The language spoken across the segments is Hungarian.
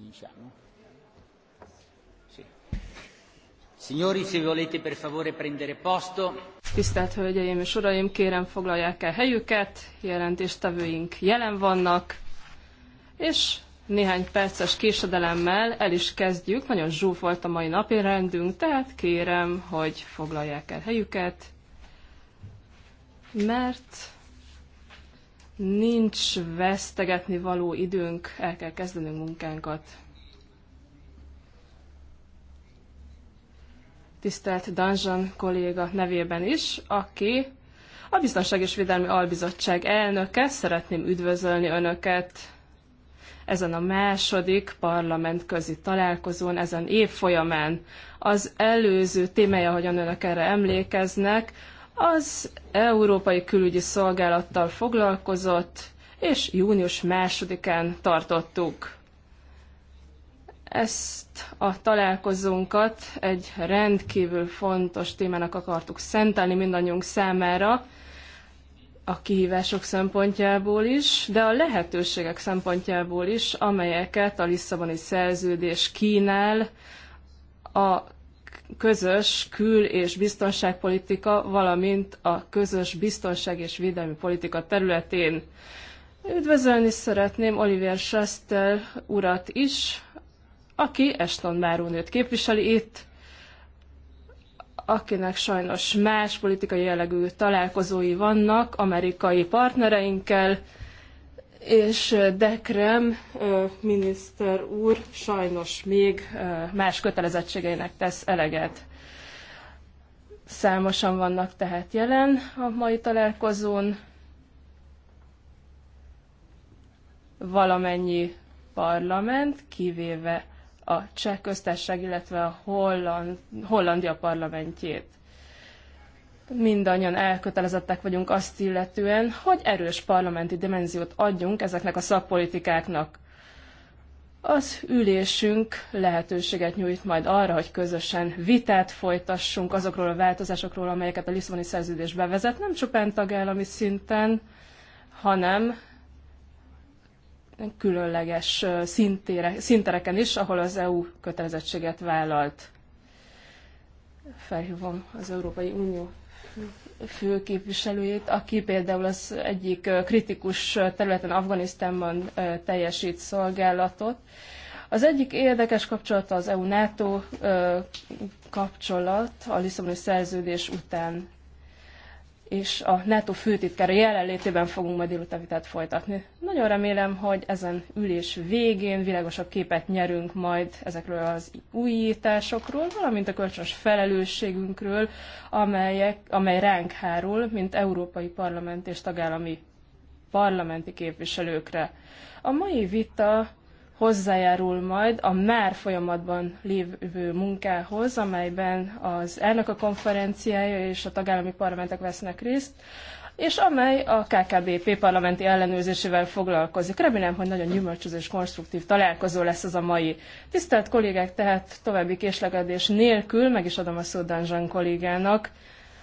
Diciamo. Sì. Signori, se volete per favore prendere posto. Tisztelt Hölgyeim és Uraim, kérem foglalják el helyüket, jelentéstevőink jelen vannak, és néhány perces késedelemmel el is kezdjük. Nagyon zsúfolt a mai napi rendünk, tehát kérem, hogy foglalják el helyüket, mert Nincs vesztegetni való időnk, el kell kezdenünk munkánkat. Tisztelt Danzsan kolléga nevében is, aki a Biztonság és Védelmi Albizottság elnöke, szeretném üdvözölni Önöket ezen a második parlamentközi találkozón, ezen év folyamán. Az előző témája, ahogyan Önök erre emlékeznek, az Európai Külügyi Szolgálattal foglalkozott, és június másodikán tartottuk. Ezt a találkozónkat egy rendkívül fontos témának akartuk szentelni mindannyiunk számára, a kihívások szempontjából is, de a lehetőségek szempontjából is, amelyeket a Lisszaboni szerződés kínál a közös kül- és biztonságpolitika, valamint a közös biztonság és védelmi politika területén. Üdvözölni szeretném Oliver Schuster urat is, aki Eston Márónőt képviseli itt, akinek sajnos más politikai jellegű találkozói vannak amerikai partnereinkkel, és Dekrem miniszter úr sajnos még más kötelezettségeinek tesz eleget. Számosan vannak tehát jelen a mai találkozón. Valamennyi parlament, kivéve a cseh köztársaság, illetve a Holland, Hollandia parlamentjét mindannyian elkötelezettek vagyunk azt illetően, hogy erős parlamenti dimenziót adjunk ezeknek a szakpolitikáknak. Az ülésünk lehetőséget nyújt majd arra, hogy közösen vitát folytassunk azokról a változásokról, amelyeket a Lisszaboni szerződés bevezet, nem csupán tagállami szinten, hanem különleges szintére, szintereken is, ahol az EU kötelezettséget vállalt. Felhívom az Európai Unió főképviselőjét, aki például az egyik kritikus területen Afganisztánban teljesít szolgálatot. Az egyik érdekes kapcsolata az EU-NATO kapcsolat a Lisszaboni szerződés után és a NATO főtitkára jelenlétében fogunk majd délután vitát folytatni. Nagyon remélem, hogy ezen ülés végén világosabb képet nyerünk majd ezekről az újításokról, valamint a kölcsönös felelősségünkről, amelyek, amely ránk hárul, mint európai parlament és tagállami parlamenti képviselőkre. A mai vita hozzájárul majd a már folyamatban lévő munkához, amelyben az elnök a konferenciája és a tagállami parlamentek vesznek részt, és amely a KKBP parlamenti ellenőrzésével foglalkozik. Remélem, hogy nagyon gyümölcsöző és konstruktív találkozó lesz az a mai. Tisztelt kollégák, tehát további késlekedés nélkül meg is adom a szót Danzsán kollégának,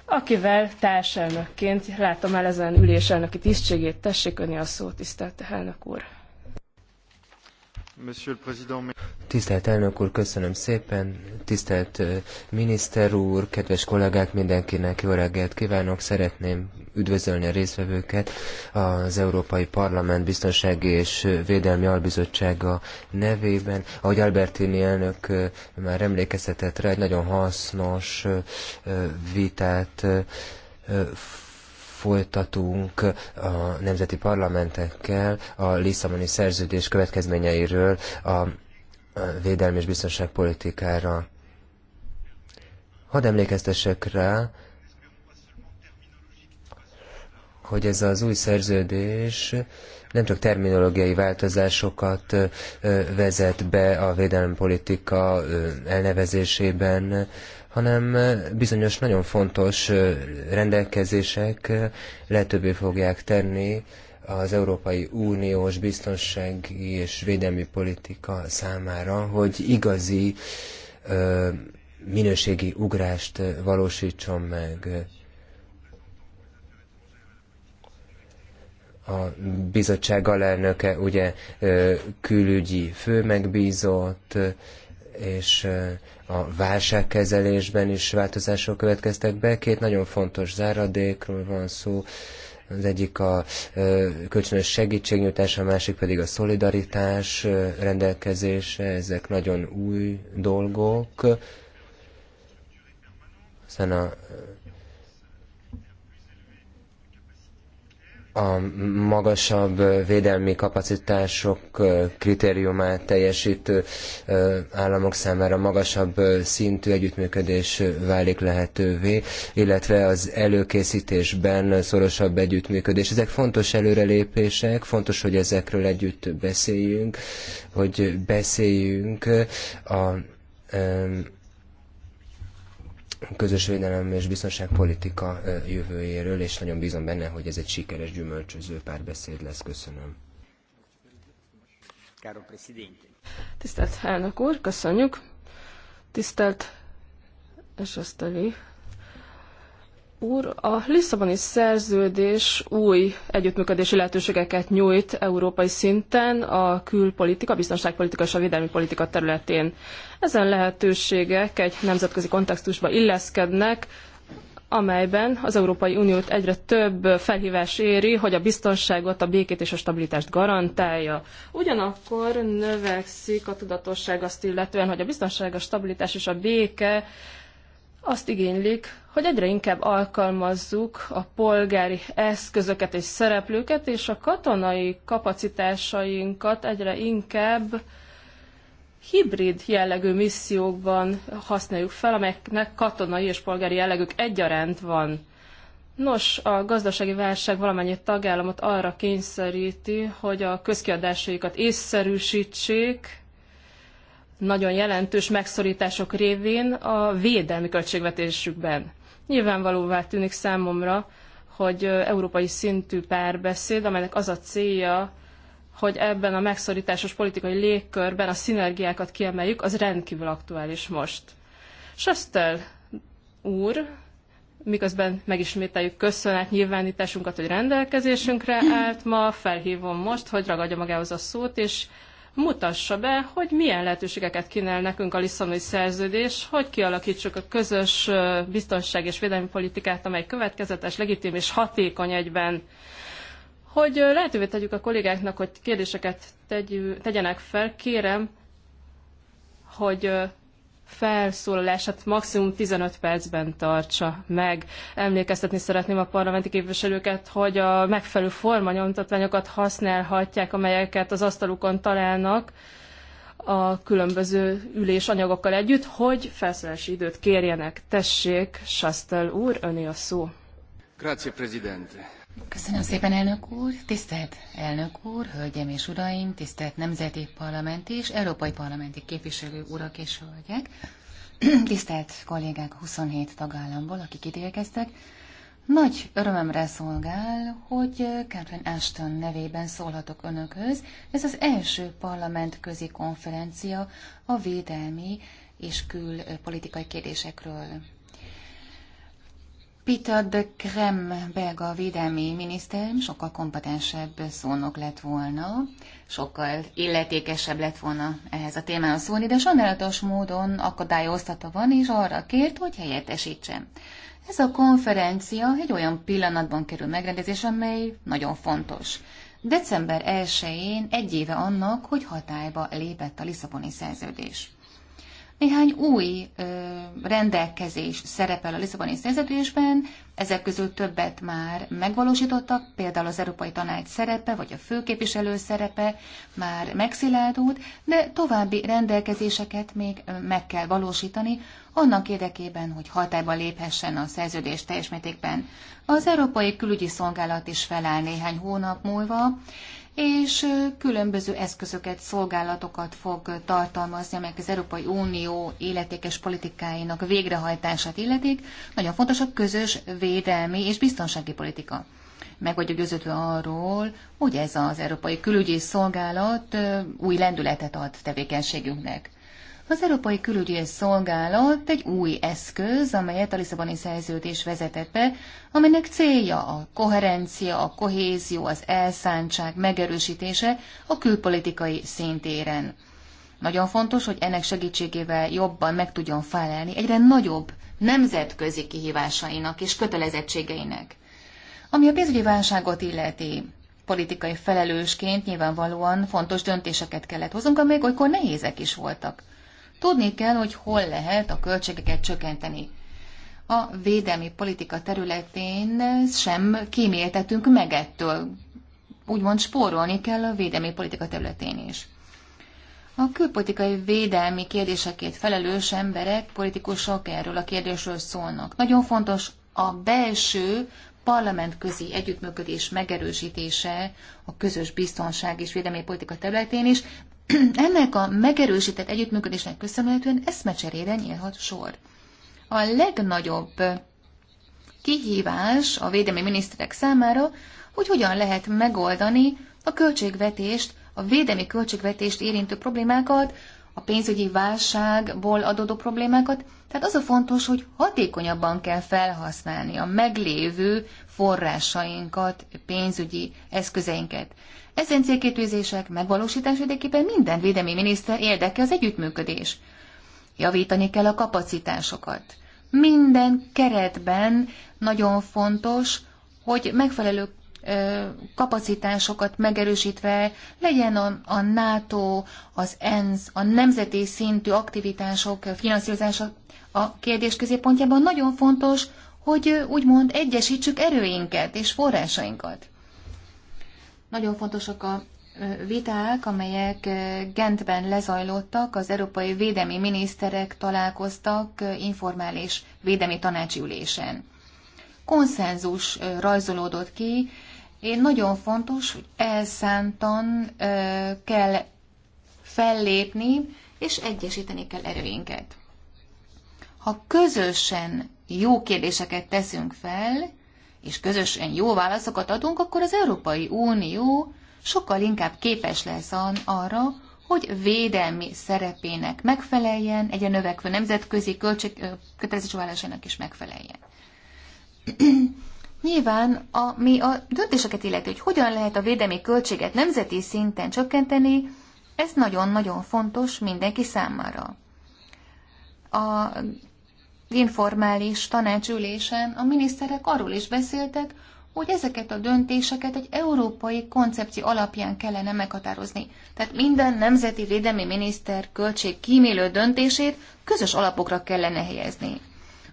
akivel társelnökként látom el ezen ülés elnöki tisztségét. Tessék önni a szót, tisztelt elnök úr! Tisztelt elnök úr, köszönöm szépen. Tisztelt miniszter úr, kedves kollégák, mindenkinek jó reggelt kívánok. Szeretném üdvözölni a részvevőket az Európai Parlament Biztonsági és Védelmi Albizottsága nevében. Ahogy Albertini elnök már emlékeztetett rá, egy nagyon hasznos vitát folytatunk a nemzeti parlamentekkel a Lisszaboni szerződés következményeiről a védelmi és biztonságpolitikára. Hadd emlékeztessek rá, hogy ez az új szerződés nem csak terminológiai változásokat vezet be a politika elnevezésében, hanem bizonyos nagyon fontos rendelkezések lehetővé fogják tenni az Európai Uniós biztonsági és védelmi politika számára, hogy igazi minőségi ugrást valósítson meg. a bizottság alelnöke ugye külügyi főmegbízott, és a válságkezelésben is változások következtek be. Két nagyon fontos záradékról van szó, az egyik a kölcsönös segítségnyújtás, a másik pedig a szolidaritás rendelkezése, ezek nagyon új dolgok. Aztán a a magasabb védelmi kapacitások kritériumát teljesítő államok számára magasabb szintű együttműködés válik lehetővé, illetve az előkészítésben szorosabb együttműködés. Ezek fontos előrelépések, fontos, hogy ezekről együtt beszéljünk, hogy beszéljünk a közös védelem és biztonságpolitika jövőjéről, és nagyon bízom benne, hogy ez egy sikeres gyümölcsöző párbeszéd lesz. Köszönöm. Tisztelt elnök úr, köszönjük. Tisztelt és úr, a Lisszaboni szerződés új együttműködési lehetőségeket nyújt európai szinten a külpolitika, biztonságpolitika és a védelmi politika területén. Ezen lehetőségek egy nemzetközi kontextusba illeszkednek, amelyben az Európai Uniót egyre több felhívás éri, hogy a biztonságot, a békét és a stabilitást garantálja. Ugyanakkor növekszik a tudatosság azt illetően, hogy a biztonság, a stabilitás és a béke azt igénylik, hogy egyre inkább alkalmazzuk a polgári eszközöket és szereplőket, és a katonai kapacitásainkat egyre inkább hibrid jellegű missziókban használjuk fel, amelyeknek katonai és polgári jellegük egyaránt van. Nos, a gazdasági válság valamennyi tagállamot arra kényszeríti, hogy a közkiadásaikat észszerűsítsék, nagyon jelentős megszorítások révén a védelmi költségvetésükben. Nyilvánvalóvá tűnik számomra, hogy európai szintű párbeszéd, amelynek az a célja, hogy ebben a megszorításos politikai légkörben a szinergiákat kiemeljük, az rendkívül aktuális most. Sösztel úr, miközben megismételjük köszönet nyilvánításunkat, hogy rendelkezésünkre állt ma, felhívom most, hogy ragadja magához a szót, és mutassa be, hogy milyen lehetőségeket kínál nekünk a Lisszaboni szerződés, hogy kialakítsuk a közös biztonság és védelmi politikát, amely következetes, legitim és hatékony egyben hogy lehetővé tegyük a kollégáknak, hogy kérdéseket tegyenek fel, kérem, hogy felszólalását maximum 15 percben tartsa meg. Emlékeztetni szeretném a parlamenti képviselőket, hogy a megfelelő formanyomtatványokat használhatják, amelyeket az asztalukon találnak a különböző ülésanyagokkal együtt, hogy felszólalási időt kérjenek. Tessék, Sastel úr, öné a szó. Grazie, Presidente. Köszönöm szépen, elnök úr! Tisztelt elnök úr, hölgyem és uraim, tisztelt nemzeti parlamenti és európai parlamenti képviselő urak és hölgyek, tisztelt kollégák 27 tagállamból, akik itt érkeztek, nagy örömemre szolgál, hogy Catherine Ashton nevében szólhatok önökhöz. Ez az első parlament közi konferencia a védelmi és külpolitikai kérdésekről. Peter de Krem, belga védelmi miniszter, sokkal kompetensebb szónok lett volna, sokkal illetékesebb lett volna ehhez a témához szólni, de sajnálatos módon akadályoztata van, és arra kért, hogy helyettesítsem. Ez a konferencia egy olyan pillanatban kerül megrendezésre, amely nagyon fontos. December 1-én egy éve annak, hogy hatályba lépett a Lisszaboni szerződés. Néhány új ö, rendelkezés szerepel a Lisszaboni szerződésben, ezek közül többet már megvalósítottak, például az Európai Tanács szerepe, vagy a főképviselő szerepe már megszilárdult, de további rendelkezéseket még meg kell valósítani, annak érdekében, hogy hatályba léphessen a szerződés teljes mértékben. Az Európai Külügyi Szolgálat is feláll néhány hónap múlva, és különböző eszközöket, szolgálatokat fog tartalmazni, amelyek az Európai Unió életékes politikáinak végrehajtását illetik. Nagyon fontos a közös védelmi és biztonsági politika. Meg vagyok győződve arról, hogy ez az Európai Külügyi Szolgálat új lendületet ad tevékenységünknek. Az Európai Külügyi Szolgálat egy új eszköz, amelyet a Lisszaboni szerződés vezetett be, aminek célja a koherencia, a kohézió, az elszántság megerősítése a külpolitikai szintéren. Nagyon fontos, hogy ennek segítségével jobban meg tudjon felelni egyre nagyobb nemzetközi kihívásainak és kötelezettségeinek. Ami a pénzügyi válságot illeti, politikai felelősként nyilvánvalóan fontos döntéseket kellett hoznunk, amelyek olykor nehézek is voltak. Tudni kell, hogy hol lehet a költségeket csökkenteni. A védelmi politika területén sem kíméltetünk meg ettől. Úgymond spórolni kell a védelmi politika területén is. A külpolitikai védelmi kérdésekért felelős emberek, politikusok erről a kérdésről szólnak. Nagyon fontos a belső parlamentközi együttműködés megerősítése a közös biztonság és védelmi politika területén is. Ennek a megerősített együttműködésnek köszönhetően eszmecserére nyílhat sor. A legnagyobb kihívás a védelmi miniszterek számára, hogy hogyan lehet megoldani a költségvetést, a védelmi költségvetést érintő problémákat, a pénzügyi válságból adódó problémákat, tehát az a fontos, hogy hatékonyabban kell felhasználni a meglévő forrásainkat, pénzügyi eszközeinket. Ezen célkitűzések megvalósítás érdekében minden védelmi miniszter érdeke az együttműködés. Javítani kell a kapacitásokat. Minden keretben nagyon fontos, hogy megfelelő kapacitásokat megerősítve legyen a, a NATO, az ENSZ, a nemzeti szintű aktivitások finanszírozása a kérdés középpontjában nagyon fontos, hogy úgymond egyesítsük erőinket és forrásainkat. Nagyon fontosak a viták, amelyek Gentben lezajlottak, az európai védelmi miniszterek találkoztak informális védelmi tanácsi ülésen. Konszenzus rajzolódott ki, én nagyon fontos, hogy elszántan kell fellépni, és egyesíteni kell erőinket. Ha közösen jó kérdéseket teszünk fel, és közösen jó válaszokat adunk, akkor az Európai Unió sokkal inkább képes lesz arra, hogy védelmi szerepének megfeleljen, a növekvő nemzetközi kötelezettségvállalásának is megfeleljen. Nyilván, a, mi a döntéseket illeti, hogy hogyan lehet a védelmi költséget nemzeti szinten csökkenteni, ez nagyon-nagyon fontos mindenki számára. A informális tanácsülésen a miniszterek arról is beszéltek, hogy ezeket a döntéseket egy európai koncepció alapján kellene meghatározni. Tehát minden nemzeti védelmi miniszter költség kímélő döntését közös alapokra kellene helyezni.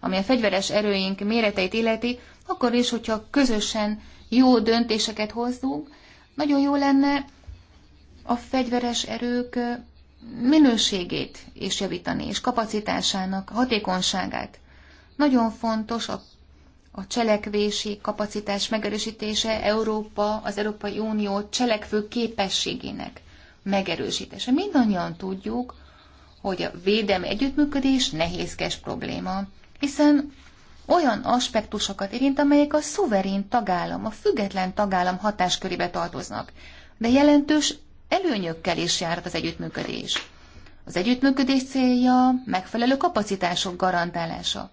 Ami a fegyveres erőink méreteit illeti, akkor is, hogyha közösen jó döntéseket hozzunk, nagyon jó lenne a fegyveres erők minőségét és javítani, és kapacitásának, hatékonyságát. Nagyon fontos a, a cselekvési kapacitás megerősítése Európa, az Európai Unió cselekvő képességének megerősítése. Mindannyian tudjuk, hogy a védelmi együttműködés nehézkes probléma, hiszen olyan aspektusokat érint, amelyek a szuverén tagállam, a független tagállam hatáskörébe tartoznak, de jelentős előnyökkel is járt az együttműködés. Az együttműködés célja megfelelő kapacitások garantálása.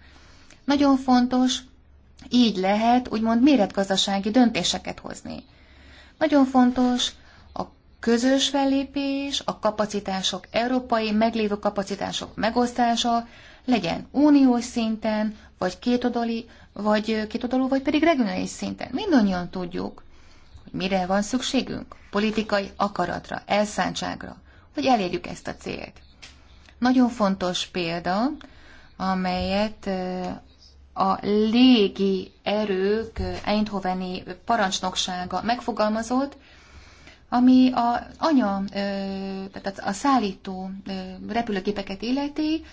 Nagyon fontos, így lehet úgymond méretgazdasági döntéseket hozni. Nagyon fontos a közös fellépés, a kapacitások, európai meglévő kapacitások megosztása, legyen uniós szinten, vagy kétodali, vagy kétodalú, vagy pedig regionális szinten. Mindannyian tudjuk, Mire van szükségünk? Politikai akaratra, elszántságra, hogy elérjük ezt a célt. Nagyon fontos példa, amelyet a légi erők Eindhoveni parancsnoksága megfogalmazott, ami a anya, tehát a szállító repülőgépeket illeti,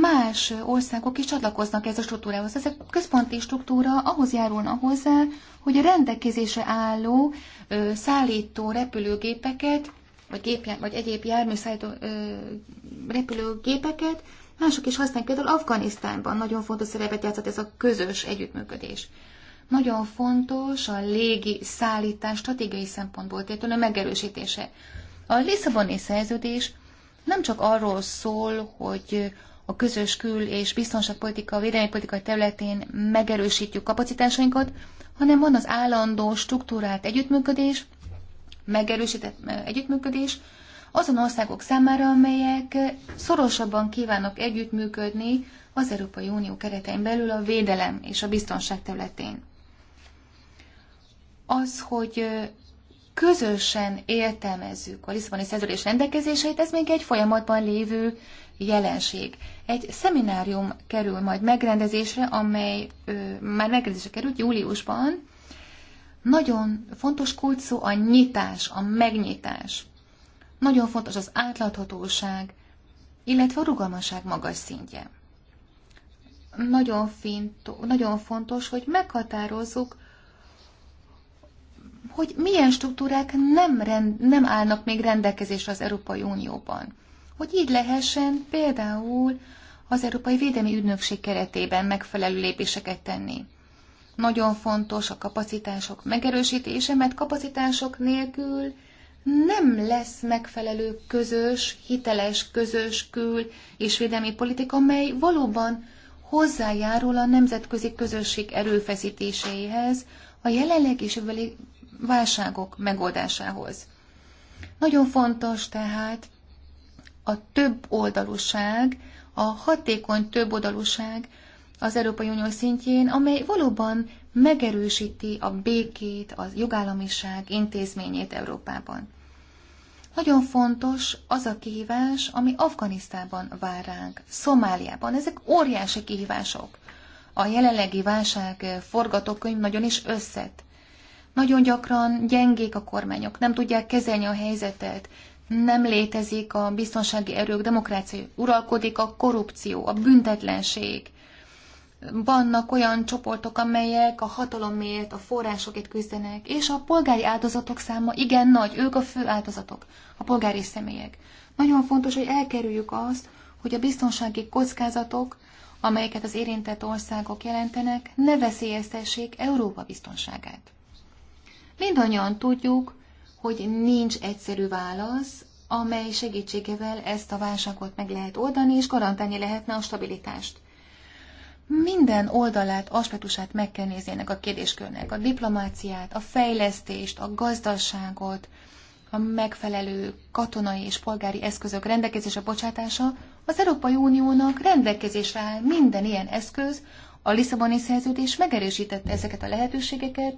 más országok is csatlakoznak ez a struktúrához. Ez a központi struktúra ahhoz járulna hozzá, hogy a rendelkezésre álló ö, szállító repülőgépeket, vagy, gép, vagy egyéb járműszállító ö, repülőgépeket mások is használják. Például Afganisztánban nagyon fontos szerepet játszott ez a közös együttműködés. Nagyon fontos a légi szállítás stratégiai szempontból a megerősítése. A Lisszaboni szerződés nem csak arról szól, hogy a közös kül- és biztonságpolitika, védelmi politika területén megerősítjük kapacitásainkat, hanem van az állandó struktúrált együttműködés, megerősített eh, együttműködés azon országok számára, amelyek szorosabban kívánnak együttműködni az Európai Unió keretein belül a védelem és a biztonság területén. Az, hogy eh, közösen értelmezzük a Lisszaboni szerződés rendelkezéseit, ez még egy folyamatban lévő jelenség. Egy szeminárium kerül majd megrendezésre, amely ö, már megrendezésre került júliusban. Nagyon fontos kulcs szó a nyitás, a megnyitás. Nagyon fontos az átláthatóság, illetve a rugalmasság magas szintje. Nagyon, fint, nagyon fontos, hogy meghatározzuk, hogy milyen struktúrák nem, rend, nem állnak még rendelkezésre az Európai Unióban hogy így lehessen például az Európai Védelmi Ügynökség keretében megfelelő lépéseket tenni. Nagyon fontos a kapacitások megerősítése, mert kapacitások nélkül nem lesz megfelelő közös, hiteles, közös kül- és védelmi politika, mely valóban hozzájárul a nemzetközi közösség erőfeszítéséhez, a jelenleg és jövőbeli válságok megoldásához. Nagyon fontos tehát a több oldalúság, a hatékony több oldalúság az Európai Unió szintjén, amely valóban megerősíti a békét, a jogállamiság intézményét Európában. Nagyon fontos az a kihívás, ami Afganisztában vár ránk, Szomáliában. Ezek óriási kihívások. A jelenlegi válság forgatókönyv nagyon is összet. Nagyon gyakran gyengék a kormányok, nem tudják kezelni a helyzetet, nem létezik a biztonsági erők demokrácia, uralkodik a korrupció, a büntetlenség. Vannak olyan csoportok, amelyek a hatalomért, a forrásokért küzdenek, és a polgári áldozatok száma igen nagy, ők a fő áldozatok, a polgári személyek. Nagyon fontos, hogy elkerüljük azt, hogy a biztonsági kockázatok, amelyeket az érintett országok jelentenek, ne veszélyeztessék Európa biztonságát. Mindannyian tudjuk, hogy nincs egyszerű válasz, amely segítségével ezt a válságot meg lehet oldani, és garantálni lehetne a stabilitást. Minden oldalát, aspektusát meg kell nézni ennek a kérdéskörnek. A diplomáciát, a fejlesztést, a gazdaságot, a megfelelő katonai és polgári eszközök rendelkezésre bocsátása, az Európai Uniónak rendelkezésre áll minden ilyen eszköz, a Lisszaboni szerződés megerősítette ezeket a lehetőségeket,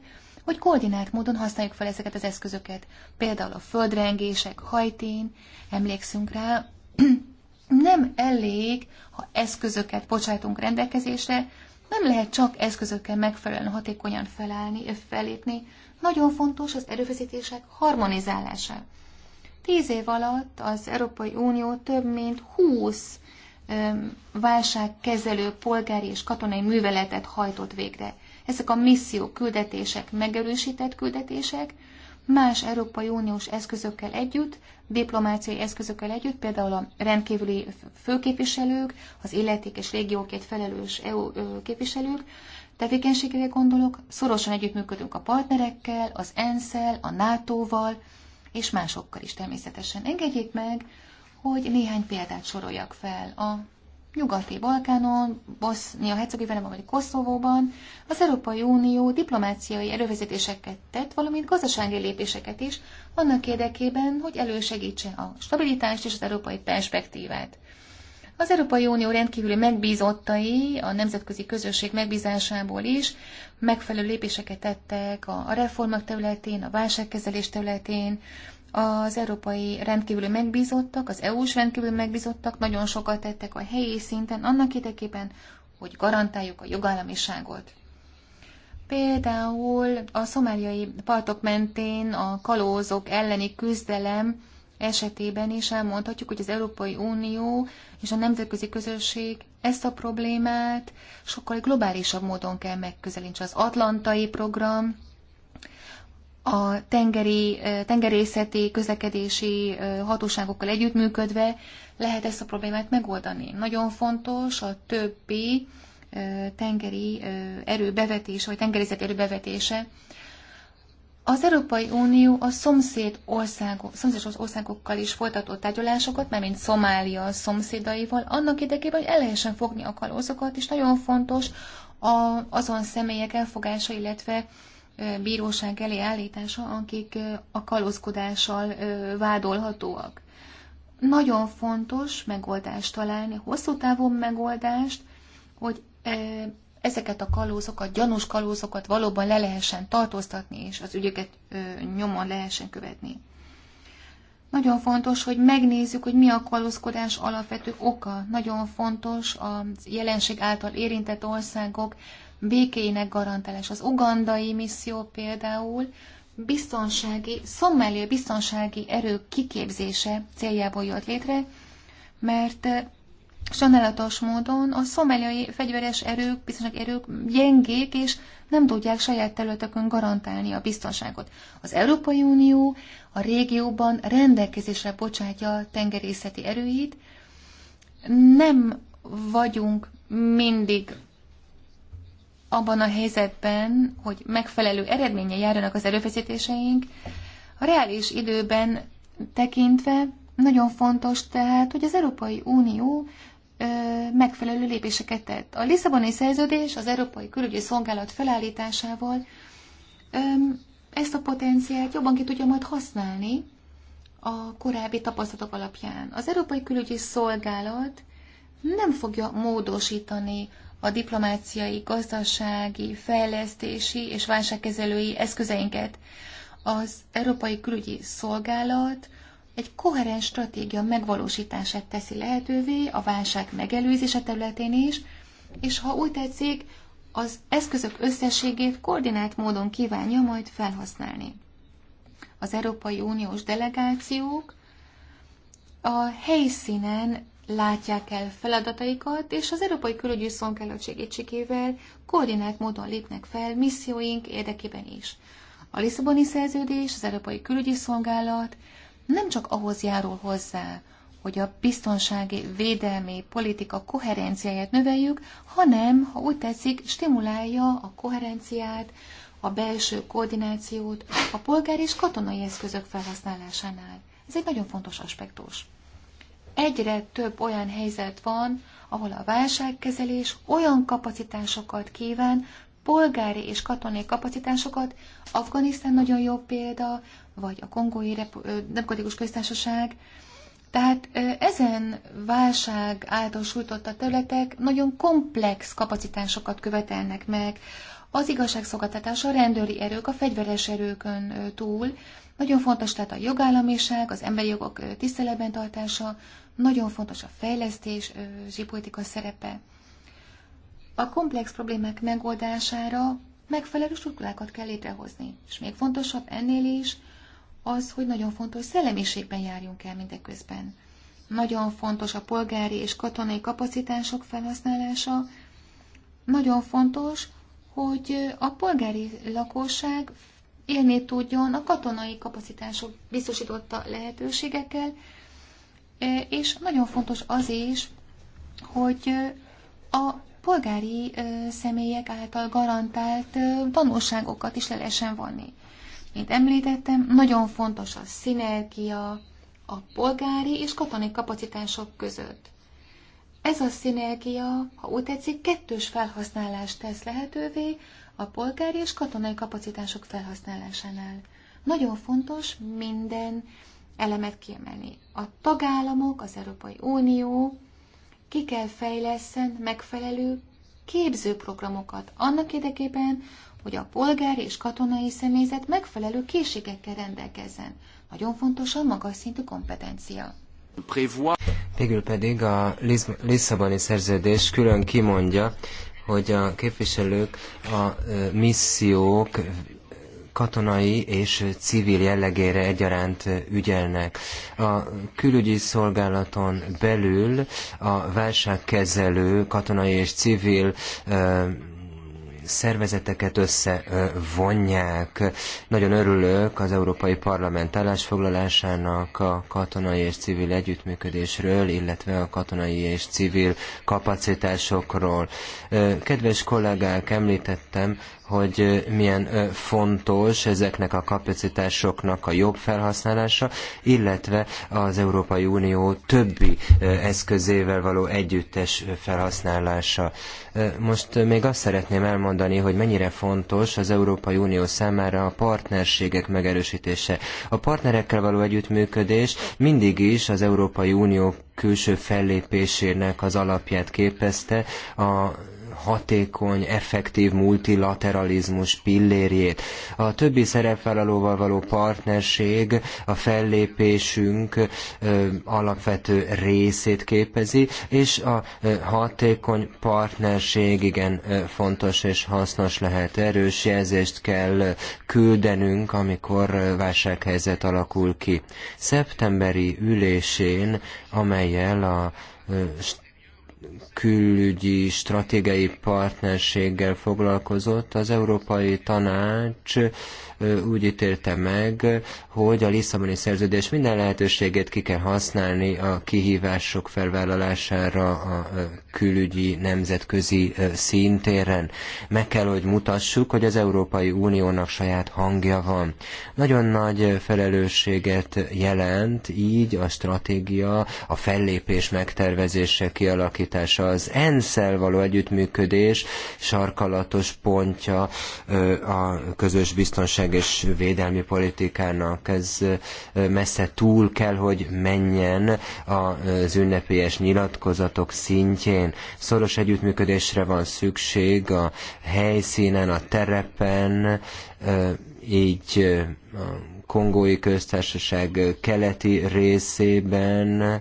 hogy koordinált módon használjuk fel ezeket az eszközöket. Például a földrengések hajtén, emlékszünk rá, nem elég, ha eszközöket bocsájtunk rendelkezésre, nem lehet csak eszközökkel megfelelően hatékonyan felállni, fellépni, nagyon fontos az erőfeszítések harmonizálása. Tíz év alatt az Európai Unió több mint 20 válságkezelő polgári és katonai műveletet hajtott végre. Ezek a misszió küldetések megerősített küldetések, más Európai Uniós eszközökkel együtt, diplomáciai eszközökkel együtt, például a rendkívüli főképviselők, az illetékes régiókért felelős EU képviselők tevékenységére gondolok, szorosan együttműködünk a partnerekkel, az ENSZ-el, a NATO-val, és másokkal is természetesen. Engedjék meg, hogy néhány példát soroljak fel a nyugati Balkánon, Bosznia-Hercegovinában vagy Koszovóban az Európai Unió diplomáciai erővezetéseket tett, valamint gazdasági lépéseket is, annak érdekében, hogy elősegítse a stabilitást és az európai perspektívát. Az Európai Unió rendkívüli megbízottai a nemzetközi közösség megbízásából is megfelelő lépéseket tettek a reformok területén, a válságkezelés területén, az európai rendkívüli megbízottak, az EU-s rendkívüli megbízottak nagyon sokat tettek a helyi szinten annak érdekében, hogy garantáljuk a jogállamiságot. Például a szomáliai partok mentén a kalózok elleni küzdelem esetében is elmondhatjuk, hogy az Európai Unió és a nemzetközi közösség ezt a problémát sokkal globálisabb módon kell megközelítse. Az Atlantai program a tengeri, tengerészeti, közlekedési hatóságokkal együttműködve lehet ezt a problémát megoldani. Nagyon fontos a többi tengeri erőbevetés, vagy tengerészeti erőbevetése. Az Európai Unió a szomszéd országok, szomszédos országokkal is folytatott tárgyalásokat, mert mint Szomália szomszédaival, annak érdekében, hogy el lehessen fogni a kalózokat, és nagyon fontos a, azon személyek elfogása, illetve bíróság elé állítása, akik a kalózkodással vádolhatóak. Nagyon fontos megoldást találni, hosszú távú megoldást, hogy ezeket a kalózokat, gyanús kalózokat valóban le lehessen tartóztatni, és az ügyeket nyomon lehessen követni. Nagyon fontos, hogy megnézzük, hogy mi a kalózkodás alapvető oka. Nagyon fontos a jelenség által érintett országok békéinek garantálás. Az ugandai misszió például biztonsági, szommelő biztonsági erők kiképzése céljából jött létre, mert eh, sajnálatos módon a szomeliai fegyveres erők, biztonság erők gyengék, és nem tudják saját területekön garantálni a biztonságot. Az Európai Unió a régióban rendelkezésre bocsátja tengerészeti erőit, nem vagyunk mindig abban a helyzetben, hogy megfelelő eredménye járjanak az erőfeszítéseink, a reális időben tekintve nagyon fontos tehát, hogy az Európai Unió ö, megfelelő lépéseket tett. A Lisszaboni szerződés az Európai Külügyi Szolgálat felállításával ö, ezt a potenciált jobban ki tudja majd használni a korábbi tapasztalatok alapján. Az Európai Külügyi Szolgálat nem fogja módosítani a diplomáciai, gazdasági, fejlesztési és válságkezelői eszközeinket. Az Európai Külügyi Szolgálat egy koherens stratégia megvalósítását teszi lehetővé a válság megelőzése területén is, és ha úgy tetszik, az eszközök összességét koordinált módon kívánja majd felhasználni. Az Európai Uniós delegációk a helyszínen látják el feladataikat, és az Európai Külügyi Szolgálat segítségével koordinált módon lépnek fel misszióink érdekében is. A Lisszaboni szerződés, az Európai Külügyi Szolgálat nem csak ahhoz járul hozzá, hogy a biztonsági védelmi politika koherenciáját növeljük, hanem, ha úgy tetszik, stimulálja a koherenciát, a belső koordinációt a polgári és katonai eszközök felhasználásánál. Ez egy nagyon fontos aspektus egyre több olyan helyzet van, ahol a válságkezelés olyan kapacitásokat kíván, polgári és katonai kapacitásokat, Afganisztán nagyon jó példa, vagy a Kongói Demokratikus Köztársaság, tehát ezen válság által sújtotta területek nagyon komplex kapacitásokat követelnek meg. Az igazságszolgáltatás a rendőri erők, a fegyveres erőkön túl, nagyon fontos tehát a jogállamiság, az emberi jogok tiszteletben tartása, nagyon fontos a fejlesztés, zsipolitika szerepe. A komplex problémák megoldására megfelelő struktúrákat kell létrehozni. És még fontosabb ennél is az, hogy nagyon fontos szellemiségben járjunk el mindeközben. Nagyon fontos a polgári és katonai kapacitások felhasználása. Nagyon fontos, hogy a polgári lakosság élni tudjon a katonai kapacitások biztosította lehetőségekkel, e, és nagyon fontos az is, hogy a polgári e, személyek által garantált e, tanulságokat is le lehessen vonni. Mint említettem, nagyon fontos a szinergia a polgári és katonai kapacitások között. Ez a szinergia, ha úgy tetszik, kettős felhasználást tesz lehetővé, a polgári és katonai kapacitások felhasználásánál. Nagyon fontos minden elemet kiemelni. A tagállamok, az Európai Unió ki kell fejleszten, megfelelő képzőprogramokat annak érdekében, hogy a polgári és katonai személyzet megfelelő készségekkel rendelkezzen. Nagyon fontos a magas szintű kompetencia. Végül pedig a Lisszaboni szerződés külön kimondja, hogy a képviselők a missziók katonai és civil jellegére egyaránt ügyelnek. A külügyi szolgálaton belül a válságkezelő katonai és civil szervezeteket összevonják. Nagyon örülök az Európai Parlament állásfoglalásának a katonai és civil együttműködésről, illetve a katonai és civil kapacitásokról. Kedves kollégák, említettem, hogy milyen fontos ezeknek a kapacitásoknak a jobb felhasználása, illetve az Európai Unió többi eszközével való együttes felhasználása. Most még azt szeretném elmondani, hogy mennyire fontos az Európai Unió számára a partnerségek megerősítése. A partnerekkel való együttműködés mindig is az Európai Unió külső fellépésének az alapját képezte, a hatékony, effektív multilateralizmus pillérjét. A többi szerepvállalóval való partnerség a fellépésünk alapvető részét képezi, és a hatékony partnerség igen fontos és hasznos lehet. Erős jelzést kell küldenünk, amikor válsághelyzet alakul ki. Szeptemberi ülésén, amelyel a külügyi stratégiai partnerséggel foglalkozott, az Európai Tanács úgy ítélte meg, hogy a Lisszaboni szerződés minden lehetőségét ki kell használni a kihívások felvállalására a külügyi nemzetközi szintéren. Meg kell, hogy mutassuk, hogy az Európai Uniónak saját hangja van. Nagyon nagy felelősséget jelent így a stratégia, a fellépés megtervezése, kialakítása, az ENSZ-el való együttműködés sarkalatos pontja a közös biztonság gazdaság és védelmi politikának. Ez messze túl kell, hogy menjen az ünnepélyes nyilatkozatok szintjén. Szoros együttműködésre van szükség a helyszínen, a terepen, így a kongói köztársaság keleti részében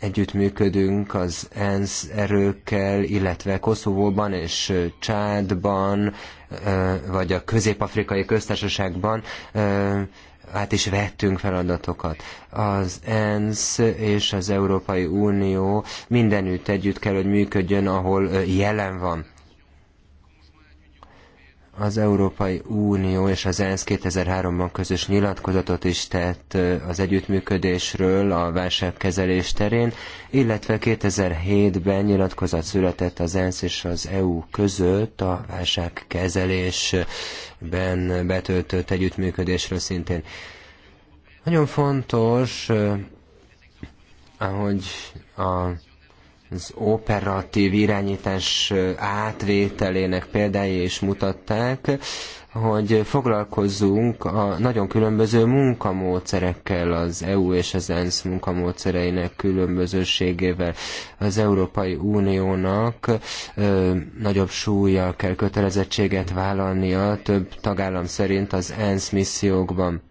együttműködünk az ENSZ erőkkel, illetve Koszovóban és Csádban vagy a közép-afrikai köztársaságban hát is vettünk feladatokat. Az ENSZ és az Európai Unió mindenütt együtt kell, hogy működjön, ahol jelen van az Európai Unió és az ENSZ 2003-ban közös nyilatkozatot is tett az együttműködésről a válságkezelés terén, illetve 2007-ben nyilatkozat született az ENSZ és az EU között a válságkezelésben betöltött együttműködésről szintén. Nagyon fontos, ahogy a az operatív irányítás átvételének példái is mutatták, hogy foglalkozzunk a nagyon különböző munkamódszerekkel, az EU és az ENSZ munkamódszereinek különbözőségével. Az Európai Uniónak ö, nagyobb súlya kell kötelezettséget vállalnia több tagállam szerint az ENSZ missziókban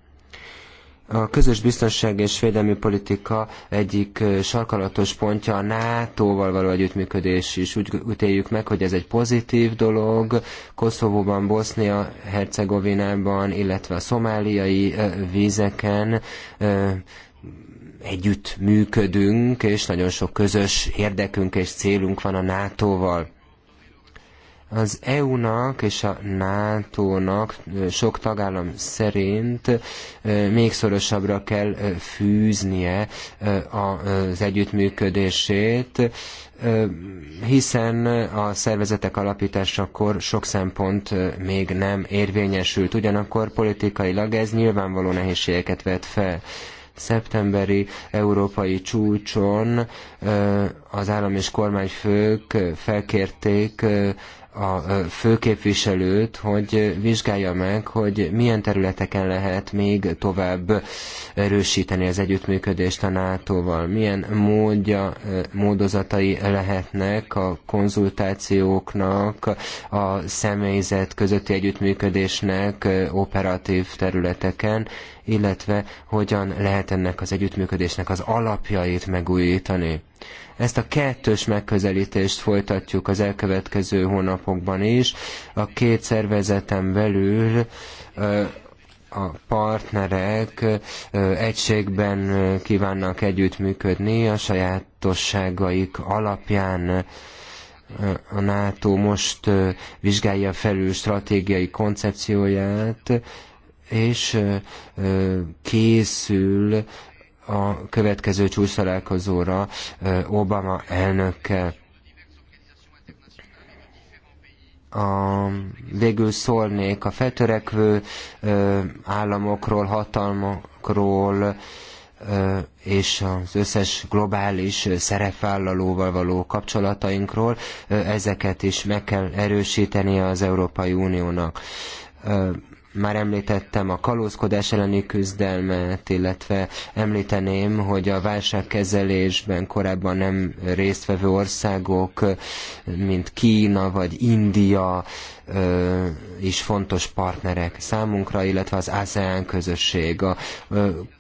a közös biztonság és védelmi politika egyik sarkalatos pontja a NATO-val való együttműködés is. Úgy ítéljük meg, hogy ez egy pozitív dolog. Koszovóban, Bosznia, Hercegovinában, illetve a szomáliai vízeken együtt működünk, és nagyon sok közös érdekünk és célunk van a NATO-val. Az EU-nak és a NATO-nak sok tagállam szerint még szorosabbra kell fűznie az együttműködését, hiszen a szervezetek alapításakor sok szempont még nem érvényesült. Ugyanakkor politikailag ez nyilvánvaló nehézségeket vet fel szeptemberi európai csúcson az állam és kormányfők felkérték a főképviselőt, hogy vizsgálja meg, hogy milyen területeken lehet még tovább erősíteni az együttműködést a NATO-val, milyen módja, módozatai lehetnek a konzultációknak, a személyzet közötti együttműködésnek operatív területeken, illetve hogyan lehet ennek az együttműködésnek az alapjait megújítani. Ezt a kettős megközelítést folytatjuk az elkövetkező hónapokban is. A két szervezeten belül a partnerek egységben kívánnak együttműködni a sajátosságaik alapján. A NATO most vizsgálja felül stratégiai koncepcióját, és készül a következő csúcstalálkozóra Obama elnökkel. a, végül szólnék a feltörekvő ö, államokról, hatalmakról ö, és az összes globális szerepvállalóval való kapcsolatainkról. Ö, ezeket is meg kell erősíteni az Európai Uniónak. Ö, már említettem a kalózkodás elleni küzdelmet, illetve említeném, hogy a válságkezelésben korábban nem résztvevő országok, mint Kína vagy India is fontos partnerek számunkra, illetve az ASEAN közösség, a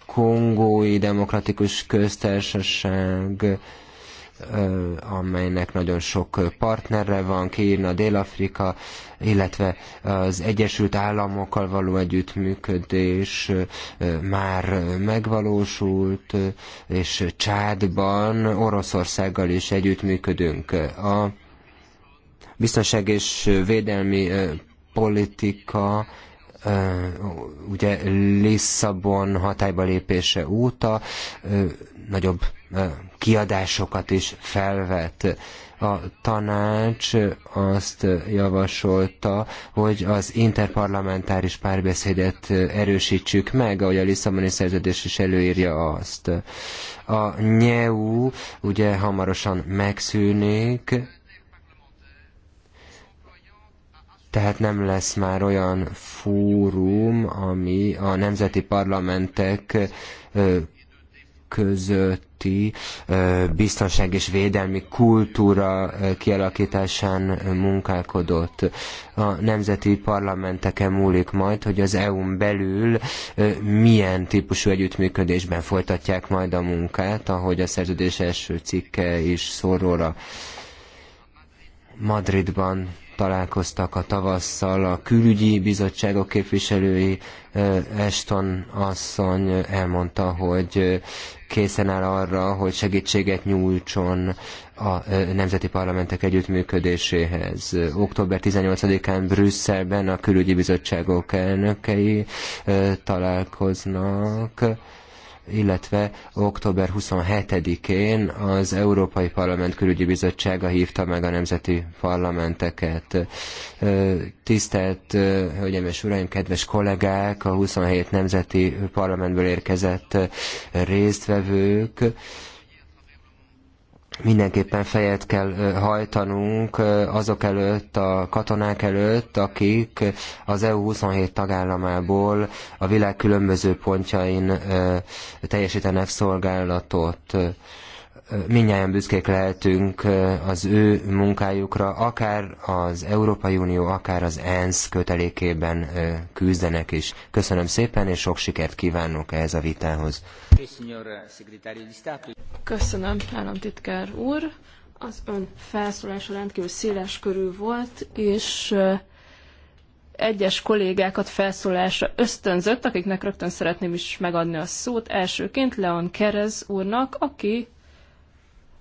Kongói Demokratikus Köztársaság, amelynek nagyon sok partnerre van, Kína, Dél-Afrika, illetve az Egyesült Államokkal való együttműködés már megvalósult, és Csádban Oroszországgal is együttműködünk. A biztonság és védelmi politika ugye Lisszabon hatályba lépése óta nagyobb kiadásokat is felvet. A tanács azt javasolta, hogy az interparlamentáris párbeszédet erősítsük meg, ahogy a Lisszaboni szerződés is előírja azt. A NEU ugye hamarosan megszűnik, tehát nem lesz már olyan fórum, ami a nemzeti parlamentek közötti biztonság és védelmi kultúra kialakításán munkálkodott. A nemzeti parlamenteken múlik majd, hogy az EU-n belül milyen típusú együttműködésben folytatják majd a munkát, ahogy a szerződés első cikke is szól róla. Madridban találkoztak a tavasszal a külügyi bizottságok képviselői. Eston asszony elmondta, hogy készen áll arra, hogy segítséget nyújtson a nemzeti parlamentek együttműködéséhez. Október 18-án Brüsszelben a külügyi bizottságok elnökei találkoznak, illetve október 27-én az Európai Parlament Külügyi Bizottsága hívta meg a nemzeti parlamenteket. Tisztelt Hölgyeim és Uraim, kedves kollégák, a 27 nemzeti parlamentből érkezett résztvevők, mindenképpen fejet kell hajtanunk azok előtt, a katonák előtt, akik az EU 27 tagállamából a világ különböző pontjain teljesítenek szolgálatot minnyáján büszkék lehetünk az ő munkájukra, akár az Európai Unió, akár az ENSZ kötelékében küzdenek is. Köszönöm szépen, és sok sikert kívánok ehhez a vitához. Köszönöm, államtitkár úr. Az ön felszólása rendkívül széles körül volt, és egyes kollégákat felszólásra ösztönzött, akiknek rögtön szeretném is megadni a szót. Elsőként Leon Kerez úrnak, aki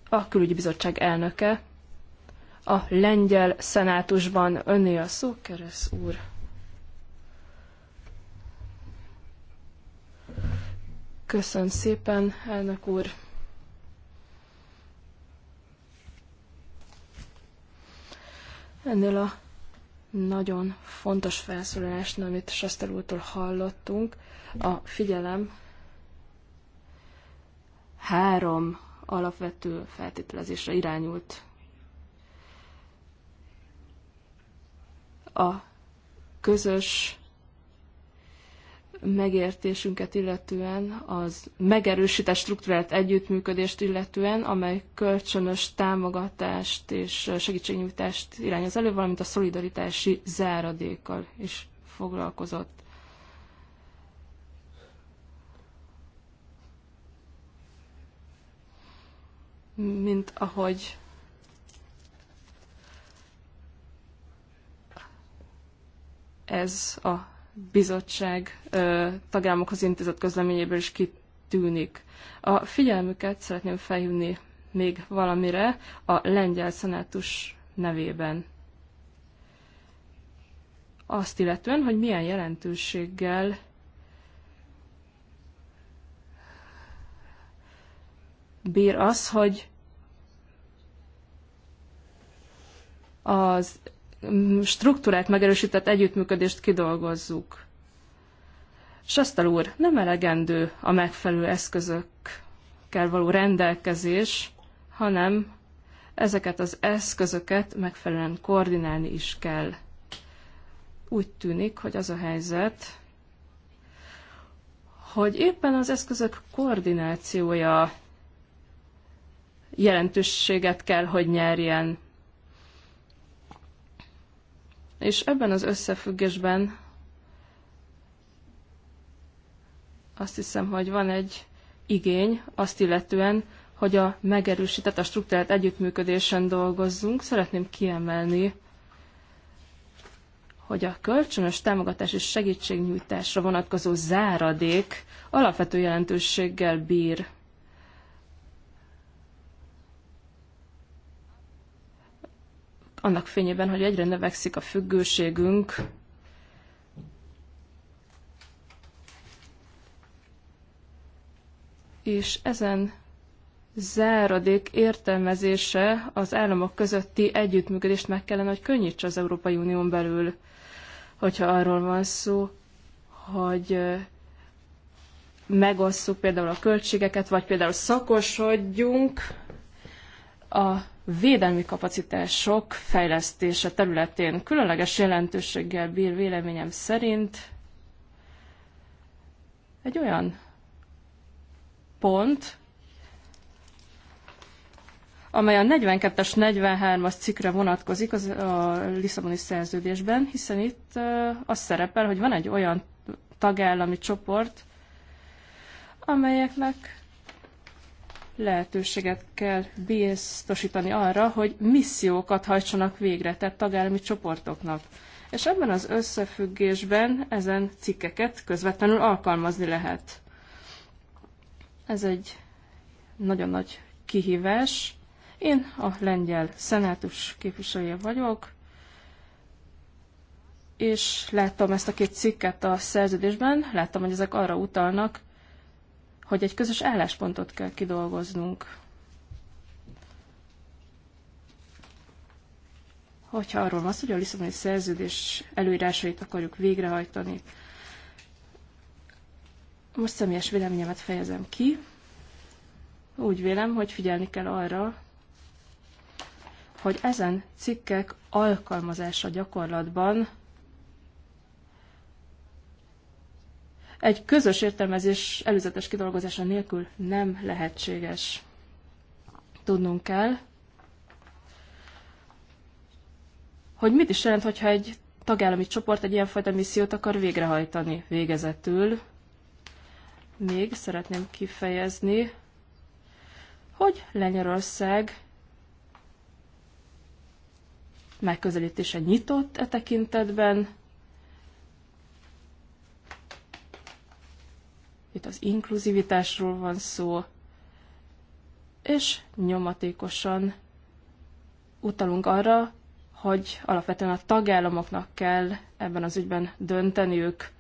a külügyi bizottság elnöke. A lengyel szenátusban öné a szó, Keresz úr. Köszönöm szépen, elnök úr. Ennél a nagyon fontos felszólalásnál, amit Sester úrtól hallottunk, a figyelem három alapvető feltételezésre irányult. A közös megértésünket illetően, az megerősített struktúrált együttműködést illetően, amely kölcsönös támogatást és segítségnyújtást irányoz elő, valamint a szolidaritási záradékkal is foglalkozott. mint ahogy ez a bizottság tagállamokhoz intézett közleményéből is kitűnik. A figyelmüket szeretném felhívni még valamire a lengyel szenátus nevében. Azt illetően, hogy milyen jelentőséggel bír az, hogy az struktúrát megerősített együttműködést kidolgozzuk. Sasztal úr, nem elegendő a megfelelő eszközökkel való rendelkezés, hanem ezeket az eszközöket megfelelően koordinálni is kell. Úgy tűnik, hogy az a helyzet, hogy éppen az eszközök koordinációja jelentőséget kell, hogy nyerjen. És ebben az összefüggésben azt hiszem, hogy van egy igény azt illetően, hogy a megerősített, a struktúrált együttműködésen dolgozzunk. Szeretném kiemelni, hogy a kölcsönös támogatás és segítségnyújtásra vonatkozó záradék alapvető jelentőséggel bír. annak fényében, hogy egyre növekszik a függőségünk és ezen záradék értelmezése az államok közötti együttműködést meg kellene, hogy könnyítse az Európai Unión belül, hogyha arról van szó, hogy megosszuk például a költségeket, vagy például szakosodjunk a védelmi kapacitások fejlesztése területén különleges jelentőséggel bír véleményem szerint egy olyan pont, amely a 42-es, 43-as cikkre vonatkozik az, a Lisszaboni szerződésben, hiszen itt az szerepel, hogy van egy olyan tagállami csoport, amelyeknek lehetőséget kell biztosítani arra, hogy missziókat hajtsanak végre, tehát tagállami csoportoknak. És ebben az összefüggésben ezen cikkeket közvetlenül alkalmazni lehet. Ez egy nagyon nagy kihívás. Én a lengyel szenátus képviselője vagyok, és láttam ezt a két cikket a szerződésben, láttam, hogy ezek arra utalnak, hogy egy közös álláspontot kell kidolgoznunk. Hogyha arról van szó, hogy a Lisszaboni szerződés előírásait akarjuk végrehajtani. Most személyes véleményemet fejezem ki. Úgy vélem, hogy figyelni kell arra, hogy ezen cikkek alkalmazása gyakorlatban egy közös értelmezés előzetes kidolgozása nélkül nem lehetséges. Tudnunk kell, hogy mit is jelent, hogyha egy tagállami csoport egy ilyenfajta missziót akar végrehajtani végezetül. Még szeretném kifejezni, hogy Lengyelország megközelítése nyitott e tekintetben, itt az inkluzivitásról van szó, és nyomatékosan utalunk arra, hogy alapvetően a tagállamoknak kell ebben az ügyben dönteniük,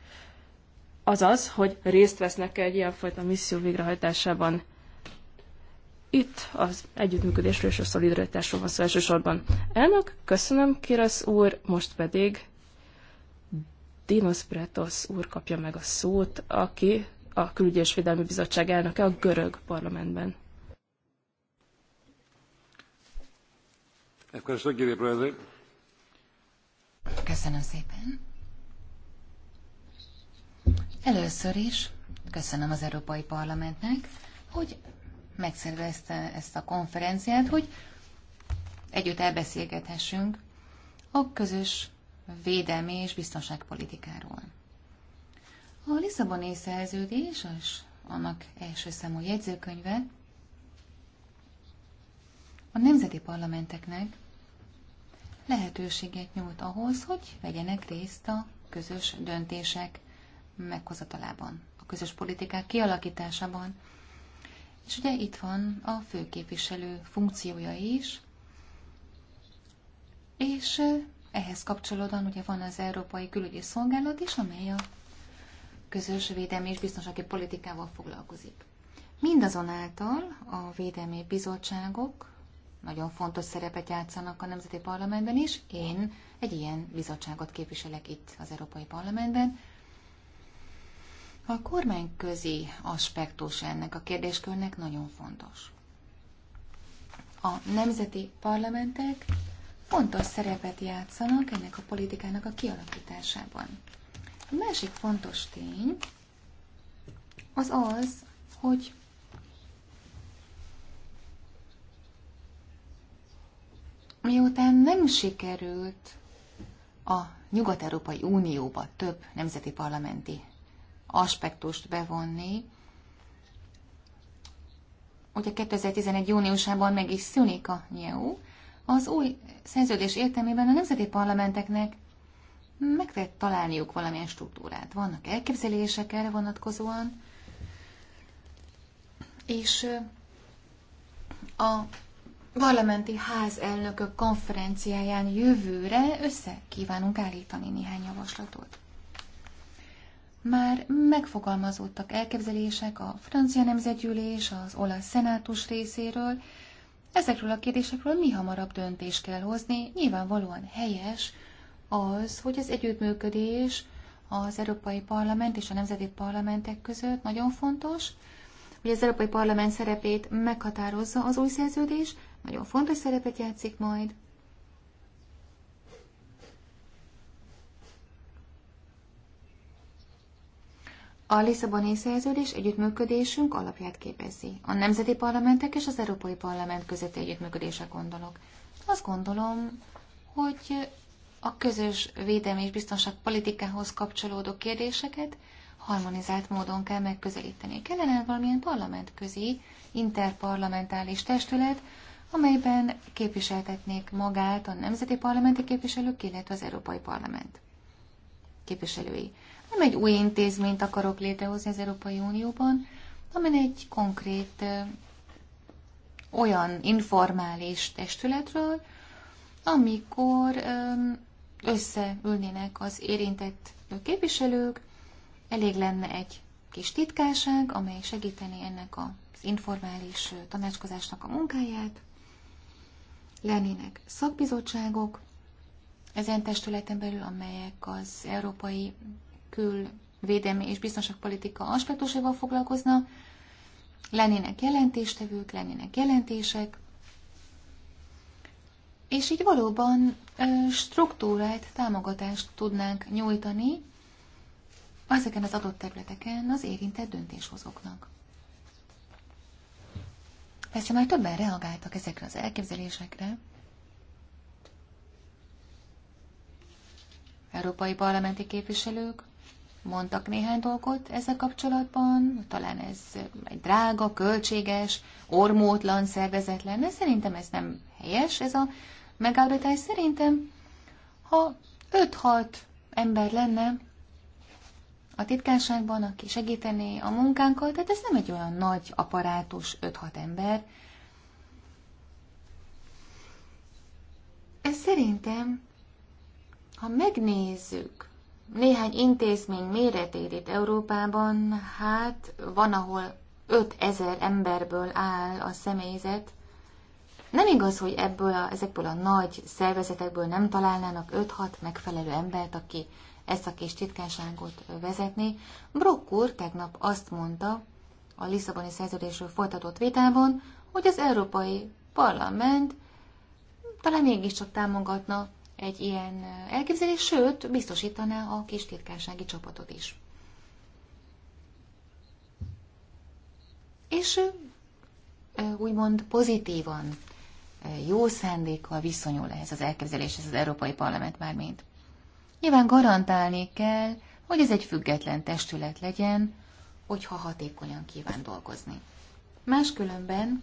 azaz, hogy részt vesznek -e egy ilyenfajta misszió végrehajtásában. Itt az együttműködésről és a szolidaritásról van szó elsősorban. Elnök, köszönöm, Kirasz úr, most pedig Dinos Pretos úr kapja meg a szót, aki a Külügyi és Védelmi Bizottság elnöke a görög parlamentben. Köszönöm szépen. Először is köszönöm az Európai Parlamentnek, hogy megszervezte ezt a konferenciát, hogy együtt elbeszélgethessünk a közös védelmi és biztonságpolitikáról. A Lisszaboni szerződés, és annak első számú jegyzőkönyve a nemzeti parlamenteknek lehetőséget nyújt ahhoz, hogy vegyenek részt a közös döntések meghozatalában, a közös politikák kialakításában. És ugye itt van a főképviselő funkciója is, és ehhez kapcsolódóan ugye van az Európai Külügyi Szolgálat is, amely a közös védelmi és biztonsági politikával foglalkozik. Mindazonáltal a védelmi bizottságok nagyon fontos szerepet játszanak a Nemzeti Parlamentben is. Én egy ilyen bizottságot képviselek itt az Európai Parlamentben. A kormányközi aspektus ennek a kérdéskörnek nagyon fontos. A nemzeti parlamentek fontos szerepet játszanak ennek a politikának a kialakításában. A másik fontos tény az az, hogy miután nem sikerült a Nyugat-Európai Unióba több nemzeti parlamenti aspektust bevonni, ugye 2011. júniusában meg is szűnik a NEU, az új szerződés értelmében a nemzeti parlamenteknek meg kell találniuk valamilyen struktúrát. Vannak elképzelések erre vonatkozóan, és a parlamenti házelnökök konferenciáján jövőre össze kívánunk állítani néhány javaslatot. Már megfogalmazódtak elképzelések a francia nemzetgyűlés, az olasz szenátus részéről. Ezekről a kérdésekről mi hamarabb döntést kell hozni, nyilvánvalóan helyes, az, hogy az együttműködés az Európai Parlament és a Nemzeti Parlamentek között nagyon fontos, hogy az Európai Parlament szerepét meghatározza az új szerződés, nagyon fontos szerepet játszik majd. A Lisszaboni szerződés együttműködésünk alapját képezi. A nemzeti parlamentek és az Európai Parlament közötti együttműködése gondolok. Azt gondolom, hogy a közös védelmi és biztonság politikához kapcsolódó kérdéseket harmonizált módon kell megközelíteni. Kellene valamilyen parlamentközi, interparlamentális testület, amelyben képviseltetnék magát a nemzeti parlamenti képviselők, illetve az Európai Parlament képviselői. Nem egy új intézményt akarok létrehozni az Európai Unióban, hanem egy konkrét olyan informális testületről, amikor öm, összeülnének az érintett képviselők, elég lenne egy kis titkárság, amely segíteni ennek az informális tanácskozásnak a munkáját, lennének szakbizottságok, ezen testületen belül, amelyek az európai külvédelmi és biztonságpolitika aspektusával foglalkoznak, lennének jelentéstevők, lennének jelentések, és így valóban struktúrált támogatást tudnánk nyújtani ezeken az adott területeken az érintett döntéshozóknak. Persze már többen reagáltak ezekre az elképzelésekre. Európai parlamenti képviselők mondtak néhány dolgot ezzel kapcsolatban, talán ez egy drága, költséges, ormótlan, szervezet de szerintem ez nem helyes, ez a megállapítás. Szerintem, ha 5-6 ember lenne a titkárságban, aki segítené a munkánkkal, tehát ez nem egy olyan nagy aparátus 5-6 ember. Ez szerintem, ha megnézzük néhány intézmény méretét itt Európában, hát van, ahol 5000 emberből áll a személyzet, nem igaz, hogy ebből a, ezekből a nagy szervezetekből nem találnának 5-6 megfelelő embert, aki ezt a kis titkánságot vezetné. Brock úr tegnap azt mondta a Lisszaboni szerződésről folytatott vitában, hogy az Európai Parlament talán mégiscsak támogatna egy ilyen elképzelés, sőt, biztosítaná a kis titkársági csapatot is. És úgymond pozitívan jó szándékkal viszonyul ehhez az elképzeléshez az Európai Parlament mármint. Nyilván garantálni kell, hogy ez egy független testület legyen, hogyha hatékonyan kíván dolgozni. Máskülönben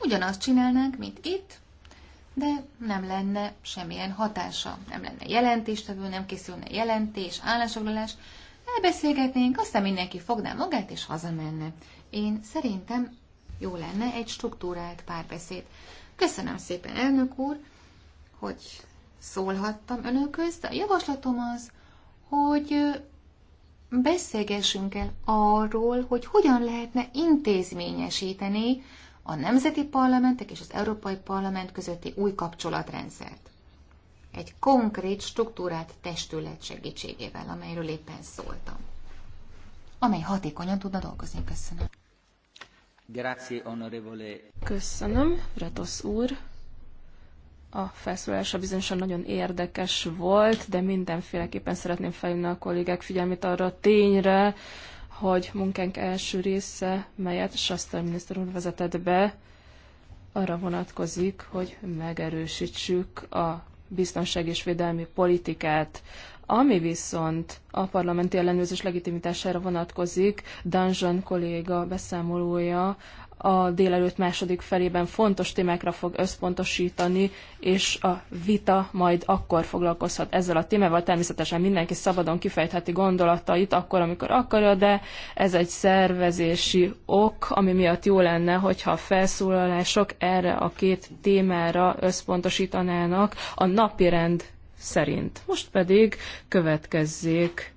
ugyanazt csinálnánk, mint itt, de nem lenne semmilyen hatása. Nem lenne jelentéstevő, nem készülne jelentés, állásfoglalás. Elbeszélgetnénk, aztán mindenki fogná magát és hazamenne. Én szerintem jó lenne egy struktúrált párbeszéd. Köszönöm szépen, elnök úr, hogy szólhattam önökhöz, de a javaslatom az, hogy beszélgessünk el arról, hogy hogyan lehetne intézményesíteni a nemzeti parlamentek és az Európai Parlament közötti új kapcsolatrendszert. Egy konkrét struktúrát testület segítségével, amelyről éppen szóltam. Amely hatékonyan tudna dolgozni. Köszönöm. Köszönöm, Ratosz úr. A felszólalása bizonyosan nagyon érdekes volt, de mindenféleképpen szeretném felhívni a kollégák figyelmét arra a tényre, hogy munkánk első része, melyet Saster miniszter úr vezetett be, arra vonatkozik, hogy megerősítsük a biztonság és védelmi politikát. Ami viszont a parlamenti ellenőrzés legitimitására vonatkozik, Dungeon kolléga beszámolója a délelőtt második felében fontos témákra fog összpontosítani, és a vita majd akkor foglalkozhat ezzel a témával. Természetesen mindenki szabadon kifejtheti gondolatait akkor, amikor akarja, de ez egy szervezési ok, ami miatt jó lenne, hogyha a felszólalások erre a két témára összpontosítanának a napirend szerint. Most pedig következzék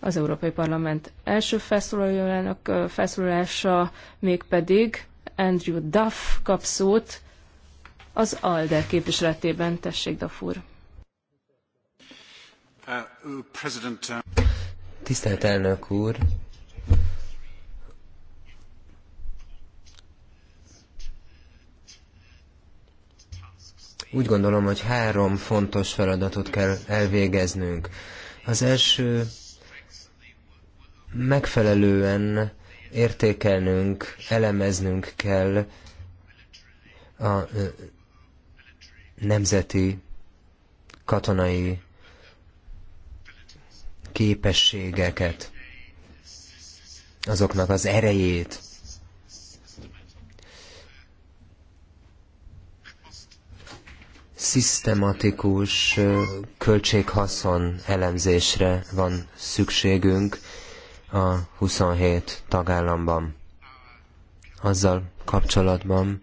az Európai Parlament első felszólalójának felszólalása, mégpedig Andrew Duff kap szót az ALDE képviseletében. Tessék, Duff úr! Uh, uh, Tisztelt elnök úr! Úgy gondolom, hogy három fontos feladatot kell elvégeznünk. Az első megfelelően értékelnünk, elemeznünk kell a nemzeti katonai képességeket, azoknak az erejét, szisztematikus költséghaszon elemzésre van szükségünk a 27 tagállamban. Azzal kapcsolatban,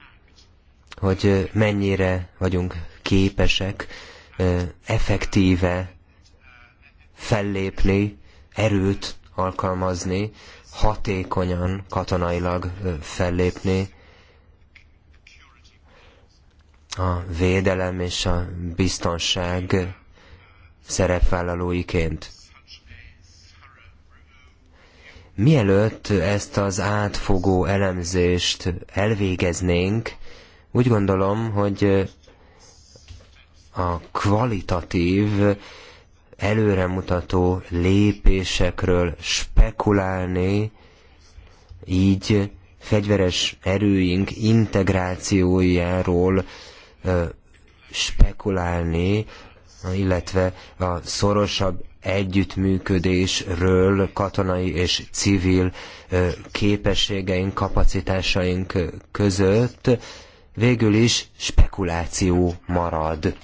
hogy mennyire vagyunk képesek effektíve fellépni, erőt alkalmazni, hatékonyan katonailag fellépni a védelem és a biztonság szerepvállalóiként. Mielőtt ezt az átfogó elemzést elvégeznénk, úgy gondolom, hogy a kvalitatív, előremutató lépésekről spekulálni, így fegyveres erőink integrációjáról spekulálni, illetve a szorosabb együttműködésről katonai és civil képességeink, kapacitásaink között végül is spekuláció marad.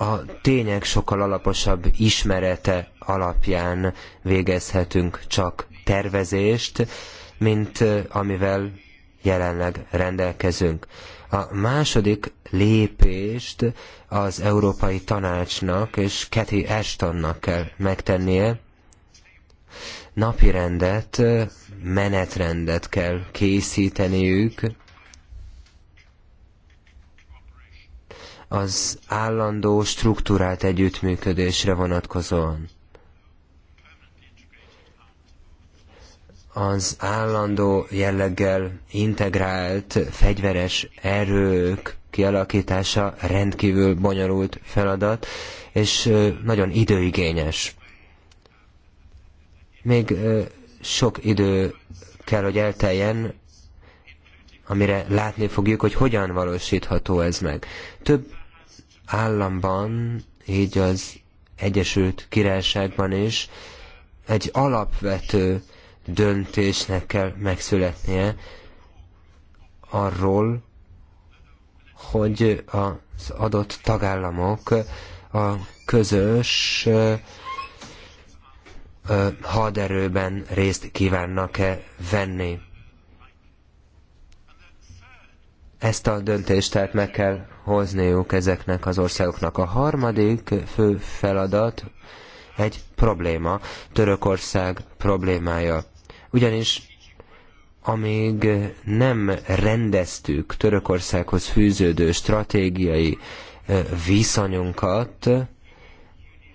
a tények sokkal alaposabb ismerete alapján végezhetünk csak tervezést, mint amivel jelenleg rendelkezünk. A második lépést az Európai Tanácsnak és Kathy Ashtonnak kell megtennie. Napirendet, menetrendet kell készíteniük az állandó struktúrált együttműködésre vonatkozóan. az állandó jelleggel integrált fegyveres erők kialakítása rendkívül bonyolult feladat, és nagyon időigényes. Még sok idő kell, hogy elteljen, amire látni fogjuk, hogy hogyan valósítható ez meg. Több államban, így az Egyesült Királyságban is, egy alapvető döntésnek kell megszületnie arról, hogy az adott tagállamok a közös haderőben részt kívánnak-e venni. Ezt a döntést tehát meg kell hozniuk ezeknek az országoknak. A harmadik fő feladat egy probléma, Törökország problémája ugyanis amíg nem rendeztük Törökországhoz fűződő stratégiai viszonyunkat,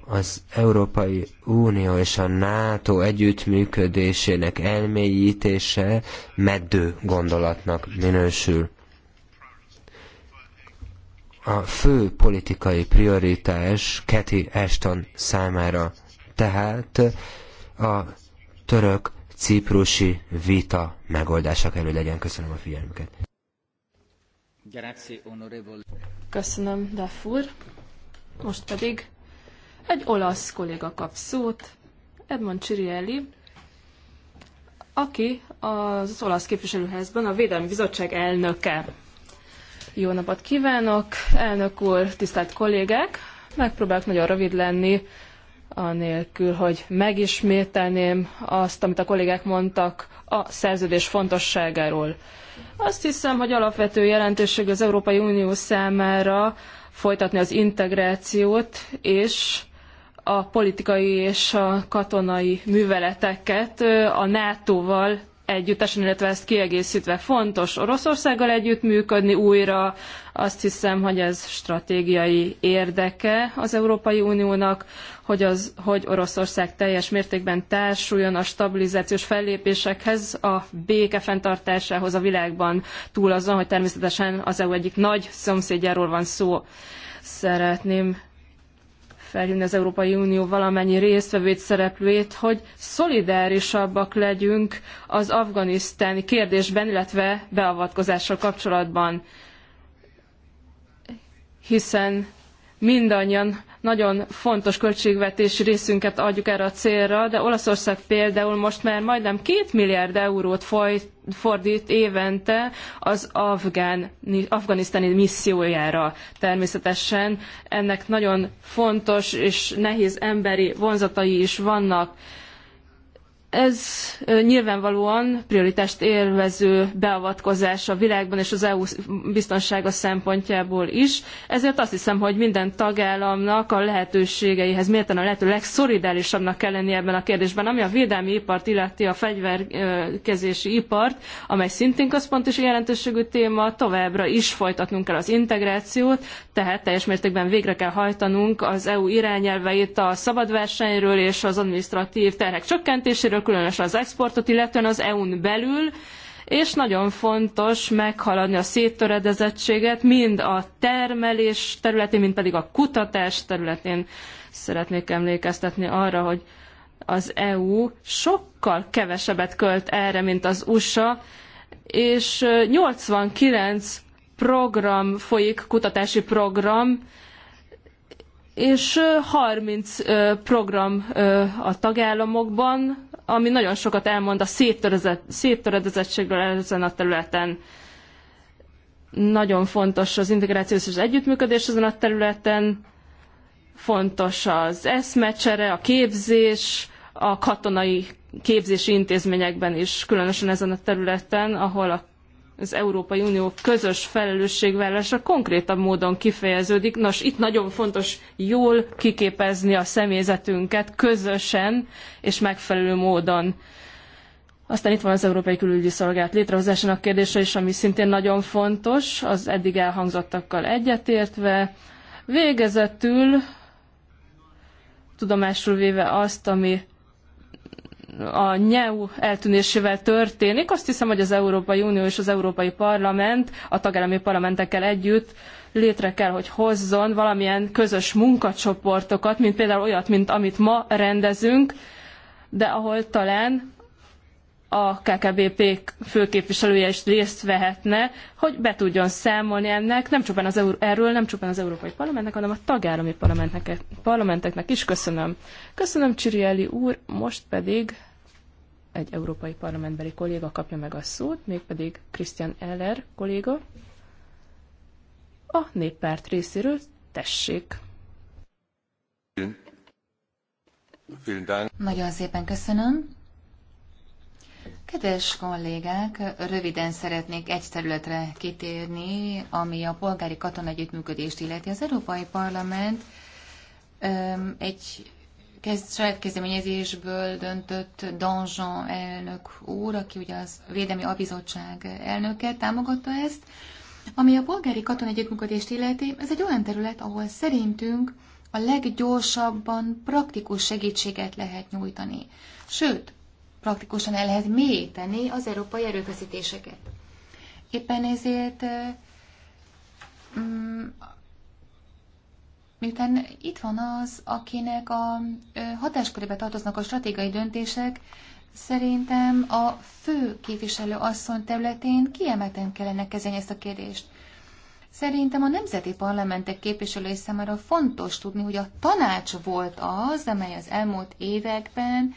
az Európai Unió és a NATO együttműködésének elmélyítése meddő gondolatnak minősül. A fő politikai prioritás Keti Ashton számára tehát a török ciprusi vita megoldása kell, hogy legyen. Köszönöm a figyelmüket. Köszönöm, Dafur. Most pedig egy olasz kolléga kap szót, Edmond Csirielli, aki az olasz képviselőházban a Védelmi Bizottság elnöke. Jó napot kívánok, elnök úr, tisztelt kollégák! Megpróbálok nagyon rövid lenni, anélkül, hogy megismételném azt, amit a kollégák mondtak a szerződés fontosságáról. Azt hiszem, hogy alapvető jelentőség az Európai Unió számára folytatni az integrációt és a politikai és a katonai műveleteket a NATO-val együttesen, illetve ezt kiegészítve fontos Oroszországgal együttműködni újra. Azt hiszem, hogy ez stratégiai érdeke az Európai Uniónak, hogy, az, hogy Oroszország teljes mértékben társuljon a stabilizációs fellépésekhez, a béke fenntartásához a világban túl azon, hogy természetesen az EU egyik nagy szomszédjáról van szó. Szeretném felhívni az Európai Unió valamennyi résztvevőt, szereplőjét, hogy szolidárisabbak legyünk az afganisztáni kérdésben, illetve beavatkozással kapcsolatban. Hiszen mindannyian nagyon fontos költségvetési részünket adjuk erre a célra, de Olaszország például most már majdnem két milliárd eurót folyt, fordít évente az afgán, afganisztáni missziójára. Természetesen ennek nagyon fontos és nehéz emberi vonzatai is vannak ez nyilvánvalóan prioritást élvező beavatkozás a világban és az EU biztonsága szempontjából is, ezért azt hiszem, hogy minden tagállamnak a lehetőségeihez mérten a lehető legszolidárisabbnak kell lennie ebben a kérdésben, ami a védelmi ipart illeti a fegyverkezési ipart, amely szintén központi jelentőségű téma, továbbra is folytatnunk kell az integrációt, tehát teljes mértékben végre kell hajtanunk az EU irányelveit a szabad versenyről és az administratív terhek csökkentéséről, különösen az exportot, illetően az EU-n belül, és nagyon fontos meghaladni a széttöredezettséget, mind a termelés területén, mind pedig a kutatás területén. Szeretnék emlékeztetni arra, hogy az EU sokkal kevesebbet költ erre, mint az USA, és 89 program folyik, kutatási program, és 30 program a tagállamokban, ami nagyon sokat elmond a széttöredezettségről ezen a területen. Nagyon fontos az integrációs és együttműködés ezen a területen, fontos az eszmecsere, a képzés, a katonai képzési intézményekben is, különösen ezen a területen, ahol a az Európai Unió közös felelősségvállása konkrétabb módon kifejeződik. Nos, itt nagyon fontos jól kiképezni a személyzetünket közösen és megfelelő módon. Aztán itt van az Európai Külügyi Szolgálat létrehozásának kérdése is, ami szintén nagyon fontos, az eddig elhangzottakkal egyetértve. Végezetül tudomásul véve azt, ami a nyelv eltűnésével történik. Azt hiszem, hogy az Európai Unió és az Európai Parlament a tagállami parlamentekkel együtt létre kell, hogy hozzon valamilyen közös munkacsoportokat, mint például olyat, mint amit ma rendezünk, de ahol talán a KKBP főképviselője is részt vehetne, hogy be tudjon számolni ennek, nem csupán az Euró- erről, nem csupán az Európai Parlamentnek, hanem a tagállami parlamenteknek is. Köszönöm. Köszönöm, Csirieli úr, most pedig egy európai parlamentbeli kolléga kapja meg a szót, mégpedig Christian Eller kolléga a néppárt részéről. Tessék! Nagyon szépen köszönöm. Kedves kollégák, röviden szeretnék egy területre kitérni, ami a polgári katona együttműködést illeti. Az Európai Parlament egy kezd, saját kezdeményezésből döntött Danjean elnök úr, aki ugye az Védelmi Abizottság elnöke támogatta ezt, ami a polgári katona együttműködést illeti, ez egy olyan terület, ahol szerintünk a leggyorsabban praktikus segítséget lehet nyújtani. Sőt, praktikusan el lehet mélyíteni az európai erőfeszítéseket. Éppen ezért, mm, miután itt van az, akinek a hatáskörébe tartoznak a stratégiai döntések, szerintem a fő képviselő asszony területén kiemelten kellene kezelni ezt a kérdést. Szerintem a nemzeti parlamentek képviselői számára fontos tudni, hogy a tanács volt az, amely az elmúlt években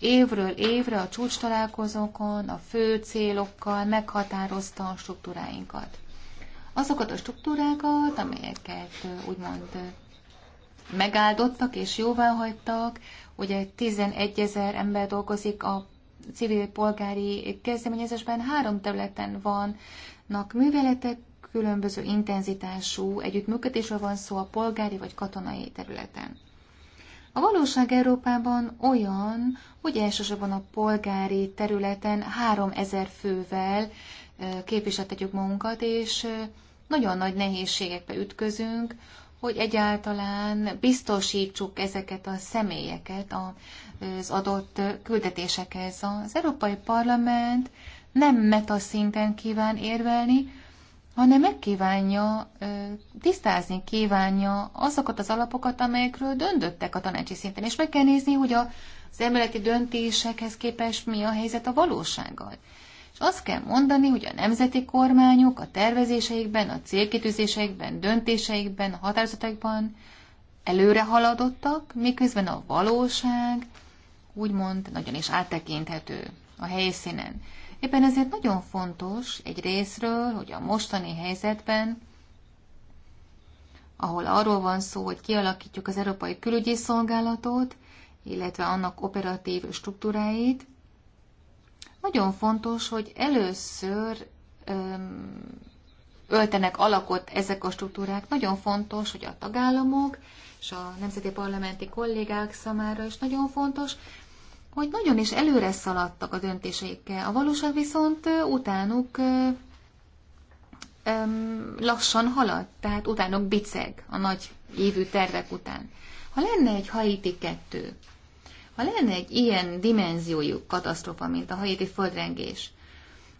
évről évre a csúcs találkozókon a fő célokkal meghatározta a struktúráinkat. Azokat a struktúrákat, amelyeket úgymond megáldottak és jóvá hagytak, ugye 11 ezer ember dolgozik a civil polgári kezdeményezésben, három területen vannak műveletek, különböző intenzitású együttműködésről van szó a polgári vagy katonai területen. A valóság Európában olyan, hogy elsősorban a polgári területen 3000 fővel képviseltetjük magunkat, és nagyon nagy nehézségekbe ütközünk, hogy egyáltalán biztosítsuk ezeket a személyeket az adott küldetésekhez. Az Európai Parlament nem meta szinten kíván érvelni, hanem megkívánja, tisztázni kívánja azokat az alapokat, amelyekről döntöttek a tanácsi szinten, és meg kell nézni, hogy az emeleti döntésekhez képest mi a helyzet a valósággal. És azt kell mondani, hogy a nemzeti kormányok a tervezéseikben, a célkitűzéseikben, döntéseikben, a határozataikban előre haladottak, miközben a valóság úgymond nagyon is áttekinthető a helyszínen. Éppen ezért nagyon fontos egy részről, hogy a mostani helyzetben, ahol arról van szó, hogy kialakítjuk az Európai Külügyi Szolgálatot, illetve annak operatív struktúráit, nagyon fontos, hogy először öm, öltenek alakot ezek a struktúrák. Nagyon fontos, hogy a tagállamok és a nemzeti parlamenti kollégák számára is nagyon fontos, hogy nagyon is előre szaladtak a döntéseikkel. A valóság viszont utánuk öm, lassan halad, tehát utánok biceg a nagy évű tervek után. Ha lenne egy Haiti 2, ha lenne egy ilyen dimenziójú katasztrófa, mint a haiti földrengés,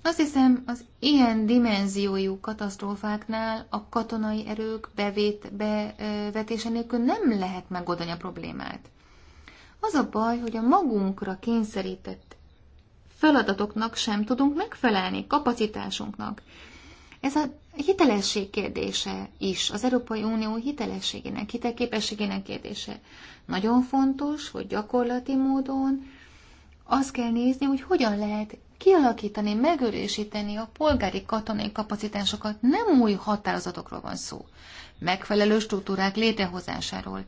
azt hiszem, az ilyen dimenziójú katasztrófáknál a katonai erők bevét, bevetése nélkül nem lehet megoldani a problémát. Az a baj, hogy a magunkra kényszerített feladatoknak sem tudunk megfelelni, kapacitásunknak. Ez a hitelesség kérdése is, az Európai Unió hitelességének, hitelképességének kérdése. Nagyon fontos, hogy gyakorlati módon azt kell nézni, hogy hogyan lehet kialakítani, megőrésíteni a polgári katonai kapacitásokat. Nem új határozatokról van szó, megfelelő struktúrák létrehozásáról.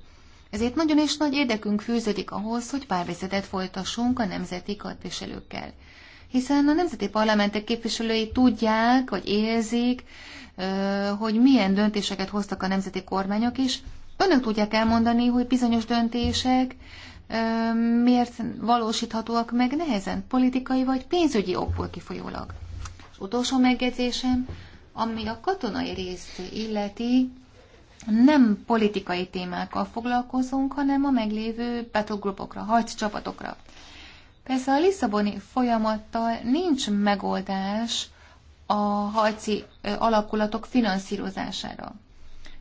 Ezért nagyon és nagy érdekünk fűződik ahhoz, hogy párbeszédet folytassunk a nemzeti képviselőkkel. Hiszen a nemzeti parlamentek képviselői tudják, vagy érzik, hogy milyen döntéseket hoztak a nemzeti kormányok, és önök tudják elmondani, hogy bizonyos döntések miért valósíthatóak meg nehezen, politikai vagy pénzügyi okból kifolyólag. És utolsó megjegyzésem, ami a katonai részt illeti, nem politikai témákkal foglalkozunk, hanem a meglévő battlegroupokra, harccsapatokra. Persze a Lisszaboni folyamattal nincs megoldás a harci alakulatok finanszírozására.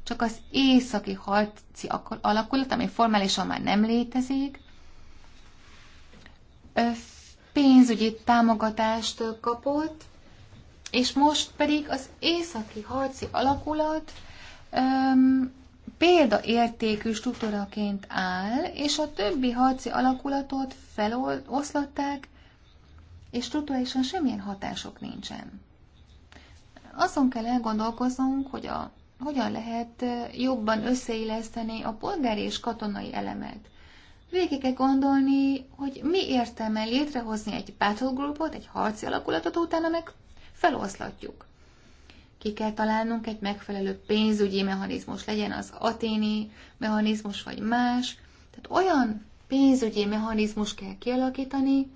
Csak az északi harci alakulat, ami formálisan már nem létezik, pénzügyi támogatást kapott, és most pedig az északi harci alakulat öm, példaértékű struktúraként áll, és a többi harci alakulatot feloszlatták, és struktúrálisan semmilyen hatások nincsen. Azon kell elgondolkoznunk, hogy a, hogyan lehet jobban összeilleszteni a polgári és katonai elemet. Végig kell gondolni, hogy mi értelme létrehozni egy battle groupot egy harci alakulatot, utána meg feloszlatjuk. Ki kell találnunk egy megfelelő pénzügyi mechanizmus, legyen az aténi mechanizmus vagy más. Tehát olyan pénzügyi mechanizmus kell kialakítani,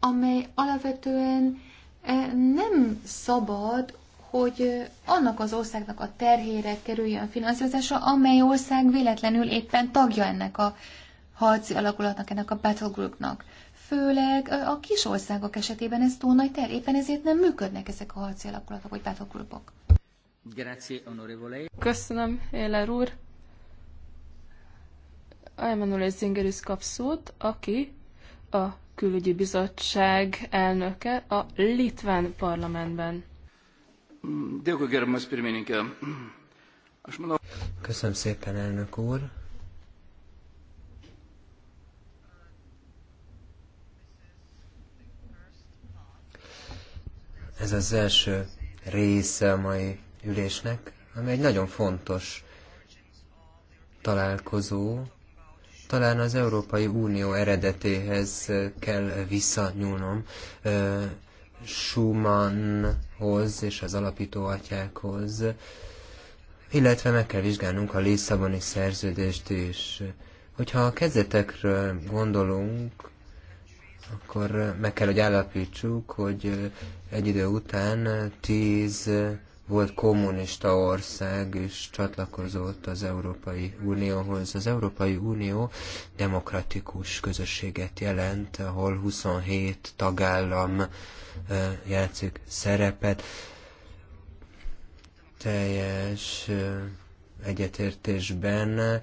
amely alapvetően eh, nem szabad, hogy eh, annak az országnak a terhére kerüljön finanszírozása, amely ország véletlenül éppen tagja ennek a harci alakulatnak, ennek a battle groupnak főleg a kis országok esetében ez túl nagy ter, éppen ezért nem működnek ezek a harci alakulatok vagy pártoklubok. Köszönöm, Éler úr. Emanuel Zingeris kap szót, aki a külügyi bizottság elnöke a Litván parlamentben. Köszönöm szépen, elnök úr. ez az első része a mai ülésnek, ami egy nagyon fontos találkozó. Talán az Európai Unió eredetéhez kell visszanyúlnom. Schumannhoz és az alapító atyákhoz, illetve meg kell vizsgálnunk a Lisszaboni szerződést is. Hogyha a kezdetekről gondolunk, akkor meg kell, hogy állapítsuk, hogy egy idő után eh, tíz eh, volt kommunista ország, és csatlakozott az Európai Unióhoz. Az Európai Unió demokratikus közösséget jelent, ahol 27 tagállam eh, játszik szerepet. Teljes egyetértésben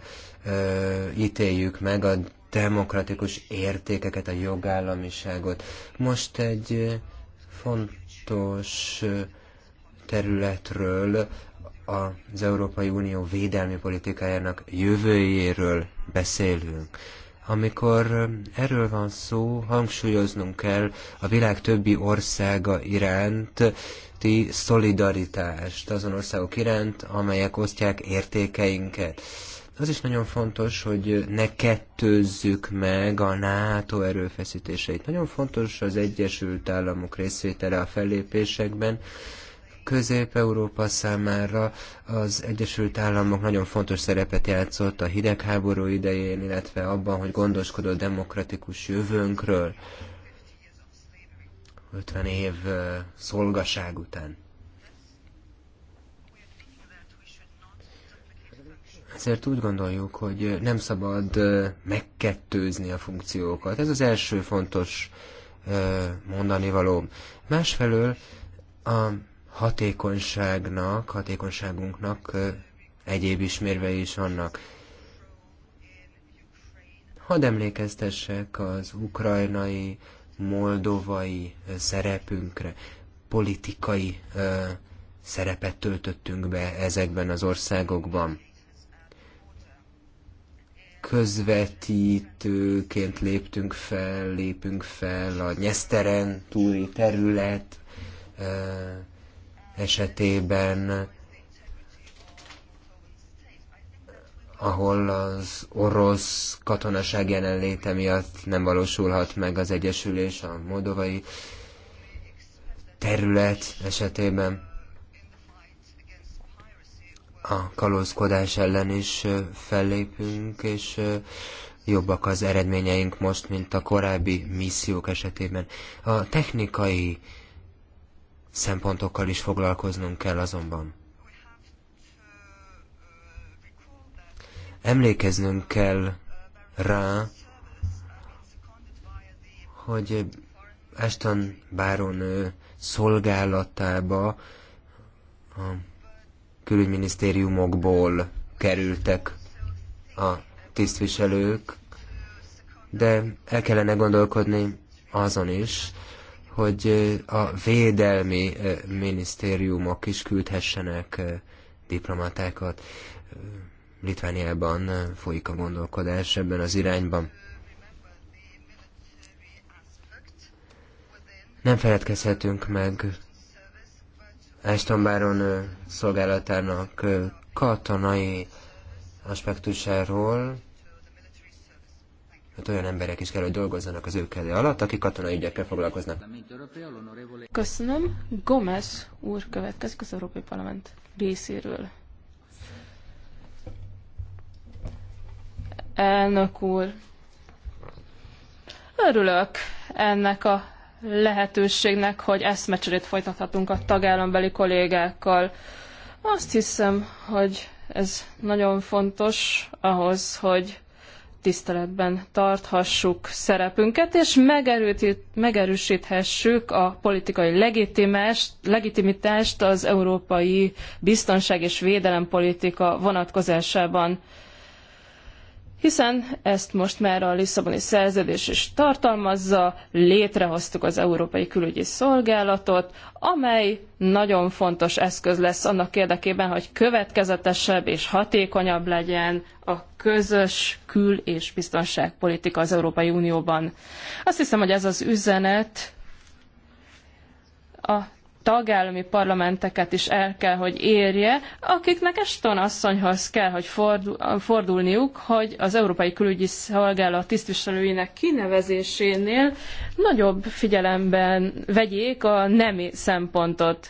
ítéljük meg a demokratikus értékeket, a jogállamiságot. Most egy fontos területről, az Európai Unió védelmi politikájának jövőjéről beszélünk. Amikor erről van szó, hangsúlyoznunk kell a világ többi országa iránt ti szolidaritást azon országok iránt, amelyek osztják értékeinket. Az is nagyon fontos, hogy ne kettőzzük meg a NATO erőfeszítéseit. Nagyon fontos az Egyesült Államok részvétele a fellépésekben. Közép-Európa számára az Egyesült Államok nagyon fontos szerepet játszott a hidegháború idején, illetve abban, hogy gondoskodott demokratikus jövőnkről 50 év szolgaság után. Ezért úgy gondoljuk, hogy nem szabad megkettőzni a funkciókat. Ez az első fontos mondani való. Másfelől a hatékonyságnak, hatékonyságunknak egyéb ismérvei is vannak. Hadd emlékeztessek az ukrajnai, moldovai szerepünkre, politikai szerepet töltöttünk be ezekben az országokban közvetítőként léptünk fel, lépünk fel a Nyeszteren túli terület esetében, ahol az orosz katonaság jelenléte miatt nem valósulhat meg az egyesülés a moldovai terület esetében a kalózkodás ellen is fellépünk, és jobbak az eredményeink most, mint a korábbi missziók esetében. A technikai szempontokkal is foglalkoznunk kell azonban. Emlékeznünk kell rá, hogy Ashton baron szolgálatába a külügyminisztériumokból kerültek a tisztviselők, de el kellene gondolkodni azon is, hogy a védelmi minisztériumok is küldhessenek diplomatákat. Litvániában folyik a gondolkodás ebben az irányban. Nem feledkezhetünk meg Ashton Baron szolgálatának katonai aspektusáról, hogy hát olyan emberek is kell, hogy dolgozzanak az ő keze alatt, akik katonai ügyekkel foglalkoznak. Köszönöm. Gomez úr következik az Európai Parlament részéről. Elnök úr, örülök ennek a lehetőségnek, hogy eszmecserét folytathatunk a tagállambeli kollégákkal. Azt hiszem, hogy ez nagyon fontos ahhoz, hogy tiszteletben tarthassuk szerepünket, és megerősíthessük a politikai legitimitást az európai biztonság és védelempolitika vonatkozásában hiszen ezt most már a Lisszaboni szerződés is tartalmazza, létrehoztuk az Európai Külügyi Szolgálatot, amely nagyon fontos eszköz lesz annak érdekében, hogy következetesebb és hatékonyabb legyen a közös kül- és biztonságpolitika az Európai Unióban. Azt hiszem, hogy ez az üzenet a tagállami parlamenteket is el kell, hogy érje, akiknek Eston asszonyhoz kell, hogy fordul, fordulniuk, hogy az Európai Külügyi Szolgálat tisztviselőinek kinevezésénél nagyobb figyelemben vegyék a nemi szempontot.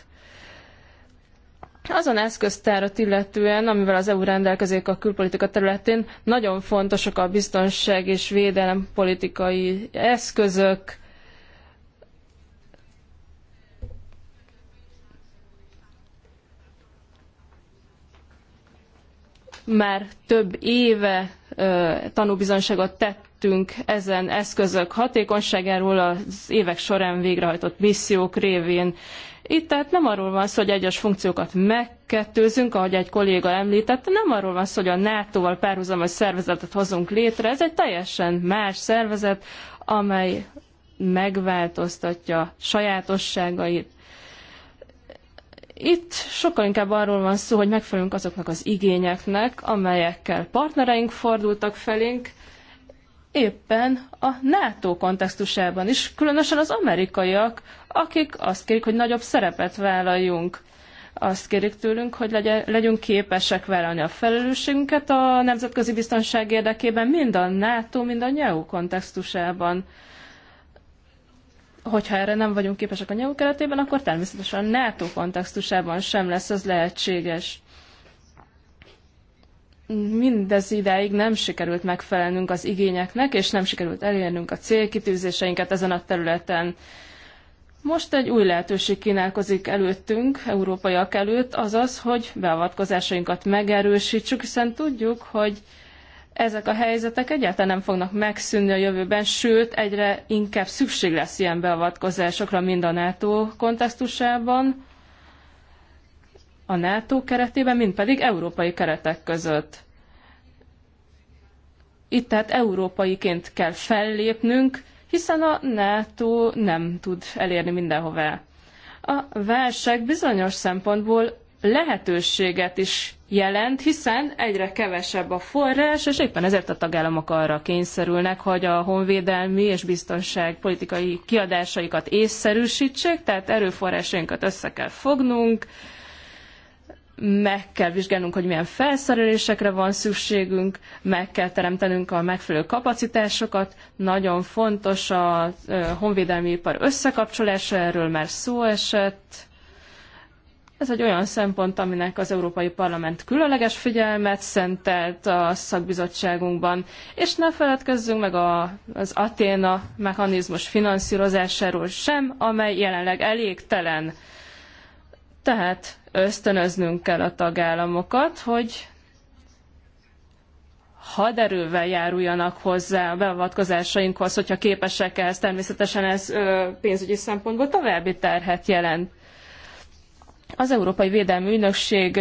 Azon eszköztárat illetően, amivel az EU rendelkezik a külpolitika területén, nagyon fontosak a biztonság és védelem politikai eszközök, már több éve tanúbizonyságot tettünk ezen eszközök hatékonyságáról az évek során végrehajtott missziók révén. Itt tehát nem arról van szó, hogy egyes funkciókat megkettőzünk, ahogy egy kolléga említette, nem arról van szó, hogy a NATO-val párhuzamos szervezetet hozunk létre, ez egy teljesen más szervezet, amely megváltoztatja sajátosságait, itt sokkal inkább arról van szó, hogy megfelelünk azoknak az igényeknek, amelyekkel partnereink fordultak felénk, éppen a NATO kontextusában is, különösen az amerikaiak, akik azt kérik, hogy nagyobb szerepet vállaljunk. Azt kérik tőlünk, hogy legyünk képesek vállalni a felelősségünket a nemzetközi biztonság érdekében, mind a NATO, mind a NEO kontextusában hogyha erre nem vagyunk képesek a anyagok keretében, akkor természetesen a NATO kontextusában sem lesz ez lehetséges. Mindez ideig nem sikerült megfelelnünk az igényeknek, és nem sikerült elérnünk a célkitűzéseinket ezen a területen. Most egy új lehetőség kínálkozik előttünk, európaiak előtt, azaz, hogy beavatkozásainkat megerősítsük, hiszen tudjuk, hogy ezek a helyzetek egyáltalán nem fognak megszűnni a jövőben, sőt, egyre inkább szükség lesz ilyen beavatkozásokra mind a NATO kontextusában, a NATO keretében, mind pedig európai keretek között. Itt tehát európaiként kell fellépnünk, hiszen a NATO nem tud elérni mindenhová. A válság bizonyos szempontból lehetőséget is jelent, hiszen egyre kevesebb a forrás, és éppen ezért a tagállamok arra kényszerülnek, hogy a honvédelmi és biztonságpolitikai kiadásaikat észszerűsítsék, tehát erőforrásainkat össze kell fognunk, meg kell vizsgálnunk, hogy milyen felszerelésekre van szükségünk, meg kell teremtenünk a megfelelő kapacitásokat. Nagyon fontos a honvédelmi ipar összekapcsolása, erről már szó esett ez egy olyan szempont, aminek az Európai Parlament különleges figyelmet szentelt a szakbizottságunkban, és ne feledkezzünk meg a, az Aténa mechanizmus finanszírozásáról sem, amely jelenleg elégtelen. Tehát ösztönöznünk kell a tagállamokat, hogy haderővel járuljanak hozzá a beavatkozásainkhoz, hogyha képesek ehhez. Természetesen ez ö, pénzügyi szempontból további terhet jelent az Európai Védelmi Ügynökség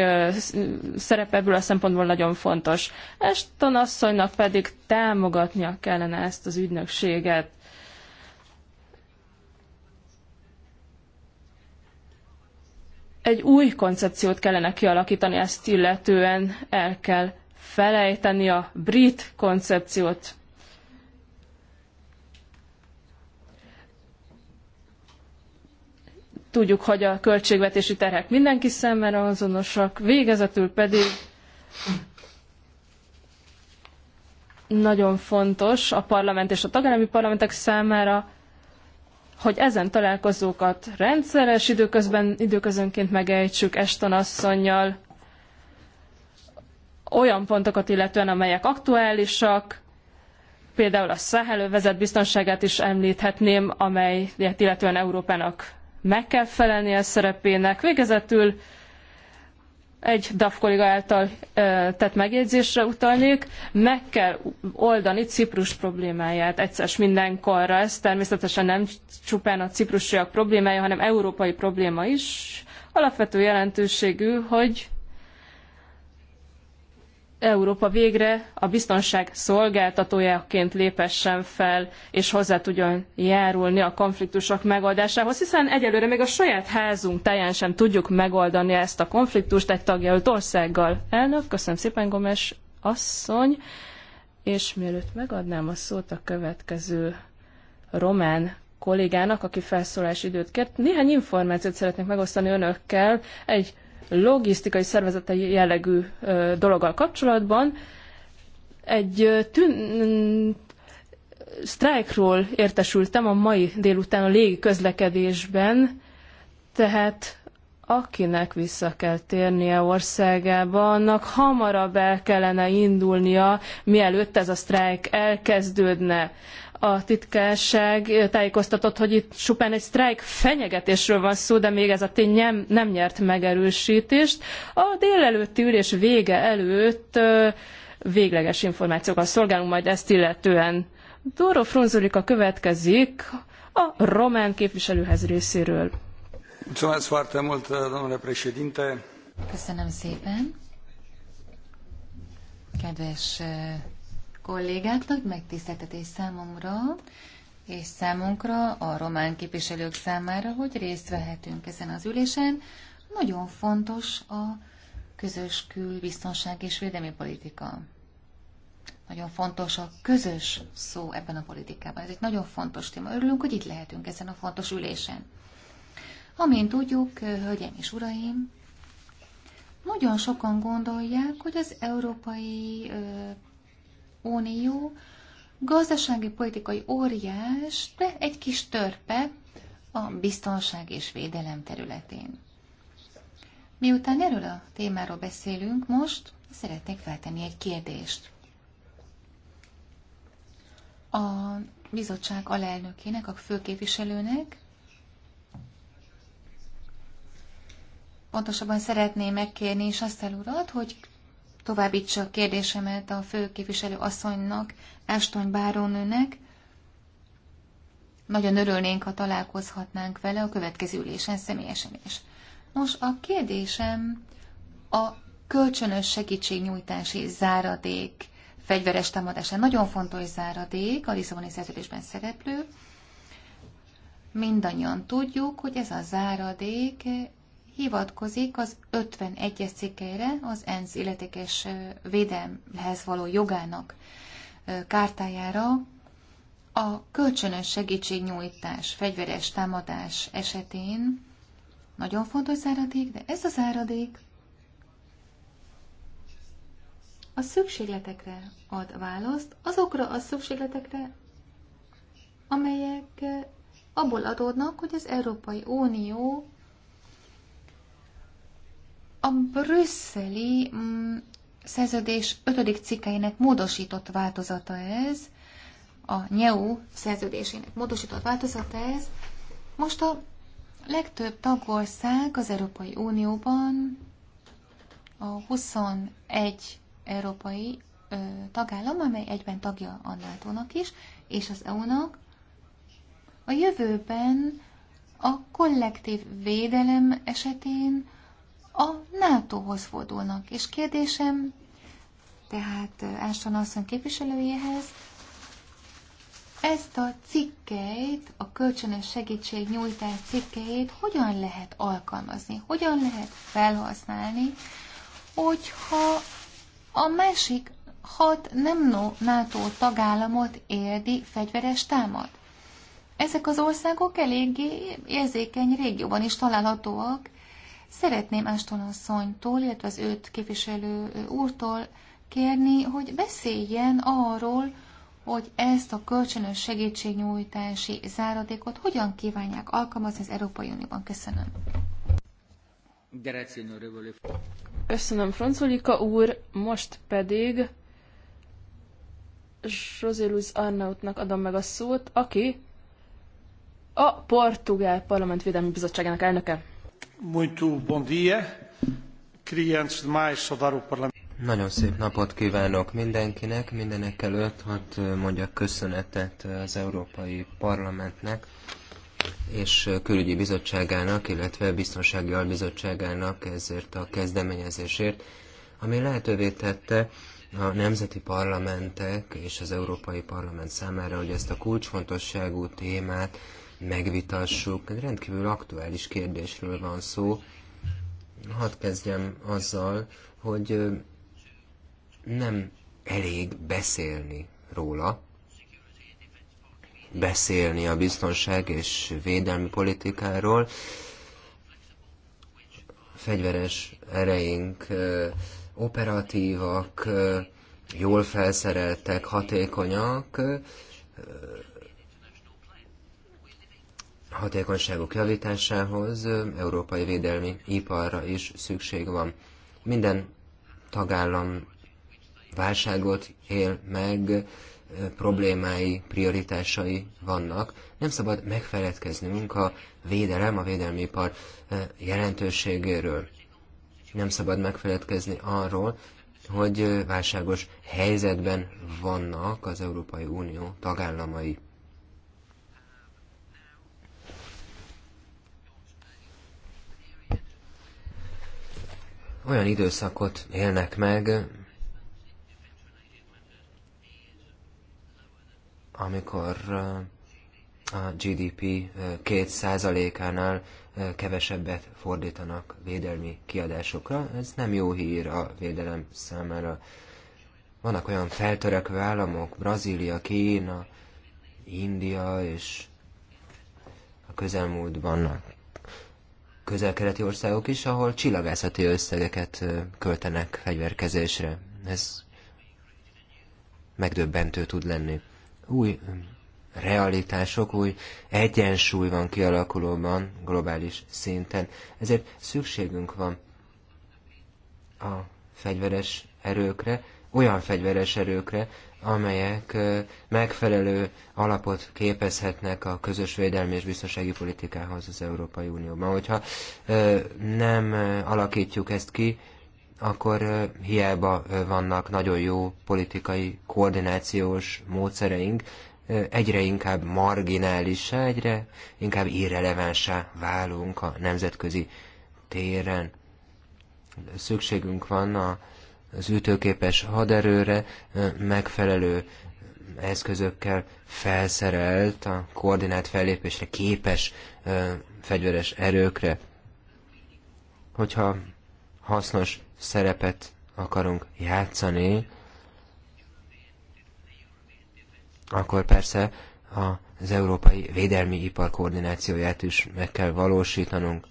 szerepe ebből a szempontból nagyon fontos. Eston asszonynak pedig támogatnia kellene ezt az ügynökséget. Egy új koncepciót kellene kialakítani ezt illetően, el kell felejteni a brit koncepciót. Tudjuk, hogy a költségvetési terhek mindenki számára azonosak, végezetül pedig nagyon fontos a parlament és a tagállami parlamentek számára, hogy ezen találkozókat rendszeres időközben, időközönként megejtsük Eston asszonynal, olyan pontokat illetően, amelyek aktuálisak, például a övezet biztonságát is említhetném, amelyet illetően Európának meg kell felelnie a szerepének. Végezetül egy DAF kolléga által e, tett megjegyzésre utalnék, meg kell oldani Ciprus problémáját egyszer mindenkorra. Ez természetesen nem csupán a ciprusiak problémája, hanem európai probléma is. Alapvető jelentőségű, hogy Európa végre a biztonság szolgáltatójaként lépessen fel, és hozzá tudjon járulni a konfliktusok megoldásához, hiszen egyelőre még a saját házunk táján sem tudjuk megoldani ezt a konfliktust egy tagjelölt országgal. Elnök, köszönöm szépen, Gomes asszony, és mielőtt megadnám a szót a következő román kollégának, aki felszólás időt kért, néhány információt szeretnék megosztani önökkel. Egy logisztikai szervezete jellegű dologgal kapcsolatban egy tűn sztrájkról értesültem a mai délután a légi közlekedésben, tehát akinek vissza kell térnie országába, annak hamarabb el kellene indulnia, mielőtt ez a sztrájk elkezdődne a titkárság tájékoztatott, hogy itt csupán egy sztrájk fenyegetésről van szó, de még ez a tény nem, nem nyert megerősítést. A délelőtti ülés vége előtt végleges információkkal szolgálunk majd ezt illetően. Doro Frunzulika következik a román képviselőhez részéről. Köszönöm szépen. Kedves kollégák, nagy megtiszteltetés számomra és számunkra, a román képviselők számára, hogy részt vehetünk ezen az ülésen. Nagyon fontos a közös külbiztonság és védelmi politika. Nagyon fontos a közös szó ebben a politikában. Ez egy nagyon fontos téma. Örülünk, hogy itt lehetünk ezen a fontos ülésen. Amint tudjuk, hölgyeim és uraim, nagyon sokan gondolják, hogy az európai Unió gazdasági politikai óriás, de egy kis törpe a biztonság és védelem területén. Miután erről a témáról beszélünk most, szeretnék feltenni egy kérdést. A bizottság alelnökének, a főképviselőnek, pontosabban szeretném megkérni is azt urat, hogy továbbítsa a kérdésemet a főképviselő asszonynak, Eston Bárónőnek. Nagyon örülnénk, ha találkozhatnánk vele a következő ülésen személyesen is. Nos, a kérdésem a kölcsönös segítségnyújtási záradék fegyveres támadásán. Nagyon fontos záradék, a Lisszaboni szerződésben szereplő. Mindannyian tudjuk, hogy ez a záradék hivatkozik az 51-es az ENSZ illetékes védelmhez való jogának kártájára, a kölcsönös segítségnyújtás fegyveres támadás esetén nagyon fontos záradék, de ez a záradék a szükségletekre ad választ, azokra a szükségletekre, amelyek abból adódnak, hogy az Európai Unió a brüsszeli mm, szerződés 5. cikkeinek módosított változata ez, a NEU szerződésének módosított változata ez. Most a legtöbb tagország az Európai Unióban, a 21 európai ö, tagállam, amely egyben tagja a nato is, és az EU-nak, a jövőben a kollektív védelem esetén a NATO-hoz fordulnak. És kérdésem, tehát Áston eh, asszony képviselőjéhez, ezt a cikkeit, a kölcsönös segítségnyújtás cikkeit hogyan lehet alkalmazni, hogyan lehet felhasználni, hogyha a másik hat nem NATO tagállamot érdi fegyveres támad. Ezek az országok eléggé érzékeny régióban is találhatóak, Szeretném Ashton asszonytól, illetve az őt képviselő úrtól kérni, hogy beszéljen arról, hogy ezt a kölcsönös segítségnyújtási záradékot hogyan kívánják alkalmazni az Európai Unióban. Köszönöm. Köszönöm, Franzolika úr. Most pedig José Luis Arnautnak adom meg a szót, aki a Portugál Parlament Védelmi Bizottságának elnöke. Muito bom dia. Queria antes de mais saudar o Parlamento. Nagyon szép napot kívánok mindenkinek, mindenek előtt, hadd mondjak köszönetet az Európai Parlamentnek és Külügyi Bizottságának, illetve Biztonsági Albizottságának ezért a kezdeményezésért, ami lehetővé tette a nemzeti parlamentek és az Európai Parlament számára, hogy ezt a kulcsfontosságú témát megvitassuk. Egy rendkívül aktuális kérdésről van szó. Hadd kezdjem azzal, hogy nem elég beszélni róla, beszélni a biztonság és védelmi politikáról. Fegyveres ereink operatívak, jól felszereltek, hatékonyak, hatékonyságuk javításához európai védelmi iparra is szükség van. Minden tagállam válságot él meg, problémái, prioritásai vannak. Nem szabad megfeledkeznünk a védelem, a védelmi ipar jelentőségéről. Nem szabad megfeledkezni arról, hogy válságos helyzetben vannak az Európai Unió tagállamai. olyan időszakot élnek meg, amikor a GDP 2%-ánál kevesebbet fordítanak védelmi kiadásokra. Ez nem jó hír a védelem számára. Vannak olyan feltörekvő államok, Brazília, Kína, India és a közelmúltban közel-keleti országok is, ahol csillagászati összegeket költenek fegyverkezésre. Ez megdöbbentő tud lenni. Új realitások, új egyensúly van kialakulóban globális szinten. Ezért szükségünk van a fegyveres erőkre, olyan fegyveres erőkre, amelyek megfelelő alapot képezhetnek a közös védelmi és biztonsági politikához az Európai Unióban. Hogyha nem alakítjuk ezt ki, akkor hiába vannak nagyon jó politikai koordinációs módszereink, egyre inkább marginálisá, egyre inkább irrelevánsá válunk a nemzetközi téren. Szükségünk van a az ütőképes haderőre megfelelő eszközökkel felszerelt, a koordinált fellépésre képes fegyveres erőkre. Hogyha hasznos szerepet akarunk játszani, akkor persze az európai védelmi ipar koordinációját is meg kell valósítanunk.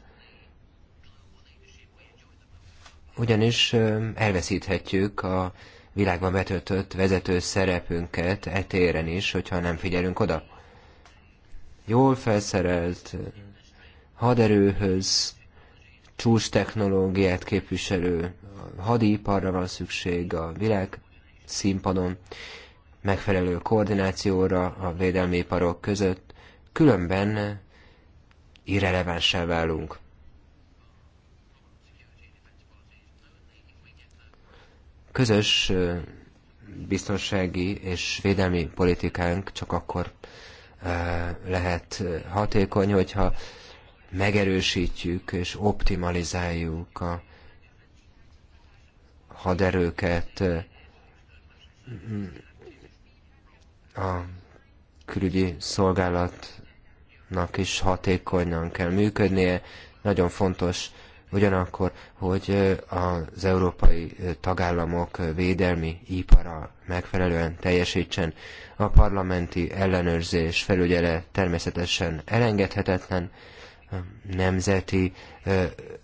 ugyanis elveszíthetjük a világban betöltött vezető szerepünket etéren is, hogyha nem figyelünk oda. Jól felszerelt haderőhöz csúcs technológiát képviselő hadiparra van szükség a világ színpadon, megfelelő koordinációra a védelmi iparok között, különben irrelevánsá válunk. Közös biztonsági és védelmi politikánk csak akkor lehet hatékony, hogyha megerősítjük és optimalizáljuk a haderőket, a külügyi szolgálatnak is hatékonyan kell működnie. Nagyon fontos ugyanakkor, hogy az európai tagállamok védelmi ipara megfelelően teljesítsen. A parlamenti ellenőrzés felügyele természetesen elengedhetetlen, nemzeti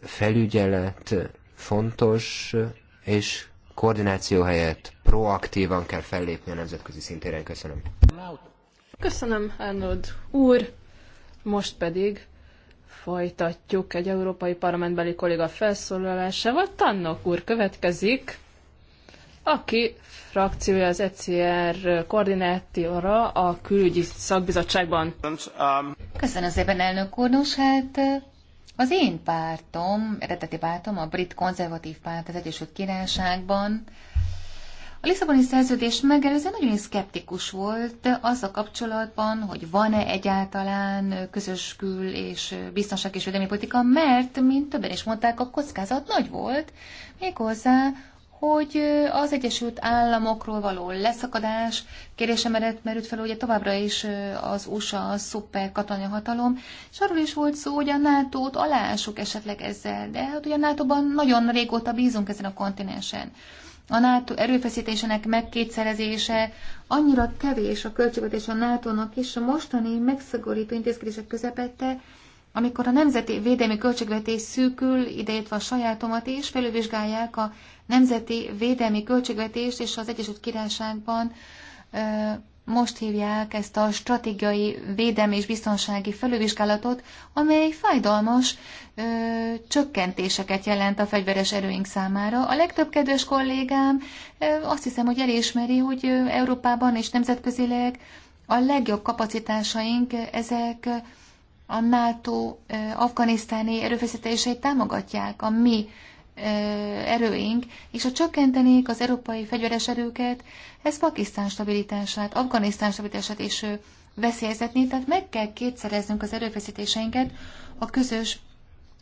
felügyelet fontos, és koordináció helyett proaktívan kell fellépni a nemzetközi szintéren. Köszönöm. Köszönöm, Arnold úr. Most pedig folytatjuk egy európai parlamentbeli kolléga felszólalásával. Tannok úr következik, aki frakciója az ECR koordinátora a külügyi szakbizottságban. Köszönöm szépen, elnök úr. Nos, hát eh, az én pártom, eredeti pártom, a brit konzervatív párt az Egyesült Királyságban a Lisszaboni szerződés megelőző nagyon is szkeptikus volt az a kapcsolatban, hogy van-e egyáltalán közös kül- és biztonság és védelmi politika, mert, mint többen is mondták, a kockázat nagy volt, méghozzá, hogy az Egyesült Államokról való leszakadás kérdése merült fel, ugye továbbra is az USA a szuper katonai hatalom, és arról is volt szó, hogy a NATO-t alássuk esetleg ezzel, de hát ugye a NATO-ban nagyon régóta bízunk ezen a kontinensen a NATO erőfeszítésének megkétszerezése, annyira kevés a költségvetés a NATO-nak és a mostani megszigorító intézkedések közepette, amikor a nemzeti védelmi költségvetés szűkül, ideértve a sajátomat is, felülvizsgálják a nemzeti védelmi költségvetést, és az Egyesült Királyságban most hívják ezt a stratégiai védelmi és biztonsági felülvizsgálatot, amely fájdalmas ö, csökkentéseket jelent a fegyveres erőink számára. A legtöbb kedves kollégám ö, azt hiszem, hogy elismeri, hogy Európában és nemzetközileg a legjobb kapacitásaink ezek a NATO afganisztáni erőfeszítéseit támogatják. A mi erőink, és ha csökkentenék az európai fegyveres erőket, ez Pakisztán stabilitását, Afganisztán stabilitását is veszélyezetné, tehát meg kell kétszereznünk az erőfeszítéseinket a közös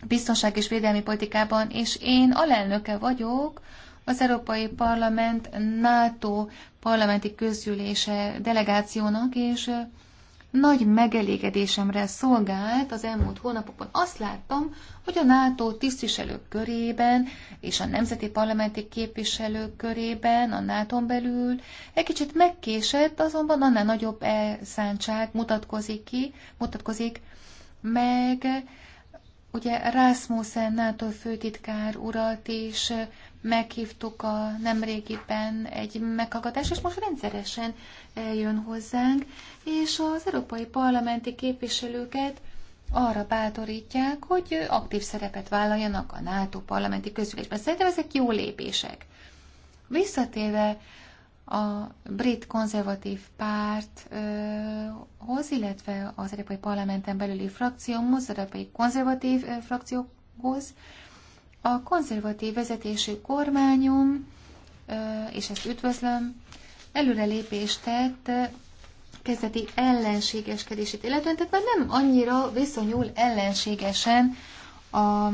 biztonság és védelmi politikában, és én alelnöke vagyok az Európai Parlament NATO parlamenti közgyűlése delegációnak, és nagy megelégedésemre szolgált az elmúlt hónapokban. Azt láttam, hogy a NATO tisztviselők körében és a nemzeti parlamenti képviselők körében, a nato belül egy kicsit megkésett, azonban annál nagyobb elszántság mutatkozik ki, mutatkozik, meg ugye Rasmussen NATO főtitkár urat is meghívtuk a nemrégiben egy meghallgatás, és most rendszeresen eljön hozzánk, és az európai parlamenti képviselőket arra bátorítják, hogy aktív szerepet vállaljanak a NATO parlamenti közülésben. Szerintem ezek jó lépések. Visszatéve a brit konzervatív párthoz, illetve az európai parlamenten belüli frakció, az európai konzervatív eh, frakciókhoz, a konzervatív vezetésű kormányom, és ezt üdvözlöm, előrelépést tett kezdeti ellenségeskedését illetően, tehát már nem annyira viszonyul ellenségesen a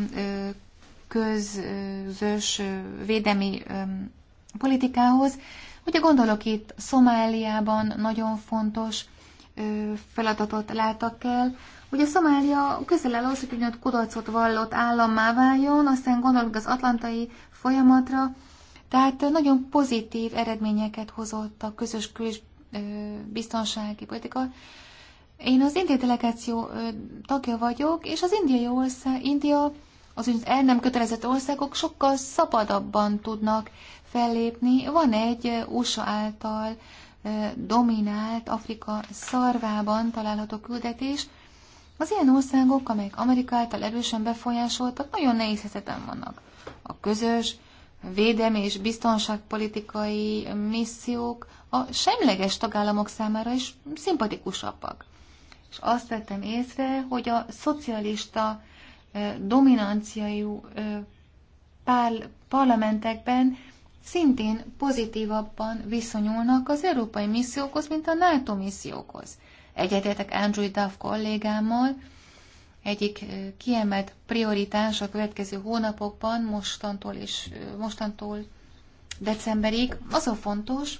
közös védelmi politikához. Ugye gondolok itt Szomáliában nagyon fontos feladatot láttak el. Ugye Szomália közel el az, hogy ugyanott kudarcot vallott állammá váljon, aztán gondolunk az atlantai folyamatra, tehát nagyon pozitív eredményeket hozott a közös kül- biztonsági politika. Én az indiai delegáció tagja vagyok, és az indiai ország, India, az el nem kötelezett országok sokkal szabadabban tudnak fellépni. Van egy USA által dominált Afrika szarvában található küldetés. Az ilyen országok, amelyek Amerika által erősen befolyásoltak, nagyon nehéz helyzetben vannak. A közös védelmi és biztonságpolitikai missziók a semleges tagállamok számára is szimpatikusabbak. És azt vettem észre, hogy a szocialista dominanciai parlamentekben szintén pozitívabban viszonyulnak az európai missziókhoz, mint a NATO missziókhoz. Egyetértek Andrew Duff kollégámmal, egyik kiemelt prioritás a következő hónapokban, mostantól és mostantól decemberig, az a fontos,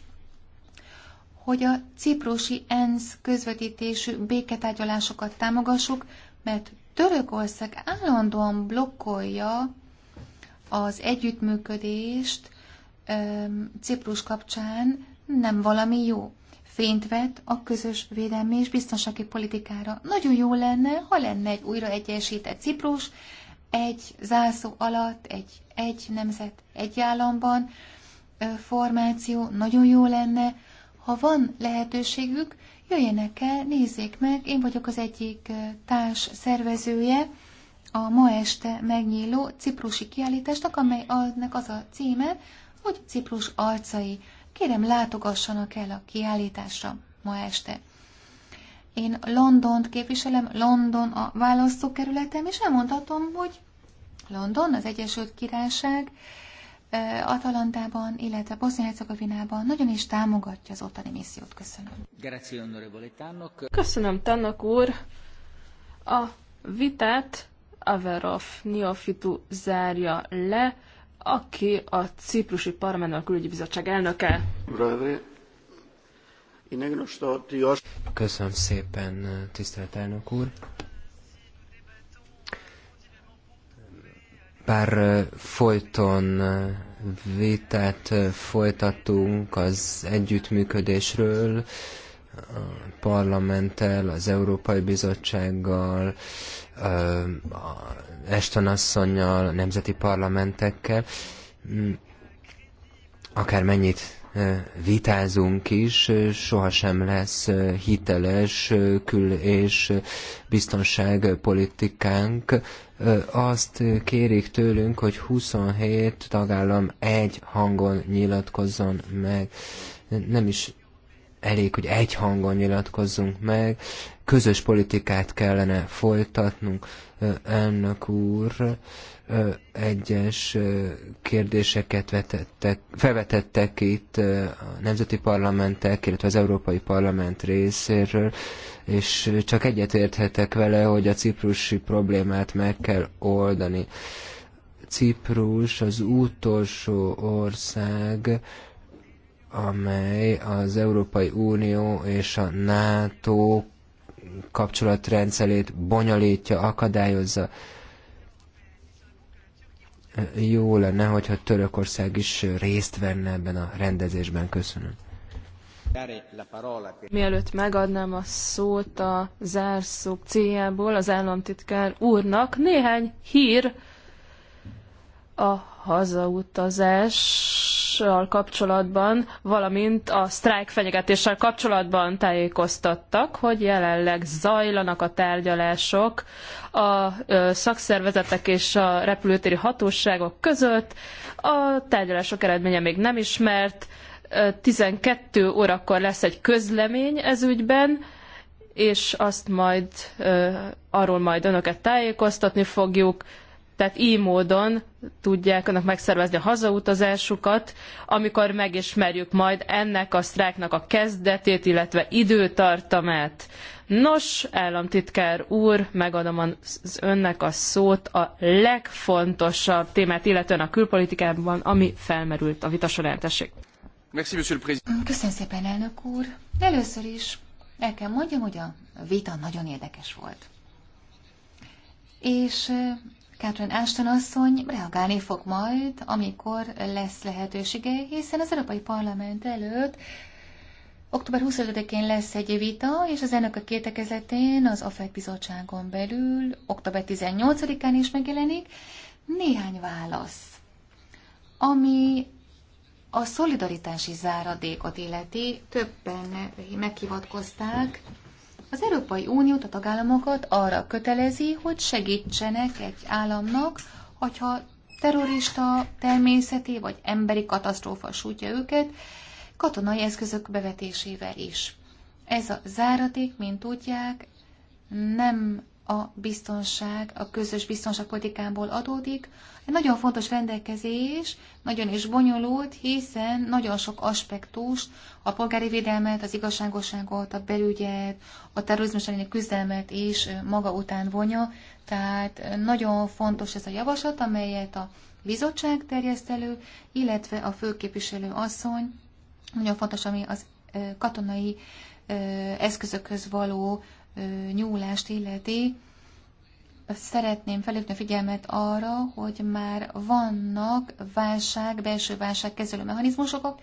hogy a ciprusi ENSZ közvetítésű béketárgyalásokat támogassuk, mert Törökország állandóan blokkolja az együttműködést Ciprus kapcsán nem valami jó. Fényt vet a közös védelmi és biztonsági politikára. Nagyon jó lenne, ha lenne egy újra egyesített Ciprus, egy zászló alatt, egy, egy nemzet, egy államban formáció, nagyon jó lenne. Ha van lehetőségük, jöjjenek el, nézzék meg, én vagyok az egyik társ szervezője a ma este megnyíló ciprusi kiállításnak, amely az a címe, hogy Ciprus arcai kérem látogassanak el a kiállításra ma este. Én Londont képviselem, London a választókerületem, és elmondhatom, hogy London, az Egyesült Királyság, Atalantában, illetve Bosznia-Hercegovinában nagyon is támogatja az ottani missziót. Köszönöm. Köszönöm, Tannak úr. A vitát Averov Niofitu zárja le aki a Ciprusi Parlamentben a Külügyi Bizottság elnöke. Köszönöm szépen, tisztelt elnök úr! Bár folyton vitát folytatunk az együttműködésről, a parlamenttel, az Európai Bizottsággal, Eston asszonynal, a nemzeti parlamentekkel, mm, akár mennyit vitázunk is, sohasem lesz hiteles kül- és biztonságpolitikánk. Azt kérik tőlünk, hogy 27 tagállam egy hangon nyilatkozzon meg. Nem is elég, hogy egy hangon nyilatkozzunk meg, közös politikát kellene folytatnunk. Elnök úr, egyes kérdéseket vetettek, felvetettek itt a nemzeti parlamentek, illetve az Európai Parlament részéről, és csak egyet érthetek vele, hogy a ciprusi problémát meg kell oldani. Ciprus az utolsó ország, amely az Európai Unió és a NATO kapcsolatrendszerét bonyolítja, akadályozza. Jó lenne, hogyha Törökország is részt venne ebben a rendezésben. Köszönöm. Mielőtt megadnám a szót a zárszók céljából az államtitkár úrnak, néhány hír a hazautazás fenntartással kapcsolatban, valamint a sztrájk fenyegetéssel kapcsolatban tájékoztattak, hogy jelenleg zajlanak a tárgyalások a szakszervezetek és a repülőtéri hatóságok között. A tárgyalások eredménye még nem ismert. 12 órakor lesz egy közlemény ez ügyben, és azt majd arról majd önöket tájékoztatni fogjuk tehát így módon tudják önök megszervezni a hazautazásukat, amikor megismerjük majd ennek a sztrájknak a kezdetét, illetve időtartamát. Nos, államtitkár úr, megadom az önnek a szót a legfontosabb témát, illetően a külpolitikában, ami felmerült a vita során. Tessék. Köszönöm szépen, elnök úr. Először is el kell mondjam, hogy a vita nagyon érdekes volt. És Catherine Ashton asszony reagálni fog majd, amikor lesz lehetősége, hiszen az Európai Parlament előtt október 25-én lesz egy vita, és az ennek a kétekezetén az AFEC bizottságon belül október 18-án is megjelenik néhány válasz, ami a szolidaritási záradékot illeti, többen meghivatkozták az Európai Uniót, a tagállamokat arra kötelezi, hogy segítsenek egy államnak, hogyha terrorista, természeti vagy emberi katasztrófa sújtja őket, katonai eszközök bevetésével is. Ez a záraték, mint tudják, nem a biztonság, a közös biztonságpolitikából adódik. Egy nagyon fontos rendelkezés, nagyon is bonyolult, hiszen nagyon sok aspektus, a polgári védelmet, az igazságosságot, a belügyet, a terrorizmus elleni küzdelmet is maga után vonja. Tehát nagyon fontos ez a javaslat, amelyet a bizottság terjesztelő, illetve a főképviselő asszony, nagyon fontos, ami az katonai eszközökhöz való nyúlást illeti, szeretném felépni a figyelmet arra, hogy már vannak válság, belső válság kezelő mechanizmusok,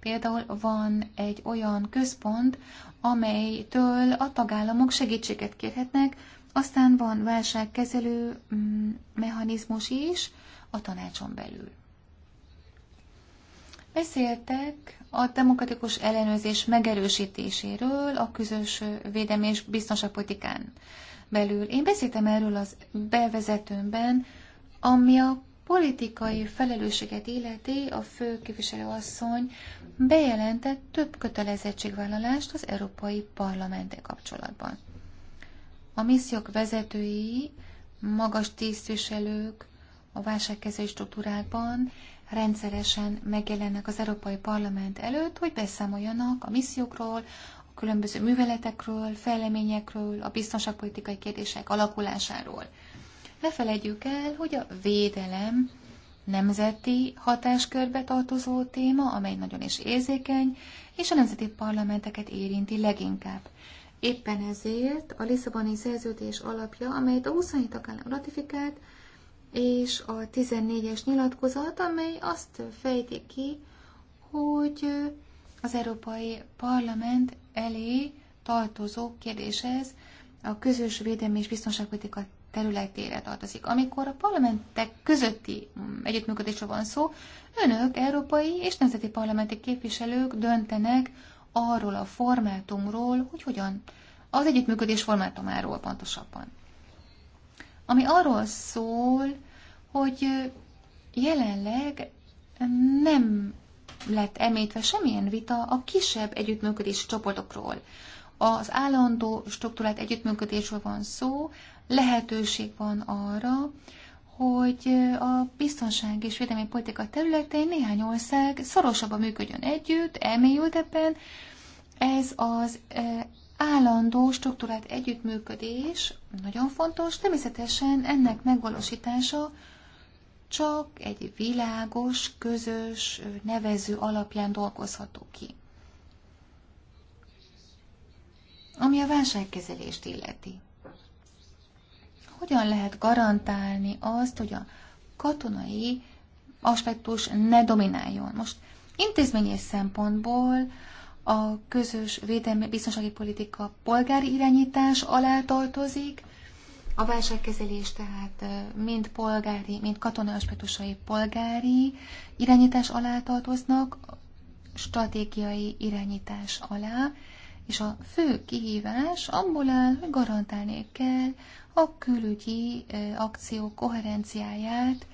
például van egy olyan központ, amelytől a tagállamok segítséget kérhetnek, aztán van válságkezelő mm, mechanizmus is a tanácson belül. Beszéltek a demokratikus ellenőrzés megerősítéséről a közös védelmi és biztonságpolitikán belül. Én beszéltem erről az bevezetőmben, ami a politikai felelősséget illeti a fő képviselőasszony bejelentett több kötelezettségvállalást az Európai parlamentek kapcsolatban. A missziók vezetői, magas tisztviselők a válságkezelő struktúrákban rendszeresen megjelennek az Európai Parlament előtt, hogy beszámoljanak a missziókról, a különböző műveletekről, fejleményekről, a biztonságpolitikai kérdések alakulásáról. Ne felejtjük el, hogy a védelem nemzeti hatáskörbe tartozó téma, amely nagyon is érzékeny, és a nemzeti parlamenteket érinti leginkább. Éppen ezért a Lisszaboni szerződés alapja, amelyet a 27 tagállam ratifikált, és a 14-es nyilatkozat, amely azt fejti ki, hogy az Európai Parlament elé tartozó kérdéshez a közös védelmi és biztonságpolitika területére tartozik. Amikor a parlamentek közötti együttműködésről van szó, önök, európai és nemzeti parlamenti képviselők döntenek arról a formátumról, hogy hogyan, az együttműködés formátumáról pontosabban ami arról szól, hogy jelenleg nem lett említve semmilyen vita a kisebb együttműködési csoportokról. Az állandó struktúrát együttműködésről van szó, lehetőség van arra, hogy a biztonság és védelmi politika területén néhány ország szorosabban működjön együtt, elmélyült ebben. Ez az állandó struktúrát együttműködés nagyon fontos, természetesen ennek megvalósítása csak egy világos, közös nevező alapján dolgozható ki. Ami a válságkezelést illeti. Hogyan lehet garantálni azt, hogy a katonai aspektus ne domináljon? Most intézményes szempontból a közös védelmi biztonsági politika polgári irányítás alá tartozik, a válságkezelés tehát mind polgári, mind katonai aspektusai polgári irányítás alá tartoznak, stratégiai irányítás alá, és a fő kihívás abból áll, hogy garantálni kell a külügyi akció koherenciáját.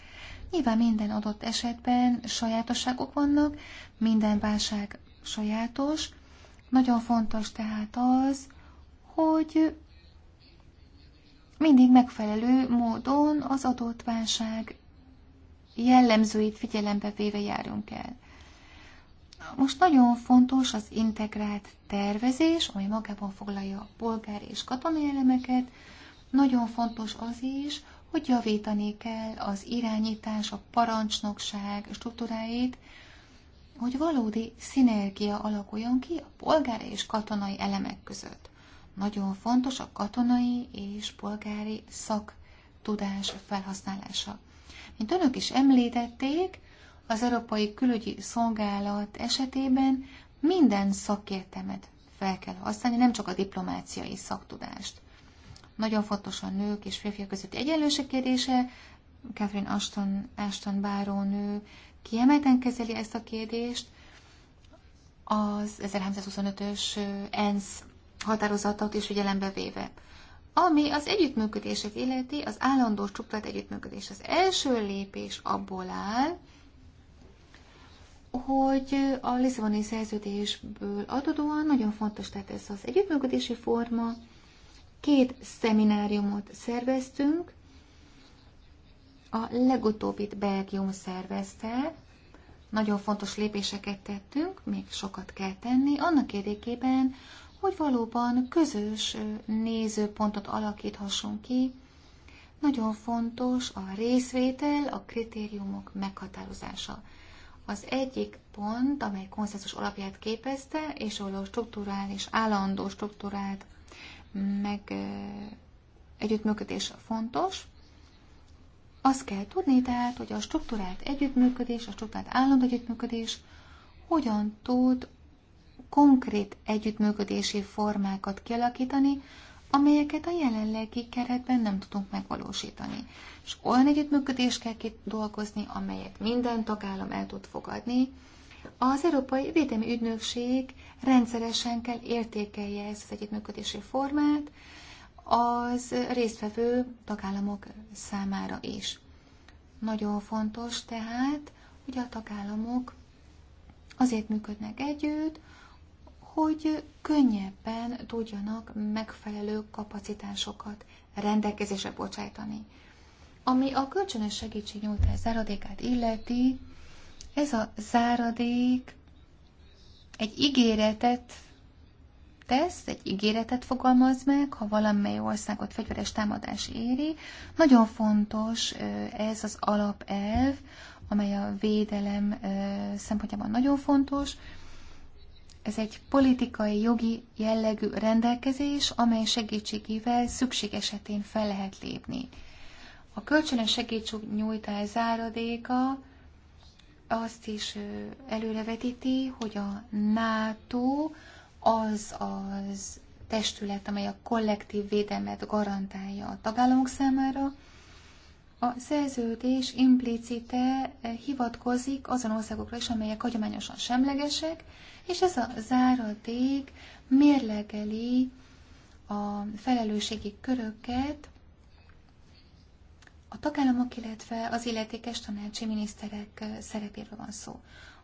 Nyilván minden adott esetben sajátosságok vannak, minden válság sajátos. Nagyon fontos tehát az, hogy mindig megfelelő módon az adott válság jellemzőit figyelembe véve járunk el. Most nagyon fontos az integrált tervezés, ami magában foglalja a polgár és katonai elemeket. Nagyon fontos az is, hogy javítani kell az irányítás, a parancsnokság struktúráit, hogy valódi szinergia alakuljon ki a polgári és katonai elemek között. Nagyon fontos a katonai és polgári szaktudás felhasználása. Mint önök is említették, az Európai Külügyi Szolgálat esetében minden szakértelmet fel kell használni, nem csak a diplomáciai szaktudást. Nagyon fontos a nők és férfiak közötti egyenlőség kérdése. Catherine Ashton, Ashton nő kiemelten kezeli ezt a kérdést. Az 1325-ös ENSZ határozatot is figyelembe véve. Ami az együttműködések illeti, az állandó csuklat együttműködés. Az első lépés abból áll, hogy a Lisszaboni szerződésből adódóan nagyon fontos, tehát ez az együttműködési forma. Két szemináriumot szerveztünk, a legutóbbit Belgium szervezte, nagyon fontos lépéseket tettünk, még sokat kell tenni, annak érdekében, hogy valóban közös nézőpontot alakíthassunk ki. Nagyon fontos a részvétel, a kritériumok meghatározása. Az egyik pont, amely konszenzus alapját képezte, és ahol a strukturális, állandó struktúrát meg együttműködés fontos, azt kell tudni tehát, hogy a struktúrált együttműködés, a struktúrált állandó együttműködés hogyan tud konkrét együttműködési formákat kialakítani, amelyeket a jelenlegi keretben nem tudunk megvalósítani. És olyan együttműködést kell dolgozni, amelyet minden tagállam el tud fogadni. Az Európai Védelmi Ügynökség rendszeresen kell értékelje ezt az együttműködési formát, az résztvevő tagállamok számára is. Nagyon fontos tehát, hogy a tagállamok azért működnek együtt, hogy könnyebben tudjanak megfelelő kapacitásokat rendelkezésre bocsájtani. Ami a kölcsönös segítségnyújtás záradékát illeti, ez a záradék egy ígéretet tesz, egy ígéretet fogalmaz meg, ha valamely országot fegyveres támadás éri. Nagyon fontos ez az alapelv, amely a védelem szempontjában nagyon fontos. Ez egy politikai, jogi jellegű rendelkezés, amely segítségével szükség esetén fel lehet lépni. A kölcsönös segítségnyújtás záradéka azt is előrevetíti, hogy a NATO az az testület, amely a kollektív védelmet garantálja a tagállamok számára. A szerződés implicite hivatkozik azon országokra is, amelyek hagyományosan semlegesek, és ez a záradék mérlegeli a felelősségi köröket a tagállamok, illetve az illetékes tanácsi miniszterek szerepéről van szó,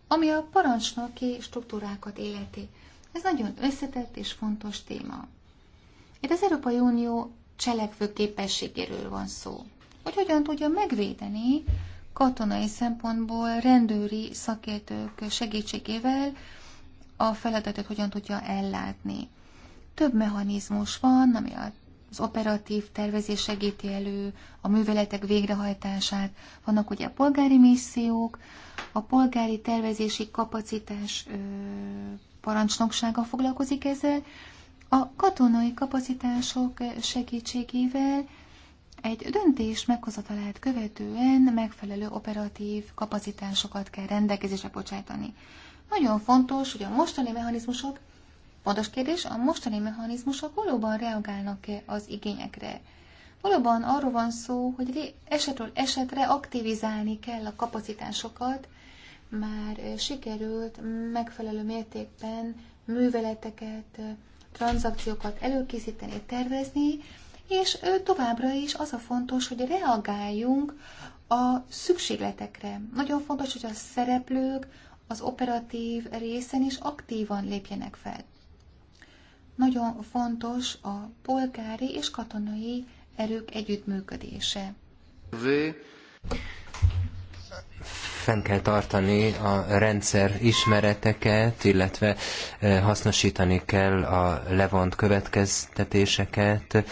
ami a parancsnoki struktúrákat életi. Ez nagyon összetett és fontos téma. Itt az Európai Unió cselekvő képességéről van szó. Hogy hogyan tudja megvédeni katonai szempontból rendőri szakértők segítségével a feladatot hogyan tudja ellátni. Több mechanizmus van, ami az operatív tervezés segíti elő, a műveletek végrehajtását, vannak ugye a polgári missziók, a polgári tervezési kapacitás parancsnoksága foglalkozik ezzel, a katonai kapacitások segítségével egy döntés meghozatalát követően megfelelő operatív kapacitásokat kell rendelkezésre bocsájtani. Nagyon fontos, hogy a mostani mechanizmusok, fontos kérdés, a mostani mechanizmusok valóban reagálnak-e az igényekre. Valóban arról van szó, hogy esetről esetre aktivizálni kell a kapacitásokat, már eh, sikerült megfelelő mértékben műveleteket, eh, tranzakciókat előkészíteni, tervezni, és eh, továbbra is az a fontos, hogy reagáljunk a szükségletekre. Nagyon fontos, hogy a szereplők az operatív részen is aktívan lépjenek fel. Nagyon fontos a polgári és katonai erők együttműködése fenn kell tartani a rendszer ismereteket, illetve eh, hasznosítani kell a levont következtetéseket,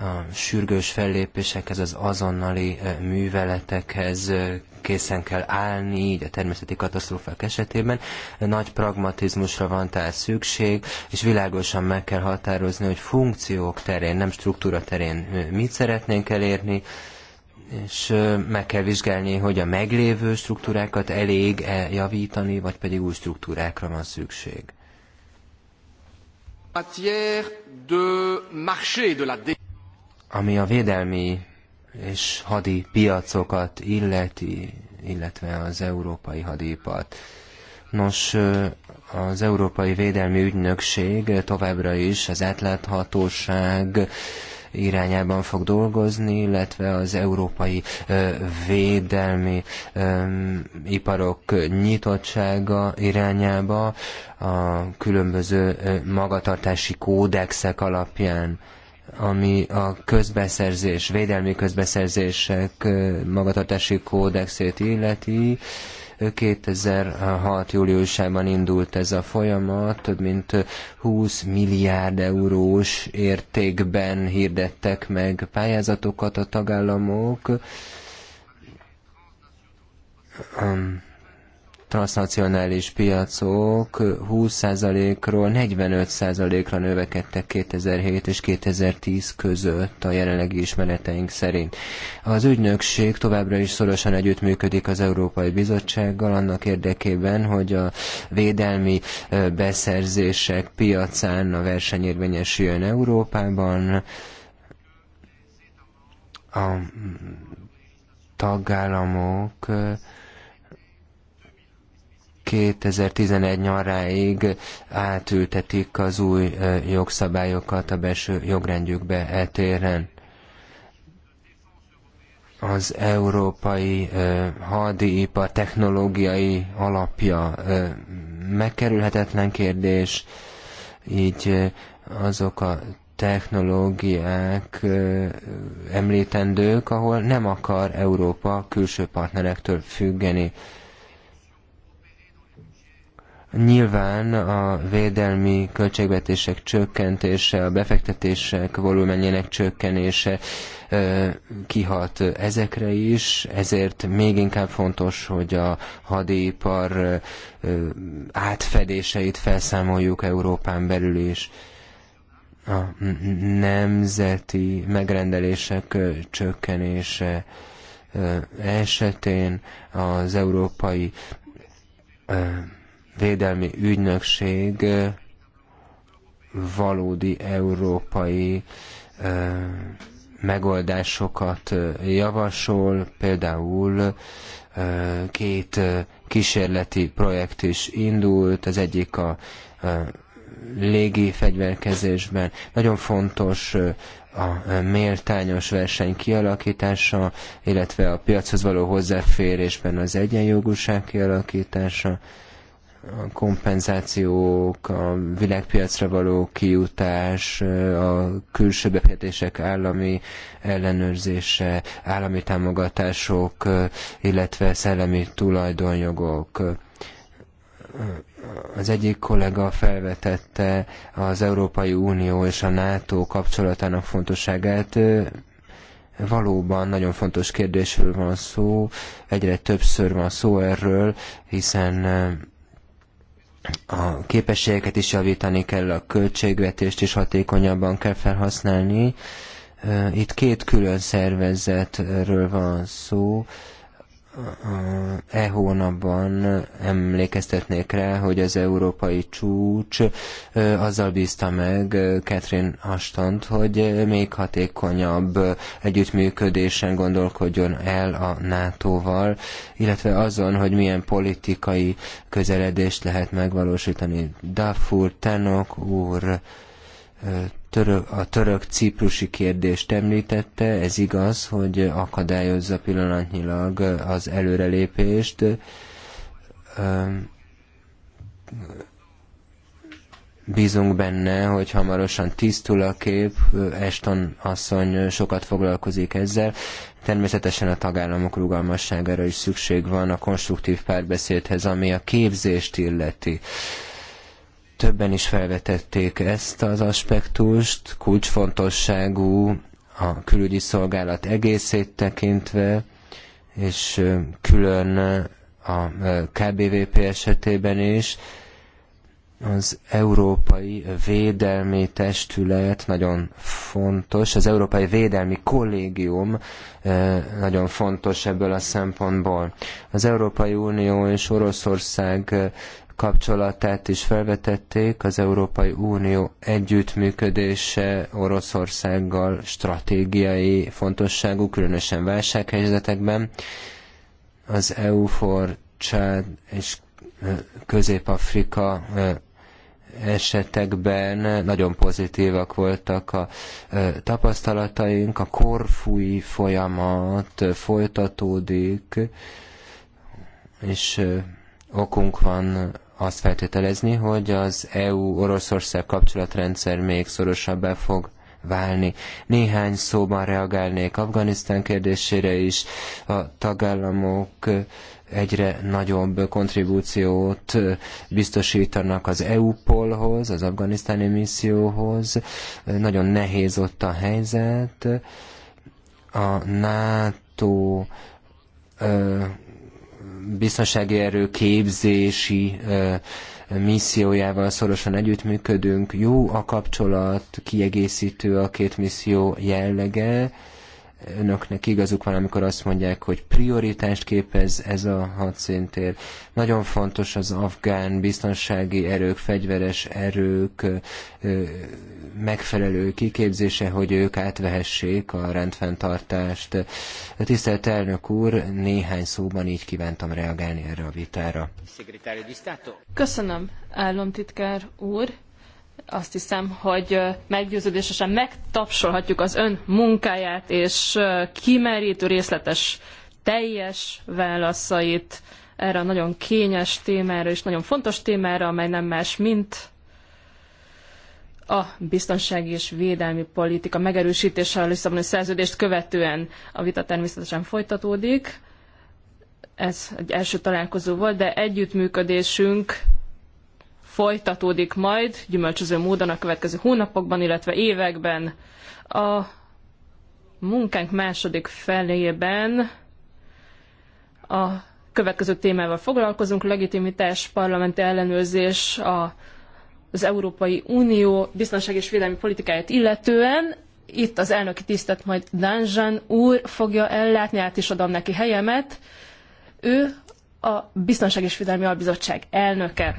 a sürgős fellépésekhez, az azonnali eh, műveletekhez eh, készen kell állni, így a természeti katasztrófák esetében. Nagy pragmatizmusra van tehát szükség, és világosan meg kell határozni, hogy funkciók terén, nem struktúra terén mit szeretnénk elérni, és meg kell vizsgálni, hogy a meglévő struktúrákat elég -e javítani, vagy pedig új struktúrákra van szükség. Ami a védelmi és hadi piacokat illeti, illetve az európai hadipart. Nos, az Európai Védelmi Ügynökség továbbra is az átláthatóság irányában fog dolgozni, illetve az európai védelmi iparok nyitottsága irányába a különböző magatartási kódexek alapján ami a közbeszerzés, védelmi közbeszerzések magatartási kódexét illeti, 2006. júliusában indult ez a folyamat, több mint 20 milliárd eurós értékben hirdettek meg pályázatokat a tagállamok. Um, transnacionális piacok 20%-ról 45%-ra növekedtek 2007 és 2010 között a jelenlegi ismereteink szerint. Az ügynökség továbbra is szorosan együttműködik az Európai Bizottsággal annak érdekében, hogy a védelmi beszerzések piacán a verseny érvényesüljön Európában. A tagállamok 2011 nyaráig átültetik az új jogszabályokat a belső jogrendjükbe etéren. Az európai hadiipar technológiai alapja megkerülhetetlen kérdés, így azok a technológiák említendők, ahol nem akar Európa külső partnerektől függeni. Nyilván a védelmi költségvetések csökkentése, a befektetések volumenjének csökkenése kihat ezekre is, ezért még inkább fontos, hogy a hadipar átfedéseit felszámoljuk Európán belül is a nemzeti megrendelések csökkenése esetén az európai Védelmi Ügynökség valódi európai megoldásokat javasol, például két kísérleti projekt is indult, az egyik a légi fegyverkezésben. Nagyon fontos a méltányos verseny kialakítása, illetve a piachoz való hozzáférésben az egyenjogúság kialakítása a kompenzációk, a világpiacra való kijutás, a külső befektetések állami ellenőrzése, állami támogatások, illetve szellemi tulajdonjogok. Az egyik kollega felvetette az Európai Unió és a NATO kapcsolatának fontosságát. Valóban nagyon fontos kérdésről van szó, egyre többször van szó erről, hiszen a képességeket is javítani kell, a költségvetést is hatékonyabban kell felhasználni. Itt két külön szervezetről van szó, e hónapban emlékeztetnék rá, hogy az európai csúcs azzal bízta meg Catherine Ashtont, hogy még hatékonyabb együttműködésen gondolkodjon el a NATO-val, illetve azon, hogy milyen politikai közeledést lehet megvalósítani. Dafur, Tenok úr, török, a török-ciprusi kérdést említette, ez igaz, hogy akadályozza pillanatnyilag az előrelépést. Bízunk benne, hogy hamarosan tisztul a kép, Eston asszony sokat foglalkozik ezzel. Természetesen a tagállamok rugalmasságára is szükség van a konstruktív párbeszédhez, ami a képzést illeti. Uh, Többen is felvetették ezt az aspektust, kulcsfontosságú a külügyi szolgálat egészét tekintve, és külön a KBVP esetében is az Európai Védelmi Testület nagyon fontos, az Európai Védelmi Kollégium nagyon fontos ebből a szempontból. Az Európai Unió és Oroszország kapcsolatát is felvetették, az Európai Unió együttműködése Oroszországgal stratégiai fontosságú, különösen válsághelyzetekben. Az EU-for Csád és Közép-Afrika esetekben nagyon pozitívak voltak a tapasztalataink. A korfúi folyamat folytatódik, és okunk van azt feltételezni, hogy az EU-Oroszország kapcsolatrendszer még szorosabbá fog válni. Néhány szóban reagálnék Afganisztán kérdésére is. A tagállamok egyre nagyobb kontribúciót biztosítanak az EU-polhoz, az afganisztáni misszióhoz. Nagyon nehéz ott a helyzet. A NATO biztonsági erő képzési missziójával szorosan együttműködünk. Jó a kapcsolat, kiegészítő a két misszió jellege önöknek igazuk van, amikor azt mondják, hogy prioritást képez ez a hadszíntér. Nagyon fontos az afgán biztonsági erők, fegyveres erők megfelelő kiképzése, hogy ők átvehessék a rendfenntartást. Tisztelt elnök úr, néhány szóban így kívántam reagálni erre a vitára. Köszönöm, államtitkár úr azt hiszem, hogy meggyőződésesen megtapsolhatjuk az ön munkáját és kimerítő részletes teljes válaszait erre a nagyon kényes témára és nagyon fontos témára, amely nem más, mint a biztonsági és védelmi politika megerősítése a Lisszaboni szerződést követően a vita természetesen folytatódik. Ez egy első találkozó volt, de együttműködésünk folytatódik majd gyümölcsöző módon a következő hónapokban, illetve években. A munkánk második felében a következő témával foglalkozunk, legitimitás, parlamenti ellenőrzés, a, az Európai Unió biztonság és védelmi politikáját illetően. Itt az elnöki tisztet majd Danzsán úr fogja ellátni, át is adom neki helyemet. Ő a Biztonság és Védelmi Albizottság elnöke.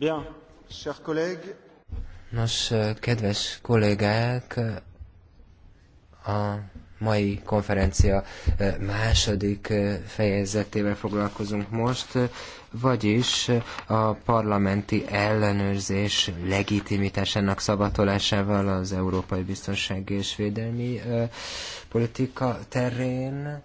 Bien, chers collègues. Nos, kedves kollégák, a mai konferencia második fejezetével foglalkozunk most, vagyis a parlamenti ellenőrzés legitimitásának szabatolásával az európai biztonsági és védelmi politika terén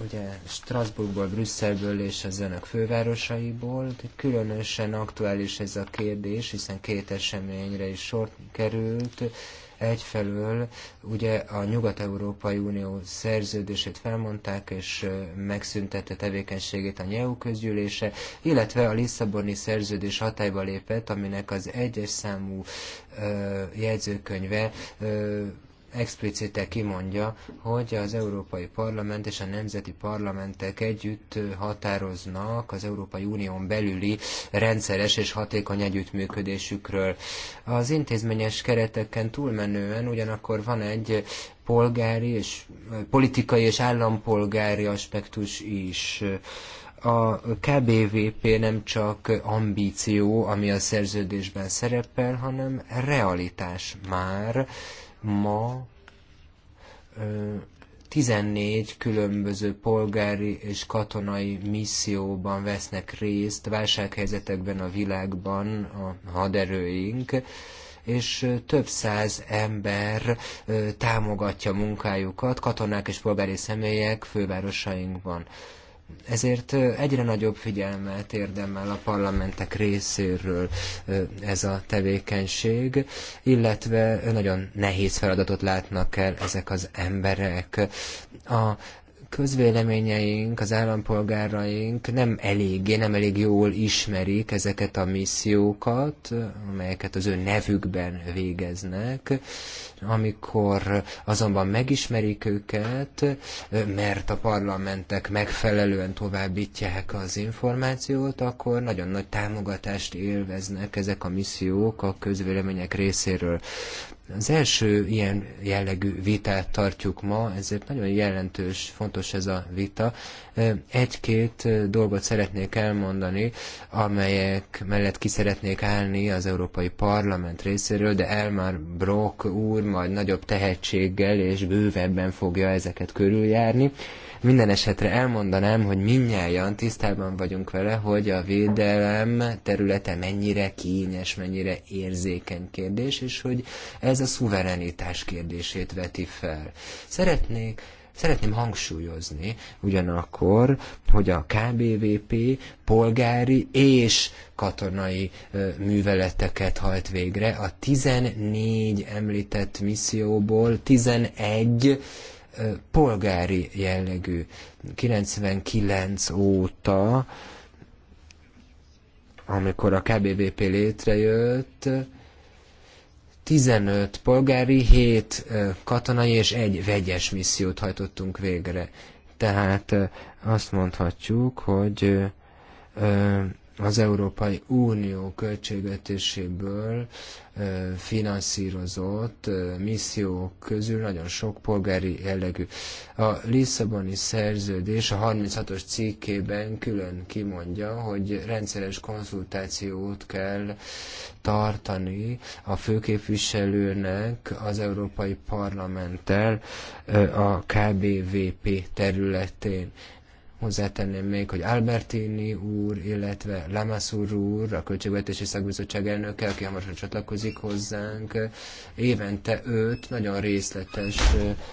ugye Strasbourgból, Brüsszelből és az önök fővárosaiból. Különösen aktuális ez a kérdés, hiszen két eseményre is sor került. Egyfelől ugye a Nyugat-Európai Unió szerződését felmondták, és megszüntette tevékenységét a NEU közgyűlése, illetve a Lisszaboni szerződés hatályba lépett, aminek az egyes számú ö, jegyzőkönyve ö, explicite kimondja, hogy az Európai Parlament és a nemzeti parlamentek együtt határoznak az Európai Unión belüli rendszeres és hatékony együttműködésükről. Az intézményes kereteken túlmenően ugyanakkor van egy polgári és politikai és állampolgári aspektus is a KBVP nem csak ambíció, ami a szerződésben szerepel, hanem realitás már Ma 14 különböző polgári és katonai misszióban vesznek részt válsághelyzetekben a világban a haderőink, és több száz ember támogatja munkájukat, katonák és polgári személyek fővárosainkban. Ezért egyre nagyobb figyelmet érdemel a parlamentek részéről ez a tevékenység, illetve nagyon nehéz feladatot látnak el ezek az emberek. A közvéleményeink, az állampolgáraink nem eléggé, nem elég jól ismerik ezeket a missziókat, amelyeket az ő nevükben végeznek. Amikor azonban megismerik őket, mert a parlamentek megfelelően továbbítják az információt, akkor nagyon nagy támogatást élveznek ezek a missziók a közvélemények részéről az első ilyen jellegű vitát tartjuk ma, ezért nagyon jelentős, fontos ez a vita. Egy-két dolgot szeretnék elmondani, amelyek mellett ki szeretnék állni az Európai Parlament részéről, de Elmar Brock úr majd nagyobb tehetséggel és bővebben fogja ezeket körüljárni. Minden esetre elmondanám, hogy minnyáján tisztában vagyunk vele, hogy a védelem területe mennyire kényes, mennyire érzékeny kérdés, és hogy ez a szuverenitás kérdését veti fel. Szeretnék Szeretném hangsúlyozni ugyanakkor, hogy a KBVP polgári és katonai műveleteket hajt végre. A 14 említett misszióból 11 polgári jellegű. 99 óta, amikor a KBVP létrejött, 15 polgári, 7 katonai és egy vegyes missziót hajtottunk végre. Tehát azt mondhatjuk, hogy az Európai Unió költségvetéséből finanszírozott missziók közül nagyon sok polgári jellegű. A Lisszaboni szerződés a 36-os cikkében külön kimondja, hogy rendszeres konzultációt kell tartani a főképviselőnek az Európai Parlamenttel a KBVP területén. Hozzátenném még, hogy Albertini úr, illetve Lamassur úr, a Költségvetési Szakbizottság elnöke, aki hamarosan csatlakozik hozzánk, évente öt nagyon részletes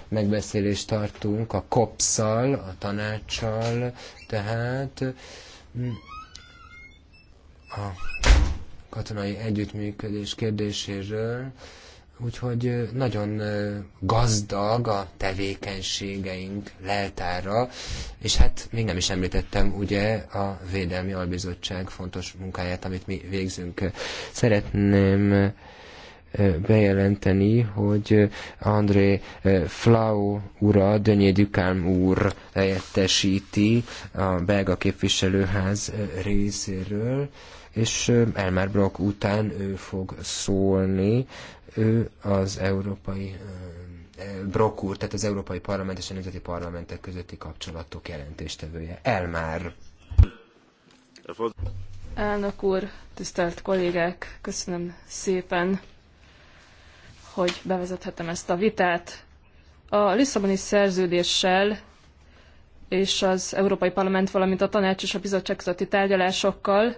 megbeszélést tartunk a COPS-szal, a tanácssal, tehát mm, a katonai együttműködés kérdéséről, Úgyhogy nagyon gazdag a tevékenységeink leltára, és hát még nem is említettem ugye a Védelmi Albizottság fontos munkáját, amit mi végzünk. Szeretném bejelenteni, hogy André Flau ura, Dönyé Dükám úr helyettesíti a belga képviselőház részéről, és Elmer Brock után ő fog szólni ő az európai Brock tehát az Európai Parlament és a Nemzeti Parlamentek közötti kapcsolatok jelentéstevője. Elmár. Elnök úr, tisztelt kollégák, köszönöm szépen, hogy bevezethetem ezt a vitát. A Lisszaboni szerződéssel és az Európai Parlament, valamint a Tanács és a Bizottság közötti tárgyalásokkal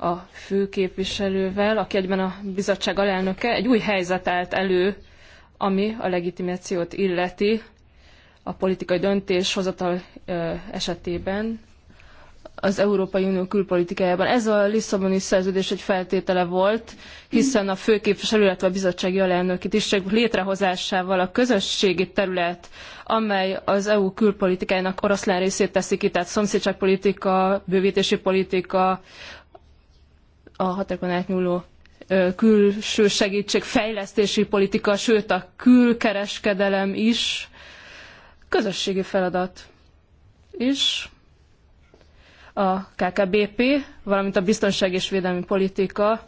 a főképviselővel, aki egyben a bizottság alelnöke, egy új helyzet állt elő, ami a legitimációt illeti a politikai döntéshozatal esetében az Európai Unió külpolitikájában. Ez a Lisszaboni szerződés egy feltétele volt, hiszen a főképviselő, illetve a bizottsági alelnöki tisztség létrehozásával a közösségi terület, amely az EU külpolitikájának oroszlán részét teszi ki, tehát szomszédságpolitika, bővítési politika, a határokon átnyúló külső segítség, fejlesztési politika, sőt a külkereskedelem is közösségi feladat. És a KKBP, valamint a biztonság és védelmi politika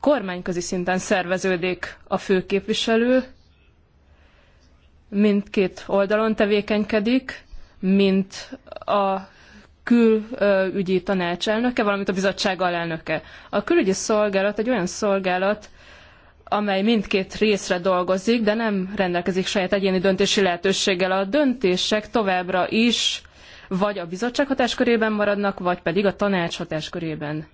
kormányközi szinten szerveződik a főképviselő, mindkét oldalon tevékenykedik, mint a külügyi tanácselnöke, valamint a bizottság alelnöke. A külügyi szolgálat egy olyan szolgálat, amely mindkét részre dolgozik, de nem rendelkezik saját egyéni döntési lehetőséggel. A döntések továbbra is vagy a bizottság hatáskörében maradnak, vagy pedig a tanács hatáskörében.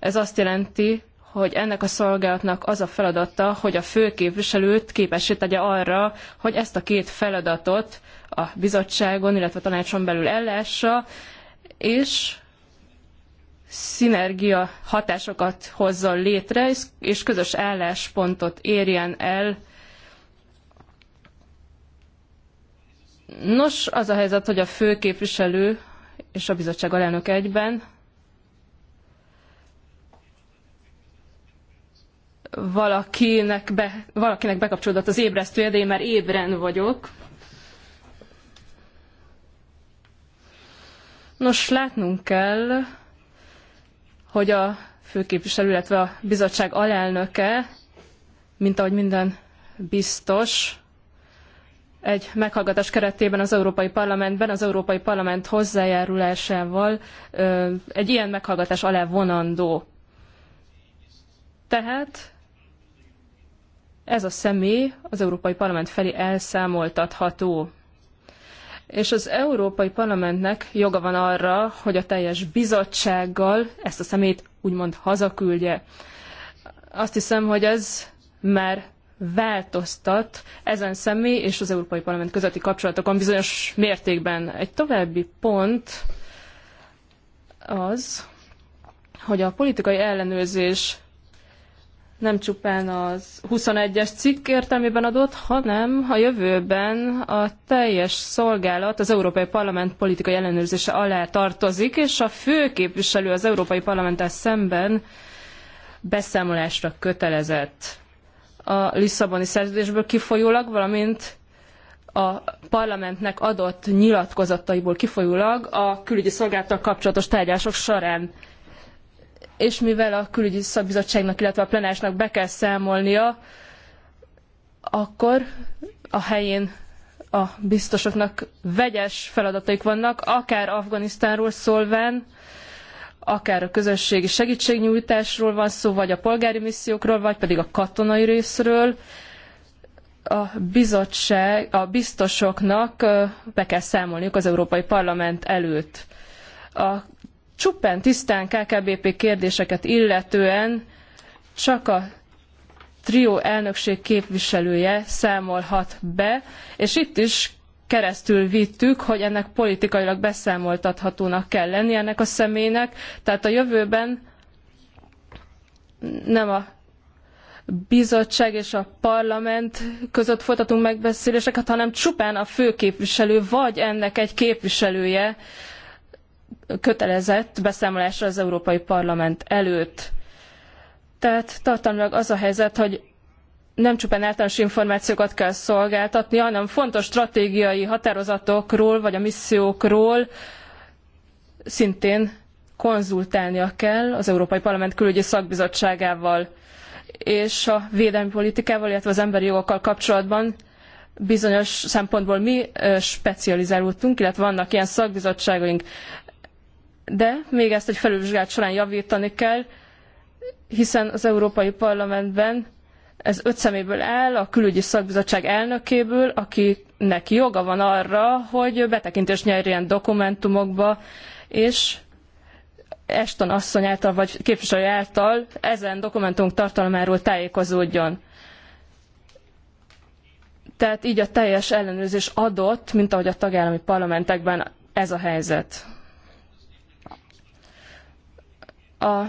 Ez azt jelenti, hogy ennek a szolgálatnak az a feladata, hogy a főképviselőt képessé tegye arra, hogy ezt a két feladatot a bizottságon, illetve a tanácson belül ellássa, és szinergia hatásokat hozzon létre, és közös álláspontot érjen el. Nos, az a helyzet, hogy a főképviselő és a bizottság alelnök egyben valakinek, be, valakinek bekapcsolódott az ébresztője, de én már ébren vagyok. Nos, látnunk kell, hogy a főképviselő, illetve a bizottság alelnöke, mint ahogy minden biztos, egy meghallgatás keretében az Európai Parlamentben, az Európai Parlament hozzájárulásával egy ilyen meghallgatás alá vonandó. Tehát ez a személy az Európai Parlament felé elszámoltatható és az Európai Parlamentnek joga van arra, hogy a teljes bizottsággal ezt a szemét úgymond hazaküldje. Azt hiszem, hogy ez már változtat ezen személy és az Európai Parlament közötti kapcsolatokon bizonyos mértékben. Egy további pont az, hogy a politikai ellenőrzés nem csupán az 21-es cikk értelmében adott, hanem a jövőben a teljes szolgálat az Európai Parlament politikai ellenőrzése alá tartozik, és a főképviselő az Európai Parlamenttel szemben beszámolásra kötelezett a Lisszaboni szerződésből kifolyólag, valamint a parlamentnek adott nyilatkozataiból kifolyólag a külügyi szolgálattal kapcsolatos tárgyalások során és mivel a külügyi szakbizottságnak, illetve a plenásnak be kell számolnia, akkor a helyén a biztosoknak vegyes feladataik vannak, akár Afganisztánról szólván, akár a közösségi segítségnyújtásról van szó, vagy a polgári missziókról, vagy pedig a katonai részről. A bizottság, a biztosoknak be kell számolniuk az Európai Parlament előtt. A csupán tisztán KKBP kérdéseket illetően csak a trió elnökség képviselője számolhat be, és itt is keresztül vittük, hogy ennek politikailag beszámoltathatónak kell lennie ennek a személynek, tehát a jövőben nem a bizottság és a parlament között folytatunk megbeszéléseket, hanem csupán a főképviselő vagy ennek egy képviselője kötelezett beszámolásra az Európai Parlament előtt. Tehát tartalmilag az a helyzet, hogy nem csupán általános információkat kell szolgáltatni, hanem fontos stratégiai határozatokról vagy a missziókról szintén konzultálnia kell az Európai Parlament külügyi szakbizottságával és a védelmi politikával, illetve az emberi jogokkal kapcsolatban bizonyos szempontból mi specializálódtunk, illetve vannak ilyen szakbizottságaink de még ezt egy felülvizsgálat során javítani kell, hiszen az Európai Parlamentben ez öt szeméből áll, a külügyi szakbizottság elnökéből, akinek joga van arra, hogy betekintést nyerjen dokumentumokba, és Eston asszony által, vagy képviselő által ezen dokumentumok tartalmáról tájékozódjon. Tehát így a teljes ellenőrzés adott, mint ahogy a tagállami parlamentekben ez a helyzet. a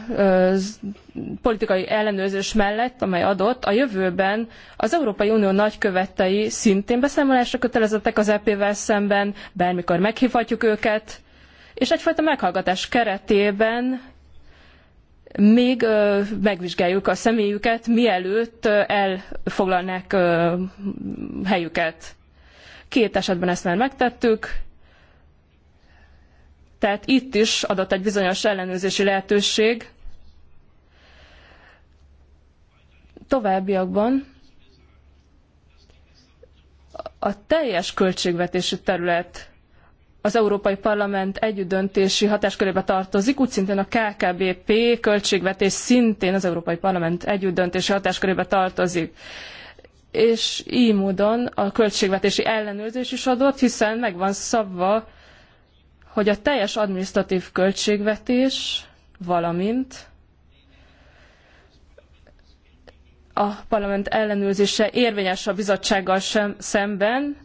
politikai ellenőrzés mellett, amely adott, a jövőben az Európai Unió nagykövetei szintén beszámolásra kötelezettek az EP-vel szemben, bármikor meghívhatjuk őket, és egyfajta meghallgatás keretében még ö, megvizsgáljuk a személyüket, mielőtt elfoglalnák helyüket. Két esetben ezt már megtettük, tehát itt is adott egy bizonyos ellenőrzési lehetőség. Továbbiakban a teljes költségvetési terület az Európai Parlament együttdöntési hatáskörébe tartozik, úgy szintén a KKBP költségvetés szintén az Európai Parlament együttdöntési hatáskörébe tartozik. És így módon a költségvetési ellenőrzés is adott, hiszen meg van szabva hogy a teljes administratív költségvetés, valamint a parlament ellenőrzése érvényes a bizottsággal sem, szemben,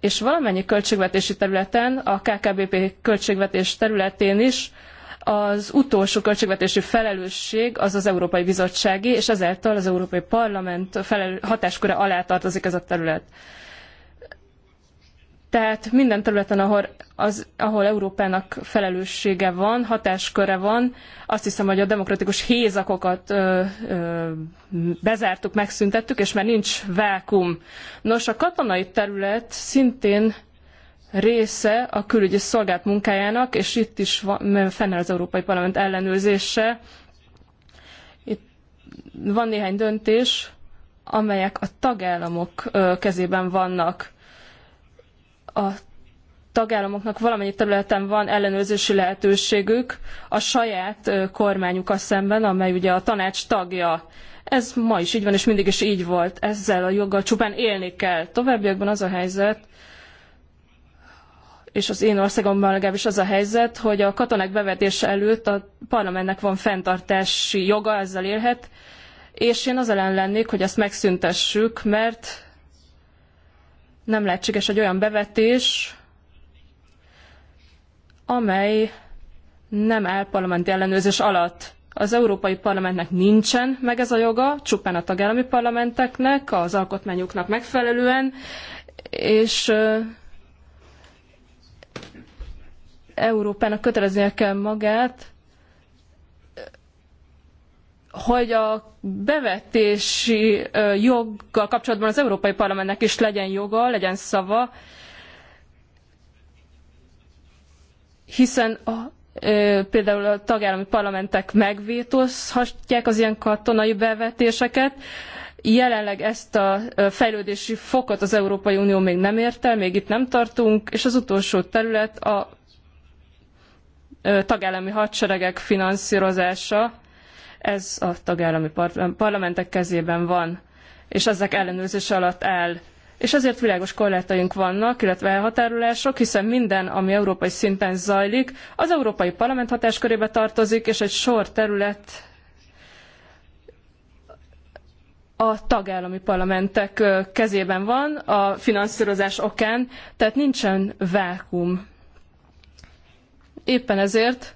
és valamennyi költségvetési területen, a KKBP költségvetés területén is az utolsó költségvetési felelősség az az Európai Bizottsági, és ezáltal az Európai Parlament felelő, hatásköre alá tartozik ez a terület. Tehát minden területen, ahol, az, ahol Európának felelőssége van, hatásköre van, azt hiszem, hogy a demokratikus hézakokat ö, ö, bezártuk, megszüntettük, és már nincs vákum. Nos, a katonai terület szintén része a külügyi szolgált munkájának, és itt is van, fennáll az Európai Parlament ellenőrzése. Itt van néhány döntés, amelyek a tagállamok kezében vannak a tagállamoknak valamennyi területen van ellenőrzési lehetőségük a saját kormányukkal szemben, amely ugye a tanács tagja. Ez ma is így van, és mindig is így volt. Ezzel a joggal csupán élni kell. Továbbiakban az a helyzet, és az én országomban legalábbis az a helyzet, hogy a katonák bevetése előtt a parlamentnek van fenntartási joga, ezzel élhet, és én az ellen lennék, hogy ezt megszüntessük, mert nem lehetséges egy olyan bevetés, amely nem áll parlamenti ellenőrzés alatt. Az Európai Parlamentnek nincsen meg ez a joga, csupán a tagállami parlamenteknek, az alkotmányuknak megfelelően, és Európának kötelezni kell magát, hogy a bevetési joggal kapcsolatban az Európai Parlamentnek is legyen joga, legyen szava, hiszen a, például a tagállami parlamentek megvétózhatják az ilyen katonai bevetéseket. Jelenleg ezt a fejlődési fokot az Európai Unió még nem ért el, még itt nem tartunk, és az utolsó terület a tagállami hadseregek finanszírozása ez a tagállami parlamentek kezében van, és ezek ellenőrzése alatt áll. És ezért világos korlátaink vannak, illetve elhatárolások, hiszen minden, ami európai szinten zajlik, az Európai Parlament hatáskörébe tartozik, és egy sor terület a tagállami parlamentek kezében van a finanszírozás okán, tehát nincsen vákum. Éppen ezért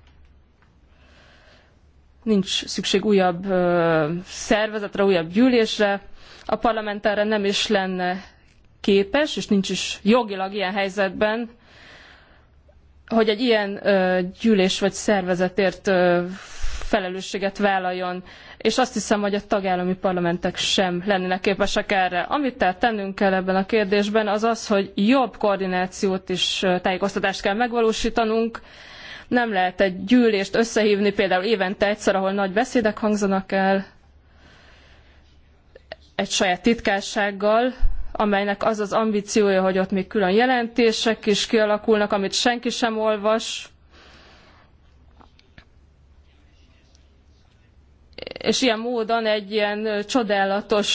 nincs szükség újabb szervezetre, újabb gyűlésre, a parlament erre nem is lenne képes, és nincs is jogilag ilyen helyzetben, hogy egy ilyen gyűlés vagy szervezetért felelősséget vállaljon, és azt hiszem, hogy a tagállami parlamentek sem lennének képesek erre. Amit tehát tennünk kell ebben a kérdésben, az az, hogy jobb koordinációt és tájékoztatást kell megvalósítanunk, nem lehet egy gyűlést összehívni például évente egyszer, ahol nagy beszédek hangzanak el egy saját titkársággal, amelynek az az ambíciója, hogy ott még külön jelentések is kialakulnak, amit senki sem olvas, és ilyen módon egy ilyen csodálatos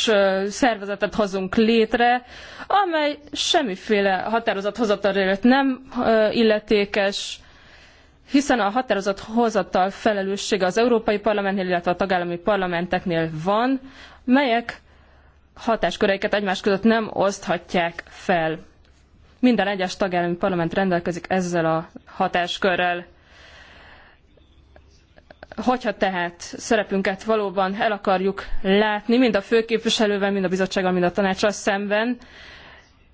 szervezetet hozunk létre, amely semmiféle határozathozatalért nem illetékes, hiszen a határozott hozattal felelőssége az Európai Parlamentnél, illetve a tagállami parlamenteknél van, melyek hatásköreiket egymás között nem oszthatják fel. Minden egyes tagállami parlament rendelkezik ezzel a hatáskörrel. Hogyha tehát szerepünket valóban el akarjuk látni, mind a főképviselővel, mind a bizottsággal, mind a tanácssal szemben,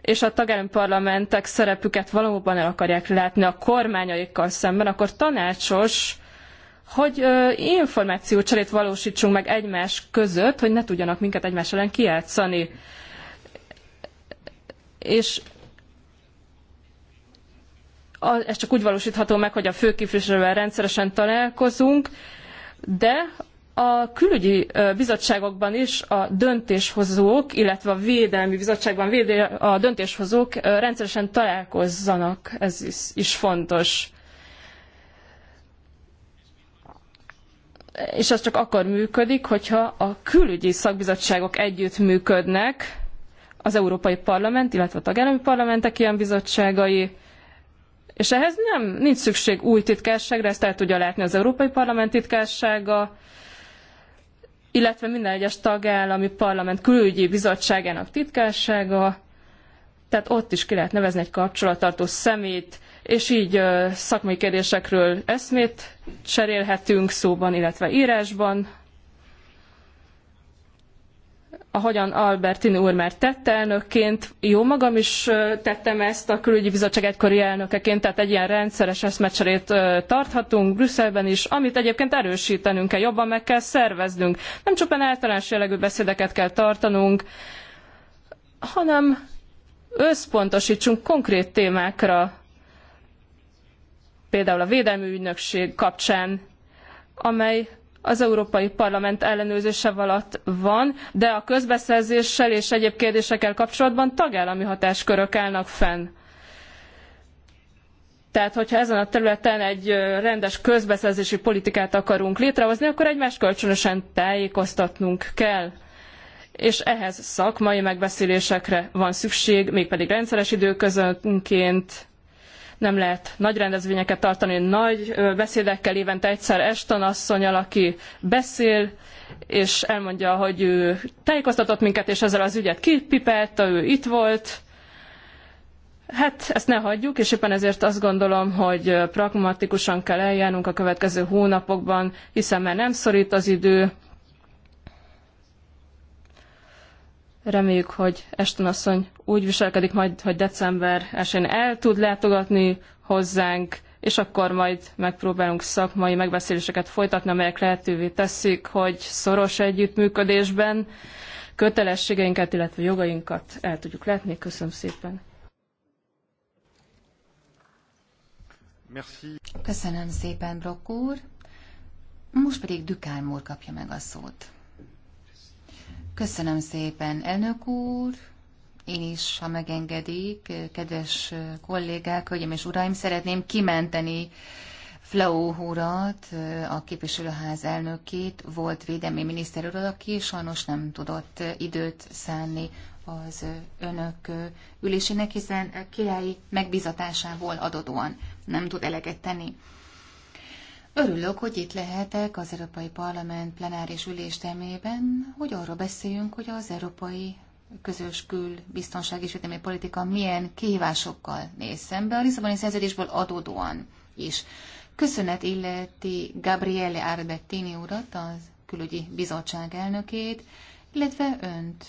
és a tagállami parlamentek szerepüket valóban el akarják látni a kormányaikkal szemben, akkor tanácsos, hogy ö, információcserét valósítsunk meg egymás között, hogy ne tudjanak minket egymás ellen kijátszani. És a, ez csak úgy valósítható meg, hogy a főképviselővel rendszeresen találkozunk, de a külügyi bizottságokban is a döntéshozók, illetve a védelmi bizottságban a döntéshozók rendszeresen találkozzanak, ez is, is fontos. És az csak akkor működik, hogyha a külügyi szakbizottságok együttműködnek, az Európai Parlament, illetve a tagállami parlamentek ilyen bizottságai, és ehhez nem, nincs szükség új titkárságra, ezt el tudja látni az Európai Parlament titkársága, illetve minden egyes tagállami parlament külügyi bizottságának titkársága, tehát ott is ki lehet nevezni egy kapcsolattartó szemét, és így szakmai kérdésekről eszmét cserélhetünk szóban, illetve írásban, ahogyan Albertini úr már tette elnökként, jó magam is tettem ezt a külügyi bizottság egykori elnökeként, tehát egy ilyen rendszeres eszmecserét tarthatunk Brüsszelben is, amit egyébként erősítenünk kell, jobban meg kell szerveznünk. Nem csupán általános jellegű beszédeket kell tartanunk, hanem összpontosítsunk konkrét témákra, például a védelmi ügynökség kapcsán, amely az Európai Parlament ellenőrzése alatt van, de a közbeszerzéssel és egyéb kérdésekkel kapcsolatban tagállami hatáskörök állnak fenn. Tehát, hogyha ezen a területen egy rendes közbeszerzési politikát akarunk létrehozni, akkor egymást kölcsönösen tájékoztatnunk kell. És ehhez szakmai megbeszélésekre van szükség, mégpedig rendszeres időközönként, nem lehet nagy rendezvényeket tartani, nagy beszédekkel évente egyszer Eston az aki beszél, és elmondja, hogy ő tájékoztatott minket, és ezzel az ügyet kipipelta, ő itt volt. Hát ezt ne hagyjuk, és éppen ezért azt gondolom, hogy pragmatikusan kell eljárnunk a következő hónapokban, hiszen már nem szorít az idő, Reméljük, hogy Eston asszony úgy viselkedik majd, hogy december esén el tud látogatni hozzánk, és akkor majd megpróbálunk szakmai megbeszéléseket folytatni, amelyek lehetővé teszik, hogy szoros együttműködésben kötelességeinket, illetve jogainkat el tudjuk látni. Köszönöm szépen! Merci. Köszönöm szépen, Brokk Most pedig Dükálmór kapja meg a szót. Köszönöm szépen, elnök úr! Én is, ha megengedik, kedves kollégák, hölgyem és uraim, szeretném kimenteni Flau úrat, a képviselőház elnökét, volt védelmi miniszter urat, aki sajnos nem tudott időt szánni az önök ülésének, hiszen királyi megbizatásából adódóan nem tud eleget tenni. Örülök, hogy itt lehetek az Európai Parlament plenáris üléstermében, hogy arról beszéljünk, hogy az európai közös kül-, biztonság és védelmi politika milyen kihívásokkal néz szembe a Lisszaboni szerződésből adódóan is. Köszönet illeti Gabriele Arbettini urat, az külügyi bizottság elnökét, illetve önt,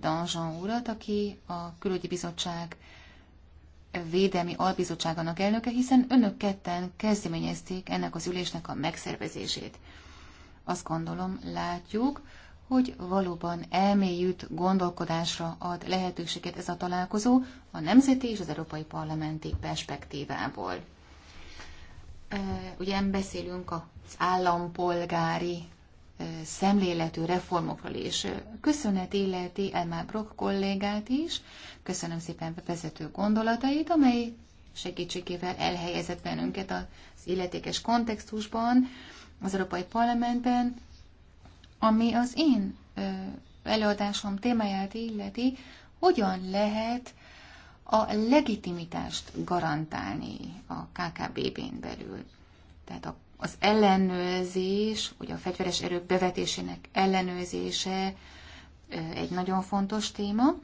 Danjean urat, aki a külügyi bizottság Védelmi Albizottságának elnöke, hiszen önök ketten kezdeményezték ennek az ülésnek a megszervezését. Azt gondolom, látjuk, hogy valóban elmélyült gondolkodásra ad lehetőséget ez a találkozó a nemzeti és az európai parlamenti perspektívából. Ugye beszélünk az állampolgári szemléletű reformokról is. Köszönet illeti Elmar Brock kollégát is, köszönöm szépen a vezető gondolatait, amely segítségével elhelyezett bennünket az illetékes kontextusban, az Európai Parlamentben, ami az én előadásom témáját illeti, hogyan lehet a legitimitást garantálni a KKB-n belül. Tehát a az ellenőrzés, ugye a fegyveres erők bevetésének ellenőrzése egy nagyon fontos téma.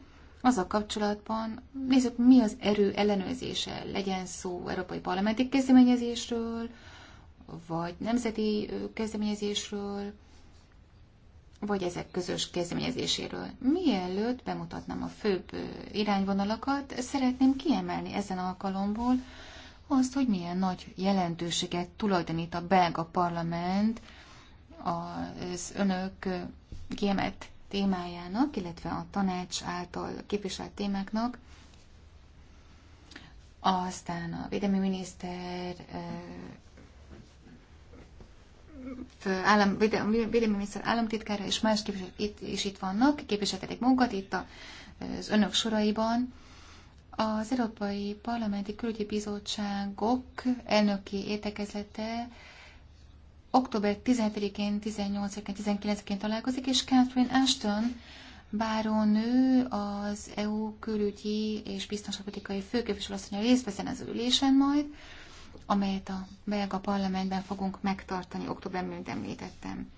Az a kapcsolatban nézzük, mi az erő ellenőrzése, legyen szó európai parlamenti kezdeményezésről, vagy nemzeti kezdeményezésről, vagy ezek közös kezdeményezéséről. Mielőtt bemutatnám a főbb irányvonalakat, szeretném kiemelni ezen alkalomból, azt, hogy milyen nagy jelentőséget tulajdonít a belga parlament az önök kiemelt témájának, illetve a tanács által képviselt témáknak. Aztán a védelmi miniszter, állam, védelmi miniszter államtitkára és más képviselők itt, is itt vannak, képviseltetik magukat itt az önök soraiban. Az Európai Parlamenti Külügyi Bizottságok elnöki értekezlete október 17-én, 18-én, 19-én találkozik, és Catherine Ashton bárónő az EU külügyi és biztonságpolitikai főképviselőasszonya részt veszen az ülésen majd, amelyet a belga parlamentben fogunk megtartani, októberben, mint említettem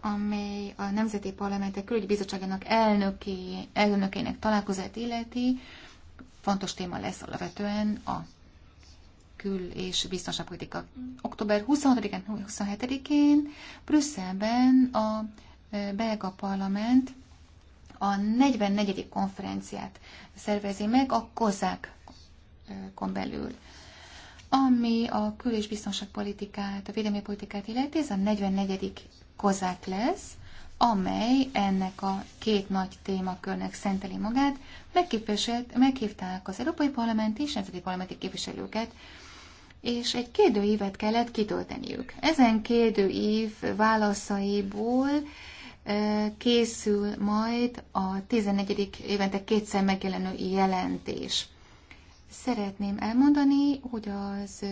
amely a Nemzeti Parlamentek Külügyi Bizottságának elnöki, elnökének találkozát illeti, fontos téma lesz alapvetően a kül- és biztonságpolitika. Október 26-án, 27-én Brüsszelben a e, belga parlament a 44. konferenciát szervezi meg a kozákon belül. Ami a kül- és biztonságpolitikát, a védelmi politikát illeti, ez a 44. kozák lesz, amely ennek a két nagy témakörnek szenteli magát, meghívták az Európai Parlament és Nemzeti Parlamenti képviselőket, és egy kérdőívet kellett kitölteniük. Ezen kérdőív válaszaiból készül majd a 14. évente kétszer megjelenő jelentés. Szeretném elmondani, hogy az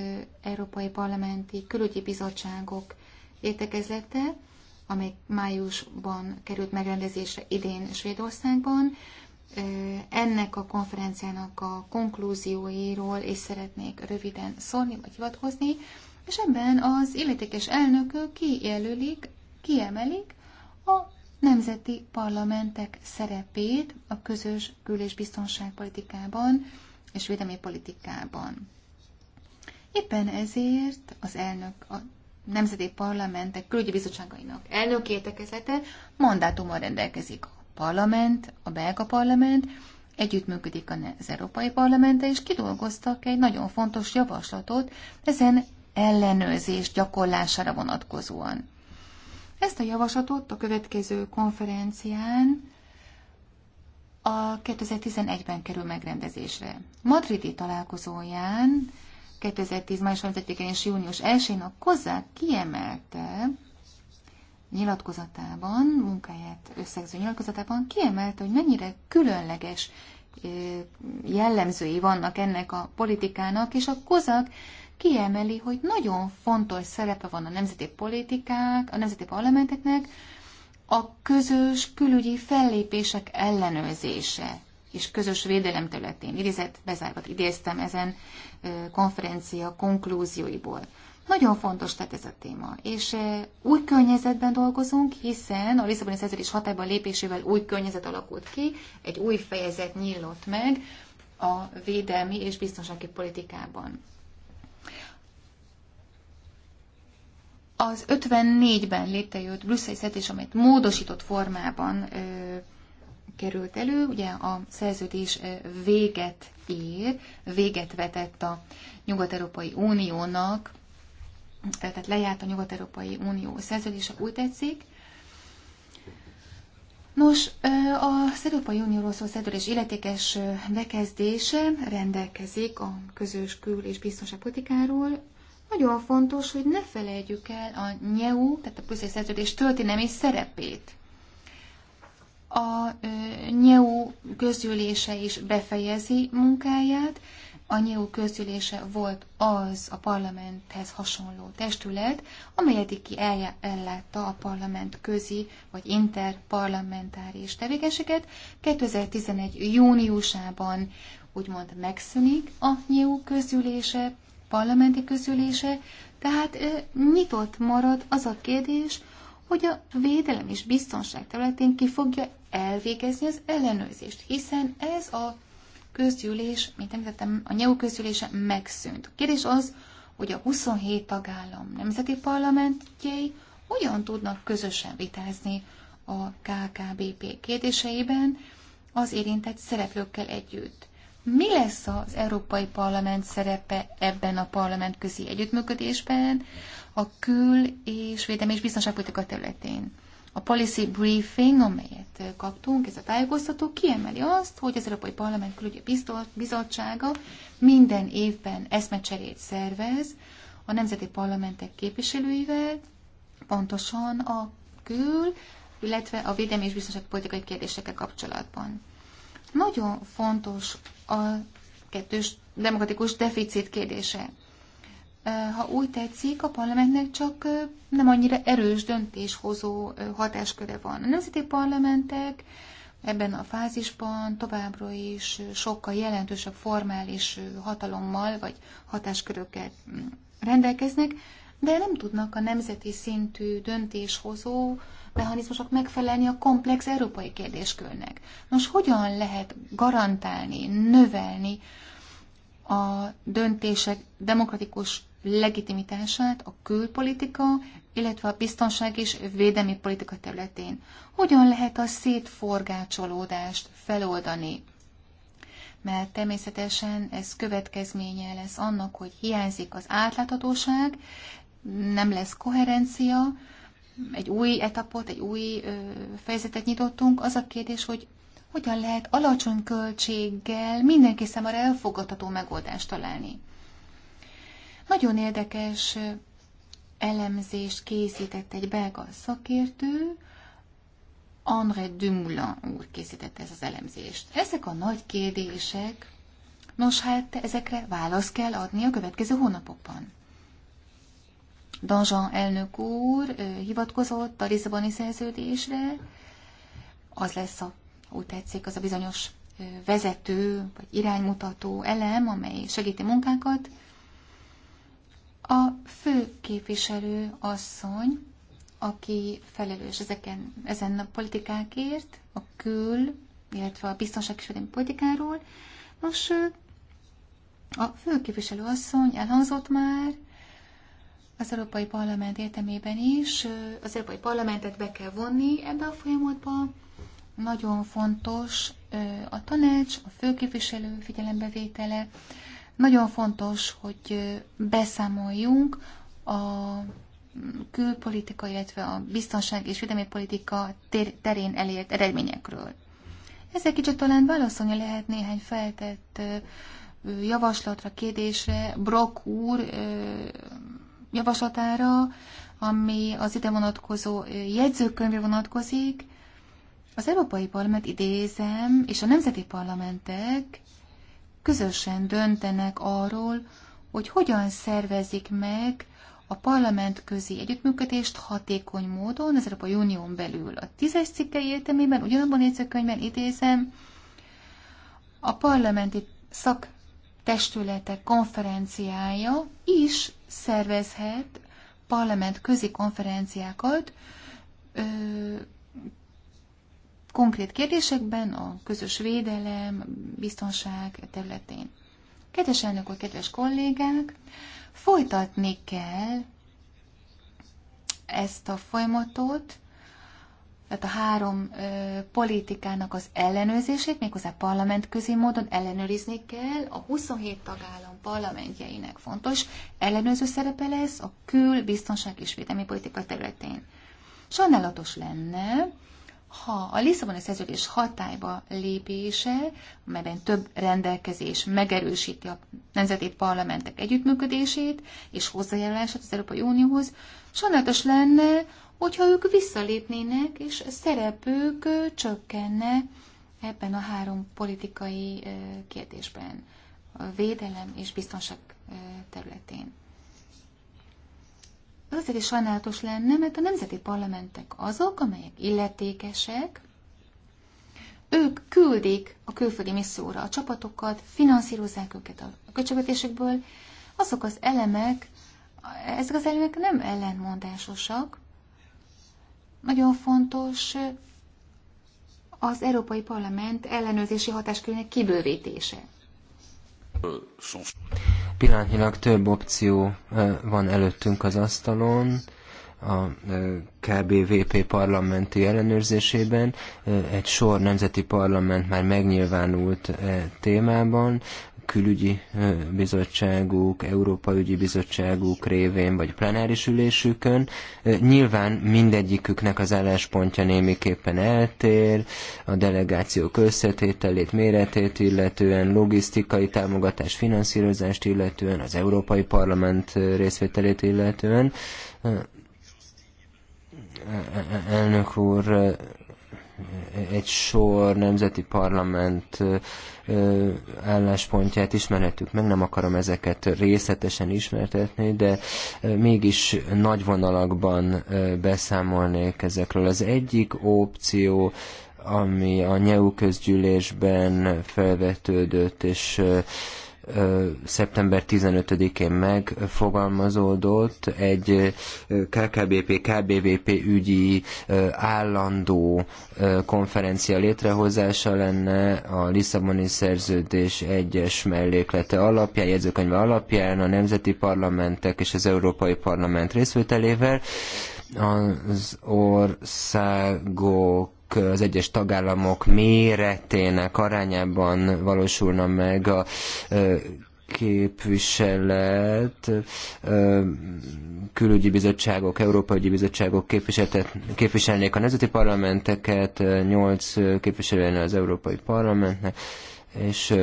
Európai Parlamenti Külügyi Bizottságok értekezlete amely májusban került megrendezésre idén Svédországban. Ennek a konferenciának a konklúzióiról is szeretnék röviden szólni vagy hivatkozni, és ebben az illetékes elnökök kijelölik, kiemelik a nemzeti parlamentek szerepét a közös kül- és biztonságpolitikában és védelmi politikában. Éppen ezért az elnök a nemzeti parlamentek külügyi bizottságainak értekezete mandátummal rendelkezik a parlament, a belga parlament, együttműködik az Európai parlament, és kidolgoztak egy nagyon fontos javaslatot ezen ellenőrzés gyakorlására vonatkozóan. Ezt a javaslatot a következő konferencián a 2011-ben kerül megrendezésre. Madridi találkozóján 2010. május 31-én és június 1-én a Kozák kiemelte nyilatkozatában, munkáját összegző nyilatkozatában kiemelte, hogy mennyire különleges jellemzői vannak ennek a politikának, és a Kozák kiemeli, hogy nagyon fontos szerepe van a nemzeti politikák, a nemzeti parlamenteknek, a közös külügyi fellépések ellenőrzése és közös védelem területén. Idézett, bezárvat idéztem ezen konferencia konklúzióiból. Nagyon fontos tehát ez a téma, és új környezetben dolgozunk, hiszen a Lisszaboni szerződés hatályban lépésével új környezet alakult ki, egy új fejezet nyílott meg a védelmi és biztonsági politikában. Az 54-ben létrejött brüsszeli szerződés, amelyet módosított formában ö, került elő, ugye a szerződés véget ér, véget vetett a Nyugat-Európai Uniónak, tehát lejárt a Nyugat-Európai Unió szerződése, úgy tetszik. Nos, a Európai Unióról szóló szerződés illetékes bekezdése rendelkezik a közös kül- és biztonságpolitikáról. Nagyon fontos, hogy ne felejtjük el a NEU, tehát a Brüsszeli Szerződés történelmi szerepét a NYEU közülése is befejezi munkáját. A NYEU közülése volt az a parlamenthez hasonló testület, amely eddig ki ellátta a parlament közi vagy interparlamentáris tevékenységet. 2011. júniusában úgymond megszűnik a NYEU közülése, parlamenti közülése, tehát nyitott marad az a kérdés, hogy a védelem és biztonság területén ki fogja elvégezni az ellenőrzést, hiszen ez a közgyűlés, mint említettem, a NEU közgyűlése megszűnt. A kérdés az, hogy a 27 tagállam nemzeti parlamentjei hogyan tudnak közösen vitázni a KKBP kérdéseiben az érintett szereplőkkel együtt. Mi lesz az Európai Parlament szerepe ebben a parlamentközi együttműködésben? a kül- és védelmi és biztonságpolitika területén. A policy briefing, amelyet kaptunk, ez a tájékoztató kiemeli azt, hogy az Európai Parlament Külügyi Bizottsága minden évben eszmecserét szervez a nemzeti parlamentek képviselőivel, pontosan a kül, illetve a védelmi és biztonságpolitikai kérdésekkel kapcsolatban. Nagyon fontos a kettős demokratikus deficit kérdése ha úgy tetszik, a parlamentnek csak nem annyira erős döntéshozó hatásköre van. A nemzeti parlamentek ebben a fázisban továbbra is sokkal jelentősebb formális hatalommal vagy hatáskörökkel mm, rendelkeznek, de nem tudnak a nemzeti szintű döntéshozó mechanizmusok megfelelni a komplex európai kérdéskörnek. Nos, hogyan lehet garantálni, növelni a döntések demokratikus legitimitását a külpolitika, illetve a biztonság és védelmi politika területén. Hogyan lehet a szétforgácsolódást feloldani? Mert természetesen ez következménye lesz annak, hogy hiányzik az átláthatóság, nem lesz koherencia, egy új etapot, egy új fejezetet nyitottunk. Az a kérdés, hogy hogyan lehet alacsony költséggel mindenki számára elfogadható megoldást találni. Nagyon érdekes elemzést készített egy belga szakértő, André Dumoulin úr készítette ezt az elemzést. Ezek a nagy kérdések, nos hát ezekre választ kell adni a következő hónapokban. Danjean elnök úr hivatkozott a Lisszaboni szerződésre, az lesz a, úgy tetszik, az a bizonyos vezető, vagy iránymutató elem, amely segíti munkákat. A fő képviselő asszony, aki felelős ezeken, ezen a politikákért, a kül, illetve a és politikáról, nos, a főképviselő asszony elhangzott már az Európai Parlament értemében is, az Európai Parlamentet be kell vonni ebbe a folyamatba. Nagyon fontos a tanács, a főképviselő figyelembevétele, nagyon fontos, hogy beszámoljunk a külpolitika, illetve a biztonság és védelmi politika terén elért eredményekről. Ezzel kicsit talán válaszolni lehet néhány feltett javaslatra, kérdésre, Brock úr javaslatára, ami az ide vonatkozó jegyzőkönyvre vonatkozik. Az Európai Parlament idézem, és a nemzeti parlamentek közösen döntenek arról, hogy hogyan szervezik meg a parlament közi együttműködést hatékony módon az Európai Unión belül. A tízes cikke értelmében, ugyanabban könyvben idézem, a parlamenti szaktestületek konferenciája is szervezhet parlament közi konferenciákat, konkrét kérdésekben, a közös védelem, biztonság területén. Kedves elnök úr, kedves kollégák, folytatni kell ezt a folyamatot, tehát a három ö, politikának az ellenőrzését, méghozzá parlamentközi módon ellenőrizni kell. A 27 tagállam parlamentjeinek fontos ellenőrző szerepe lesz a kül, biztonság és védelmi politika területén. Sajnálatos lenne, ha a Lisszaboni szerződés hatályba lépése, amelyben több rendelkezés megerősíti a nemzeti parlamentek együttműködését és hozzájárulását az Európai Unióhoz, sajnálatos lenne, hogyha ők visszalépnének, és szerepük csökkenne ebben a három politikai kérdésben, a védelem és biztonság területén azért is sajnálatos lenne, mert a nemzeti parlamentek azok, amelyek illetékesek, ők küldik a külföldi misszióra a csapatokat, finanszírozzák őket a költségvetésekből, azok az elemek, ezek az elemek nem ellenmondásosak. Nagyon fontos az Európai Parlament ellenőrzési hatáskörének kibővítése. Pillanatnyilag több opció van előttünk az asztalon a KBVP parlamenti ellenőrzésében. Egy sor nemzeti parlament már megnyilvánult témában külügyi bizottságuk, Európai ügyi bizottságuk révén, vagy plenáris ülésükön. Nyilván mindegyiküknek az álláspontja némiképpen eltér, a delegációk összetételét, méretét illetően, logisztikai támogatás, finanszírozást illetően, az Európai Parlament részvételét illetően. Elnök úr, egy sor nemzeti parlament álláspontját ismerhetjük meg, nem akarom ezeket részletesen ismertetni, de mégis nagy vonalakban beszámolnék ezekről. Az egyik opció, ami a NEU közgyűlésben felvetődött, és szeptember 15-én megfogalmazódott egy KKBP-KBVP ügyi állandó konferencia létrehozása lenne a Lisszaboni Szerződés egyes melléklete alapján, jegyzőkönyve alapján a nemzeti parlamentek és az Európai Parlament részvételével az országok az egyes tagállamok méretének arányában valósulna meg a képviselet, külügyi bizottságok, európai bizottságok képviselnék a nemzeti parlamenteket, nyolc képviselőn az európai parlamentnek, és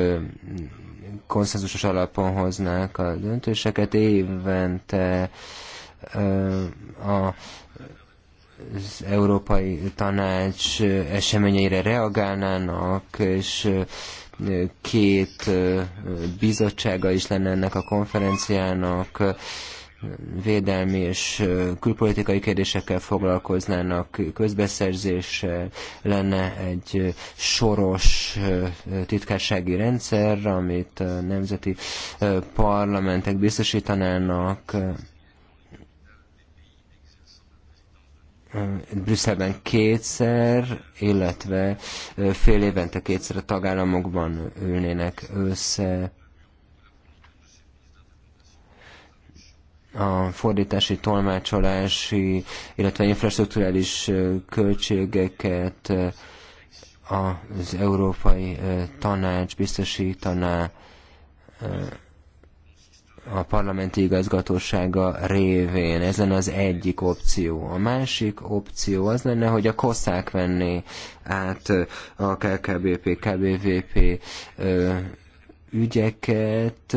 konszenzusos alapon hoznák a döntéseket évente a az Európai Tanács eseményeire reagálnának, és két bizottsága is lenne ennek a konferenciának, védelmi és külpolitikai kérdésekkel foglalkoznának, közbeszerzés lenne egy soros titkársági rendszer, amit a nemzeti parlamentek biztosítanának, Brüsszelben kétszer, illetve fél évente kétszer a tagállamokban ülnének össze a fordítási, tolmácsolási, illetve infrastruktúrális költségeket az Európai Tanács biztosítaná a parlamenti igazgatósága révén. Ez lenne az egyik opció. A másik opció az lenne, hogy a koszák venné át a KKBP, KBVP ügyeket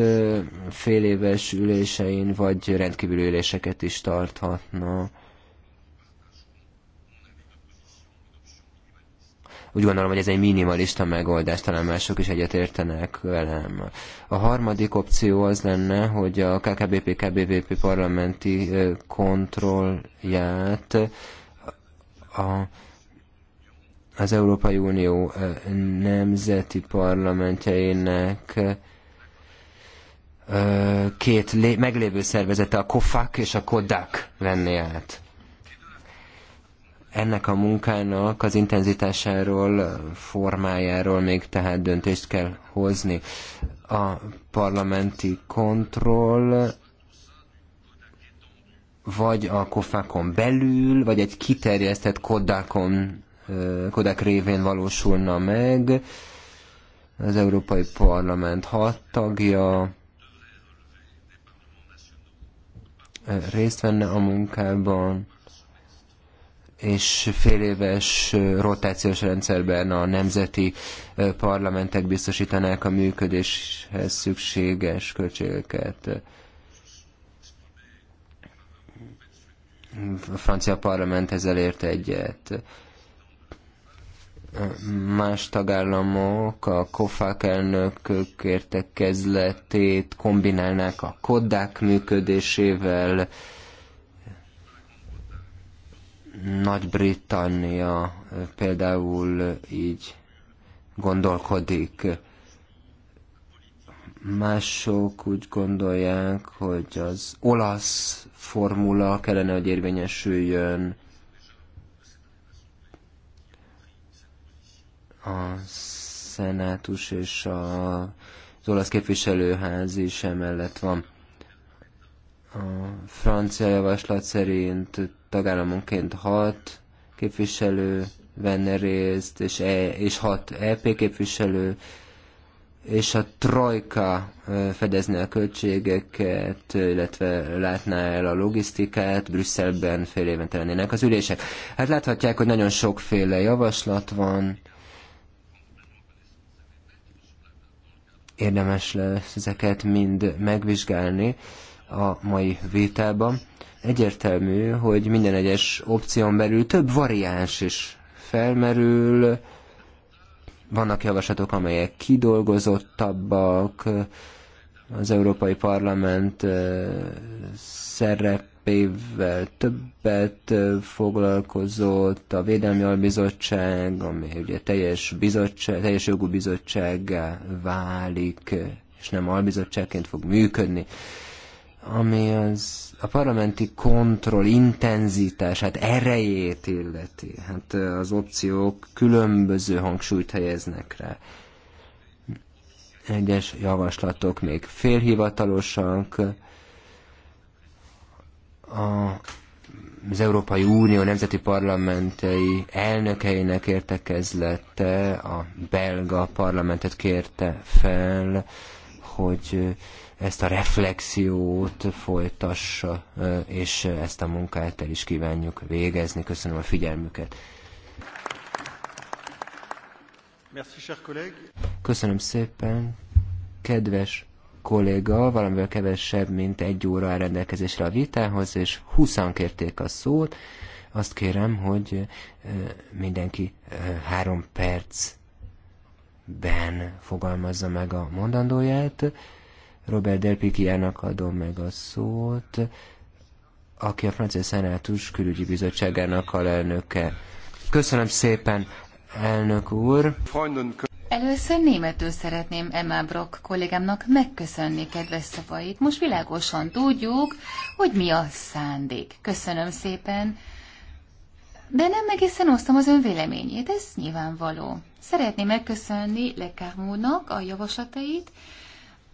féléves ülésein, vagy rendkívül üléseket is tarthatna. Úgy gondolom, hogy ez egy minimalista megoldás, talán mások is egyetértenek velem. A harmadik opció az lenne, hogy a KKBP-KBVP parlamenti kontrollját a az Európai Unió nemzeti parlamentjeinek két meglévő szervezete, a COFAC és a CODAC venné át. Ennek a munkának az intenzitásáról, formájáról még tehát döntést kell hozni. A parlamenti kontroll vagy a kofákon belül, vagy egy kiterjesztett kodákon, kodák révén valósulna meg. Az Európai Parlament hat tagja részt venne a munkában és fél éves rotációs rendszerben a nemzeti parlamentek biztosítanák a működéshez szükséges költségeket. A francia parlament ezzel ért egyet. Más tagállamok a kofák elnökök értekezletét kombinálnák a kodák működésével, nagy-Britannia például így gondolkodik. Mások úgy gondolják, hogy az olasz formula kellene, hogy érvényesüljön. A szenátus és a, az olasz képviselőház is emellett van. A francia javaslat szerint tagállamonként hat képviselő venne részt, és, e, és hat EP képviselő, és a trojka fedezne a költségeket, illetve látná el a logisztikát, Brüsszelben fél évente lennének az ülések. Hát láthatják, hogy nagyon sokféle javaslat van, érdemes lesz ezeket mind megvizsgálni a mai vételben. Egyértelmű, hogy minden egyes opción belül több variáns is felmerül, vannak javaslatok, amelyek kidolgozottabbak, az Európai Parlament szerepével többet foglalkozott, a Védelmi Albizottság, ami ugye teljes, bizottság, teljes jogú bizottsággá válik, és nem albizottságként fog működni ami az a parlamenti kontroll intenzitását, erejét illeti. Hát az opciók különböző hangsúlyt helyeznek rá. Egyes javaslatok még félhivatalosak, a, az Európai Unió nemzeti parlamentei elnökeinek értekezlete a belga parlamentet kérte fel, hogy ezt a reflexiót folytassa, és ezt a munkát el is kívánjuk végezni. Köszönöm a figyelmüket. Köszönöm szépen, kedves kolléga, valamivel kevesebb, mint egy óra áll rendelkezésre a vitához, és 20 kérték a szót. Azt kérem, hogy mindenki három percben fogalmazza meg a mondandóját. Robert Delpikiának adom meg a szót, aki a francia szenátus külügyi bizottságának alelnöke. Köszönöm szépen, elnök úr! Először németül szeretném Emma Brock kollégámnak megköszönni kedves szavait. Most világosan tudjuk, hogy mi a szándék. Köszönöm szépen. De nem egészen osztom az ön véleményét, ez nyilvánvaló. Szeretném megköszönni Le a javaslatait,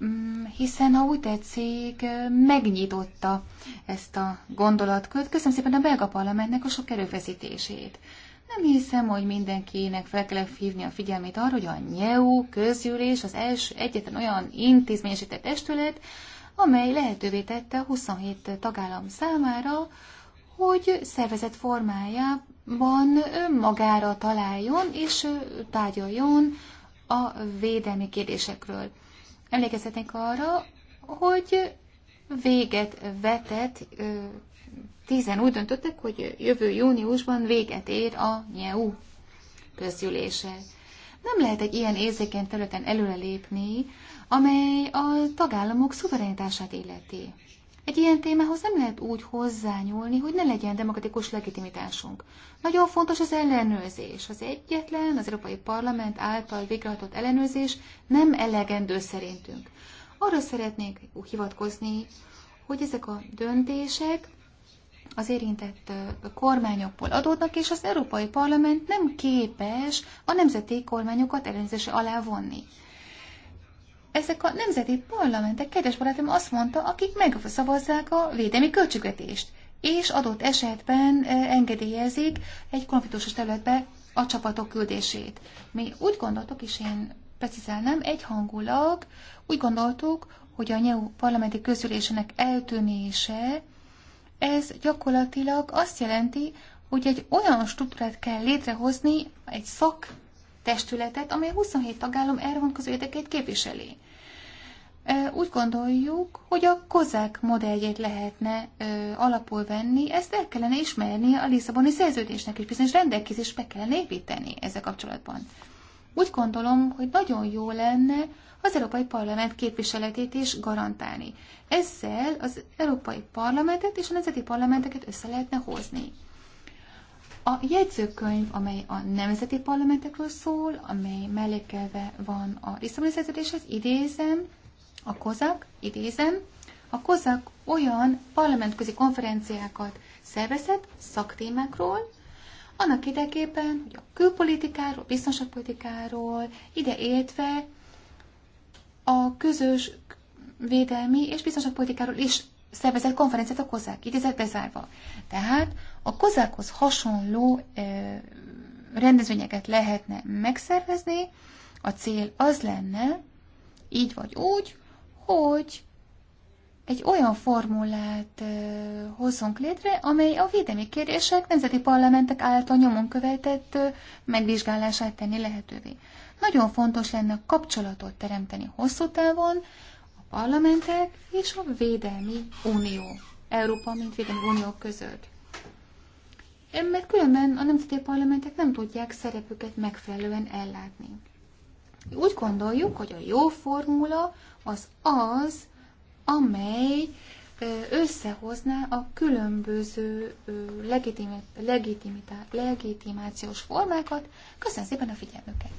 Mm, hiszen, ha úgy tetszik, megnyitotta ezt a gondolatkört. Köszönöm szépen a belga parlamentnek a sok erőfeszítését. Nem hiszem, hogy mindenkinek fel kell hívni a figyelmét arra, hogy a NEU közgyűlés az első egyetlen olyan intézményesített testület, amely lehetővé tette a 27 tagállam számára, hogy szervezet formájában magára találjon és tárgyaljon a védelmi kérdésekről emlékezhetnek arra, hogy véget vetett, tízen úgy döntöttek, hogy jövő júniusban véget ér a NYEU közgyűlése. Nem lehet egy ilyen érzékeny területen előrelépni, amely a tagállamok szuverenitását illeti. Egy ilyen témához nem lehet úgy hozzányúlni, hogy ne legyen demokratikus legitimitásunk. Nagyon fontos az ellenőrzés. Az egyetlen, az Európai Parlament által végrehajtott ellenőrzés nem elegendő szerintünk. Arra szeretnék hivatkozni, hogy ezek a döntések az érintett kormányokból adódnak, és az Európai Parlament nem képes a nemzeti kormányokat ellenőrzése alá vonni ezek a nemzeti parlamentek, kedves barátom, azt mondta, akik megszavazzák a védelmi költségvetést, és adott esetben e, engedélyezik egy konfliktusos területbe a csapatok küldését. Mi úgy gondoltuk, és én precizálnám, egyhangulag úgy gondoltuk, hogy a NEU parlamenti közülésének eltűnése, ez gyakorlatilag azt jelenti, hogy egy olyan struktúrát kell létrehozni, egy szak testületet, amely 27 tagállam elvonkozó vonatkozó érdekét képviseli. Úgy gondoljuk, hogy a kozák modelljét lehetne ö, alapul venni, ezt el kellene ismerni a Lisszaboni szerződésnek, és bizonyos rendelkezést be kellene építeni ezzel kapcsolatban. Úgy gondolom, hogy nagyon jó lenne az Európai Parlament képviseletét is garantálni. Ezzel az Európai Parlamentet és a nemzeti parlamenteket össze lehetne hozni. A jegyzőkönyv, amely a nemzeti parlamentekről szól, amely mellékelve van a Lisszaboni szerződéshez, idézem, a kozak, idézem, a kozak olyan parlamentközi konferenciákat szervezett szaktémákról, annak érdekében, hogy a külpolitikáról, biztonságpolitikáról, ide éltve a közös védelmi és biztonságpolitikáról is szervezett konferenciát a kozák, idézett bezárva. Tehát a kozákhoz hasonló ö, rendezvényeket lehetne megszervezni, a cél az lenne, így vagy úgy, hogy egy olyan formulát ö, hozzunk létre, amely a védelmi kérdések nemzeti parlamentek által nyomon követett ö, megvizsgálását tenni lehetővé. Nagyon fontos lenne a kapcsolatot teremteni hosszú távon, parlamentek és a Védelmi Unió, Európa, mint Védelmi Unió között. Mert különben a nemzeti parlamentek nem tudják szerepüket megfelelően ellátni. Úgy gondoljuk, hogy a jó formula az az, amely összehozná a különböző legitimitá legitimációs formákat. Köszönöm szépen a figyelmüket!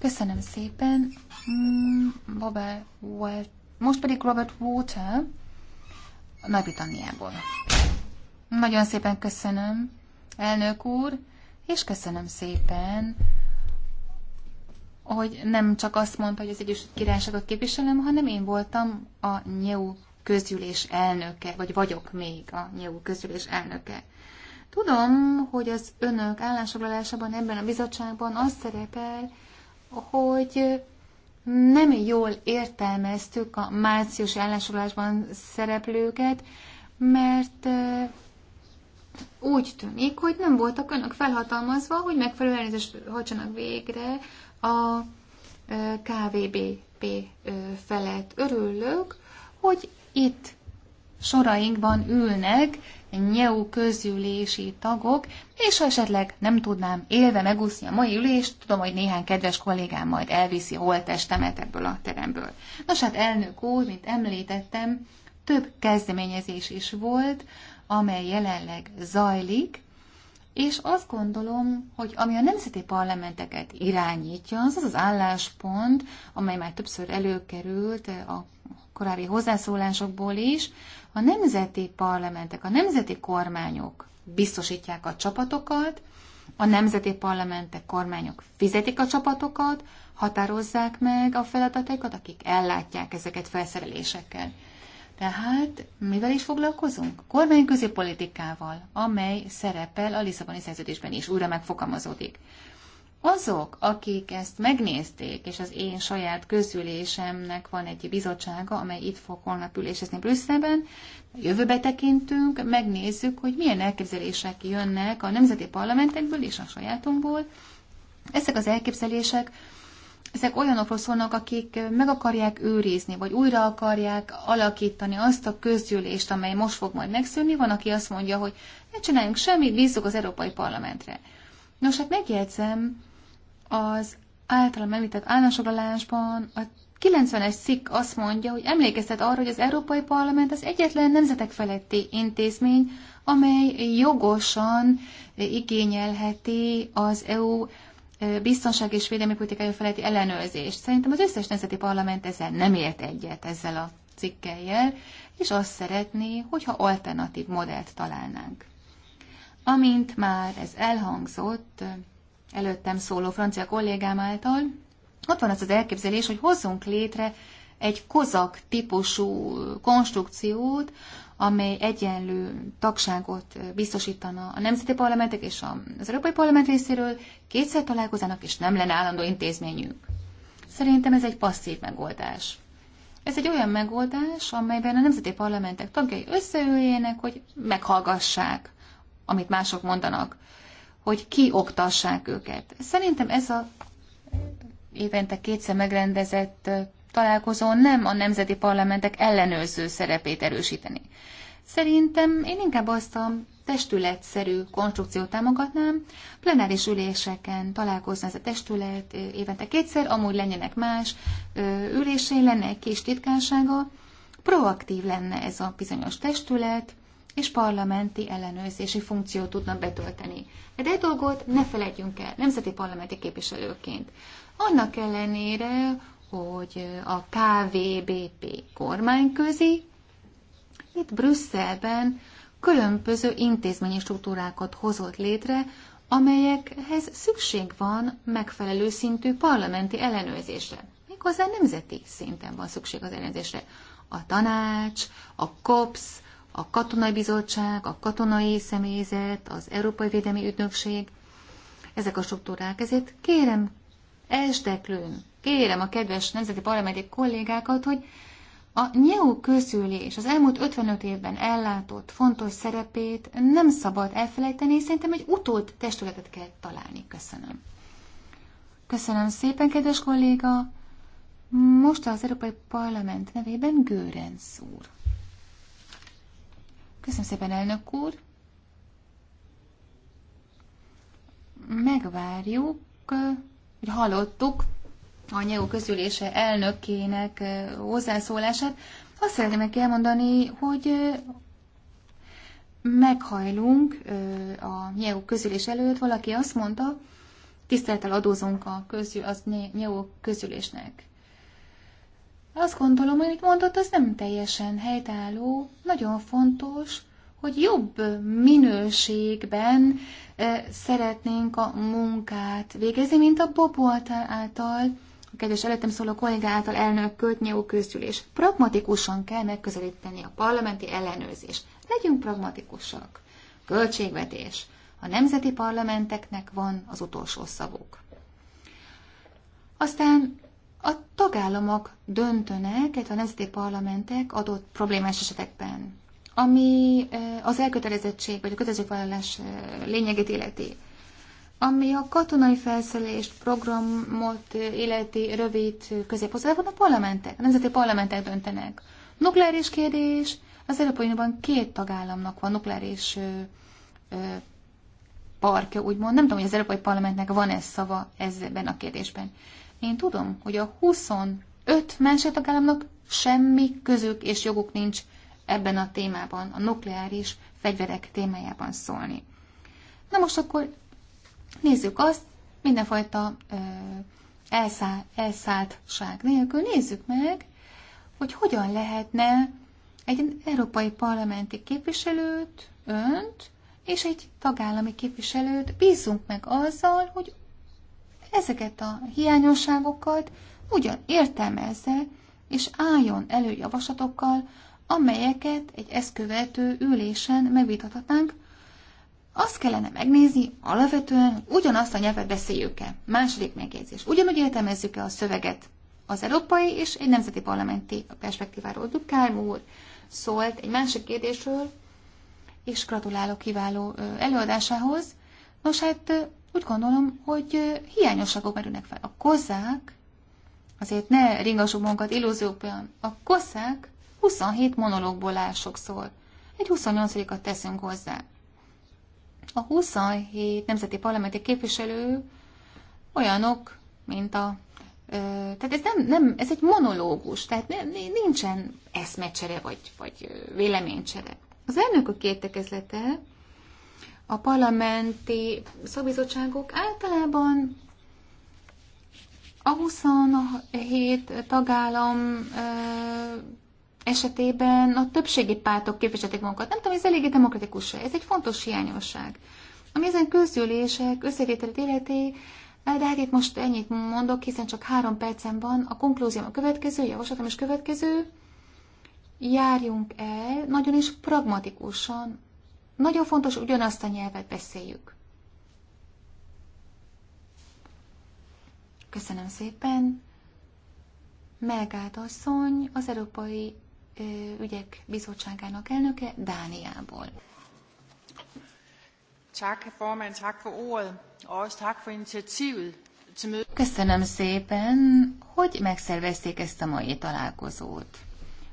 Köszönöm szépen. Mm, Robert Most pedig Robert Water, Nagy-Britanniából. Nagyon szépen köszönöm, elnök úr, és köszönöm szépen, hogy nem csak azt mondta, hogy az Egyesült Királyságot képviselem, hanem én voltam a NEU közgyűlés elnöke, vagy vagyok még a NEU közgyűlés elnöke. Tudom, hogy az önök állásfoglalásában ebben a bizottságban az szerepel, hogy nem jól értelmeztük a március állásolásban szereplőket, mert úgy tűnik, hogy nem voltak önök felhatalmazva, hogy megfelelő elnézést hagysanak végre a KVBP felett. Örülök, hogy itt sorainkban ülnek, NEU közülési tagok, és ha esetleg nem tudnám élve megúszni a mai ülést, tudom, hogy néhány kedves kollégám majd elviszi holtestemet ebből a teremből. Nos hát elnök úr, mint említettem, több kezdeményezés is volt, amely jelenleg zajlik, és azt gondolom, hogy ami a nemzeti parlamenteket irányítja, az az az álláspont, amely már többször előkerült a korábbi hozzászólásokból is, a nemzeti parlamentek, a nemzeti kormányok biztosítják a csapatokat, a nemzeti parlamentek, kormányok fizetik a csapatokat, határozzák meg a feladataikat, akik ellátják ezeket felszerelésekkel. Tehát mivel is foglalkozunk? Kormányközi politikával, amely szerepel a Lisszaboni szerződésben is, újra megfogalmazódik. Azok, akik ezt megnézték, és az én saját közülésemnek van egy bizottsága, amely itt fog holnap ülésezni Brüsszelben, jövőbe tekintünk, megnézzük, hogy milyen elképzelések jönnek a nemzeti parlamentekből és a sajátunkból. Ezek az elképzelések ezek olyanokról szólnak, akik meg akarják őrizni, vagy újra akarják alakítani azt a közgyűlést, amely most fog majd megszűnni. Van, aki azt mondja, hogy ne csináljunk semmit, bízzuk az Európai Parlamentre. Nos, hát megjegyzem, az általam említett állásfoglalásban a 91 es azt mondja, hogy emlékeztet arra, hogy az Európai Parlament az egyetlen nemzetek feletti intézmény, amely jogosan igényelheti az EU e, biztonság és védelmi politikája feletti ellenőrzést. Szerintem az összes nemzeti parlament ezzel nem ért egyet ezzel a cikkeljel, és azt szeretné, hogyha alternatív modellt találnánk. Amint már ez elhangzott, előttem szóló francia kollégám által, ott van az az elképzelés, hogy hozzunk létre egy kozak típusú konstrukciót, amely egyenlő tagságot biztosítana a nemzeti parlamentek és az Európai Parlament részéről, kétszer találkozának, és nem lenne állandó intézményünk. Szerintem ez egy passzív megoldás. Ez egy olyan megoldás, amelyben a nemzeti parlamentek tagjai összeüljének, hogy meghallgassák, amit mások mondanak hogy kioktassák őket. Szerintem ez a évente kétszer megrendezett találkozó nem a nemzeti parlamentek ellenőrző szerepét erősíteni. Szerintem én inkább azt a testületszerű konstrukciót támogatnám, plenáris üléseken találkozna ez a testület évente kétszer, amúgy lennének más ülésén, lenne egy kis titkársága, proaktív lenne ez a bizonyos testület, és parlamenti ellenőrzési funkciót tudnak betölteni. De egy dolgot ne felejtjünk el, nemzeti parlamenti képviselőként. Annak ellenére, hogy a KVBP kormányközi, itt Brüsszelben különböző intézményi struktúrákat hozott létre, amelyekhez szükség van megfelelő szintű parlamenti ellenőrzésre. Méghozzá nemzeti szinten van szükség az ellenőrzésre. A tanács, a COPS, a Katonai Bizottság, a Katonai Személyzet, az Európai Védelmi Ügynökség, ezek a struktúrák. Ezért kérem, esteklőn, kérem a kedves nemzeti parlamenti kollégákat, hogy a NEO közülés az elmúlt 55 évben ellátott fontos szerepét nem szabad elfelejteni, és szerintem egy utód testületet kell találni. Köszönöm. Köszönöm szépen, kedves kolléga! Most az Európai Parlament nevében Görenc úr. Köszönöm szépen, elnök úr. Megvárjuk, hogy hallottuk a NEO közülése elnökének hozzászólását. Azt szeretném elmondani, hogy meghajlunk a NEO közülés előtt. Valaki azt mondta, tisztelettel adózunk a, közül, az NEO közülésnek. Azt gondolom, hogy amit mondott, az nem teljesen helytálló. Nagyon fontos, hogy jobb minőségben szeretnénk a munkát végezni, mint a Bobo által, a kedves előttem szóló kollégá által elnök nyilvó közgyűlés. Pragmatikusan kell megközelíteni a parlamenti ellenőrzés. Legyünk pragmatikusak. Költségvetés. A nemzeti parlamenteknek van az utolsó szavuk. Aztán a tagállamok döntönek, a nemzeti parlamentek adott problémás esetekben, ami az elkötelezettség vagy a kötelezővállalás lényegét illeti, ami a katonai felszerelést, programot illeti rövid középhozzában a parlamentek, a nemzeti parlamentek döntenek. Nukleáris kérdés, az Európai Unióban két tagállamnak van nukleáris parkja, úgymond. Nem tudom, hogy az Európai Parlamentnek van-e szava ebben a kérdésben. Én tudom, hogy a 25 másik tagállamnak semmi közük és joguk nincs ebben a témában, a nukleáris fegyverek témájában szólni. Na most akkor nézzük azt, mindenfajta ö, elszáll, elszálltság nélkül nézzük meg, hogy hogyan lehetne egy európai parlamenti képviselőt, önt és egy tagállami képviselőt bízunk meg azzal, hogy ezeket a hiányosságokat ugyan értelmezze, és álljon elő javaslatokkal, amelyeket egy ezt követő ülésen megvitathatnánk. Azt kellene megnézni alapvetően, hogy ugyanazt a nyelvet beszéljük-e. Második megjegyzés. Ugyanúgy értelmezzük-e a szöveget az európai és egy nemzeti parlamenti perspektíváról. Dukár úr szólt egy másik kérdésről, és gratulálok kiváló előadásához. Nos hát úgy gondolom, hogy hiányosságok merülnek fel. A kozák, azért ne ringassuk magunkat illúziókban, a kozák 27 monológból áll sokszor. Egy 28-at teszünk hozzá. A 27 nemzeti parlamenti képviselő olyanok, mint a tehát ez nem, nem, ez egy monológus, tehát ne, nincsen eszmecsere vagy, vagy véleménycsere. Az elnökök értekezlete a parlamenti szabizottságok általában a 27 tagállam esetében a többségi pártok képviselték magukat. Nem tudom, ez eléggé demokratikus -e. Ez egy fontos hiányosság. Ami ezen közgyűlések összetételét életé, de hát itt most ennyit mondok, hiszen csak három percem van. A konklúzióm a következő, javaslatom is következő. Járjunk el nagyon is pragmatikusan nagyon fontos, ugyanazt a nyelvet beszéljük. Köszönöm szépen. Melgád asszony, az Európai Ügyek Bizottságának elnöke Dániából. Köszönöm szépen, hogy megszervezték ezt a mai találkozót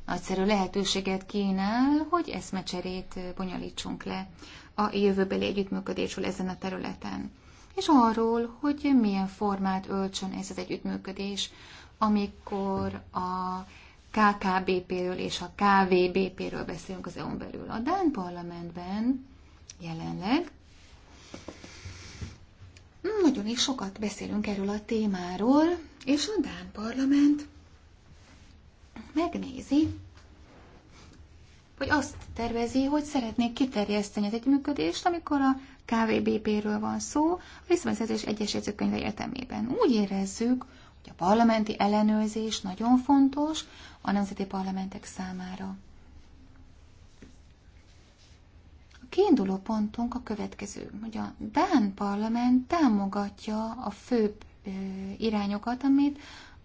nagyszerű lehetőséget kínál, hogy eszmecserét bonyolítsunk le a jövőbeli együttműködésről ezen a területen, és arról, hogy milyen formát öltsön ez az együttműködés, amikor a KKBP-ről és a KVBP-ről beszélünk az EU-n belül. A Dán parlamentben jelenleg nagyon is sokat beszélünk erről a témáról, és a Dán parlament megnézi, hogy azt tervezi, hogy szeretnék kiterjeszteni az együttműködést, amikor a KVBP-ről van szó, a visszavezetés egyes jegyzőkönyve értelmében. Úgy érezzük, hogy a parlamenti ellenőrzés nagyon fontos a nemzeti parlamentek számára. A kiinduló pontunk a következő, hogy a Dán parlament támogatja a főbb irányokat, amit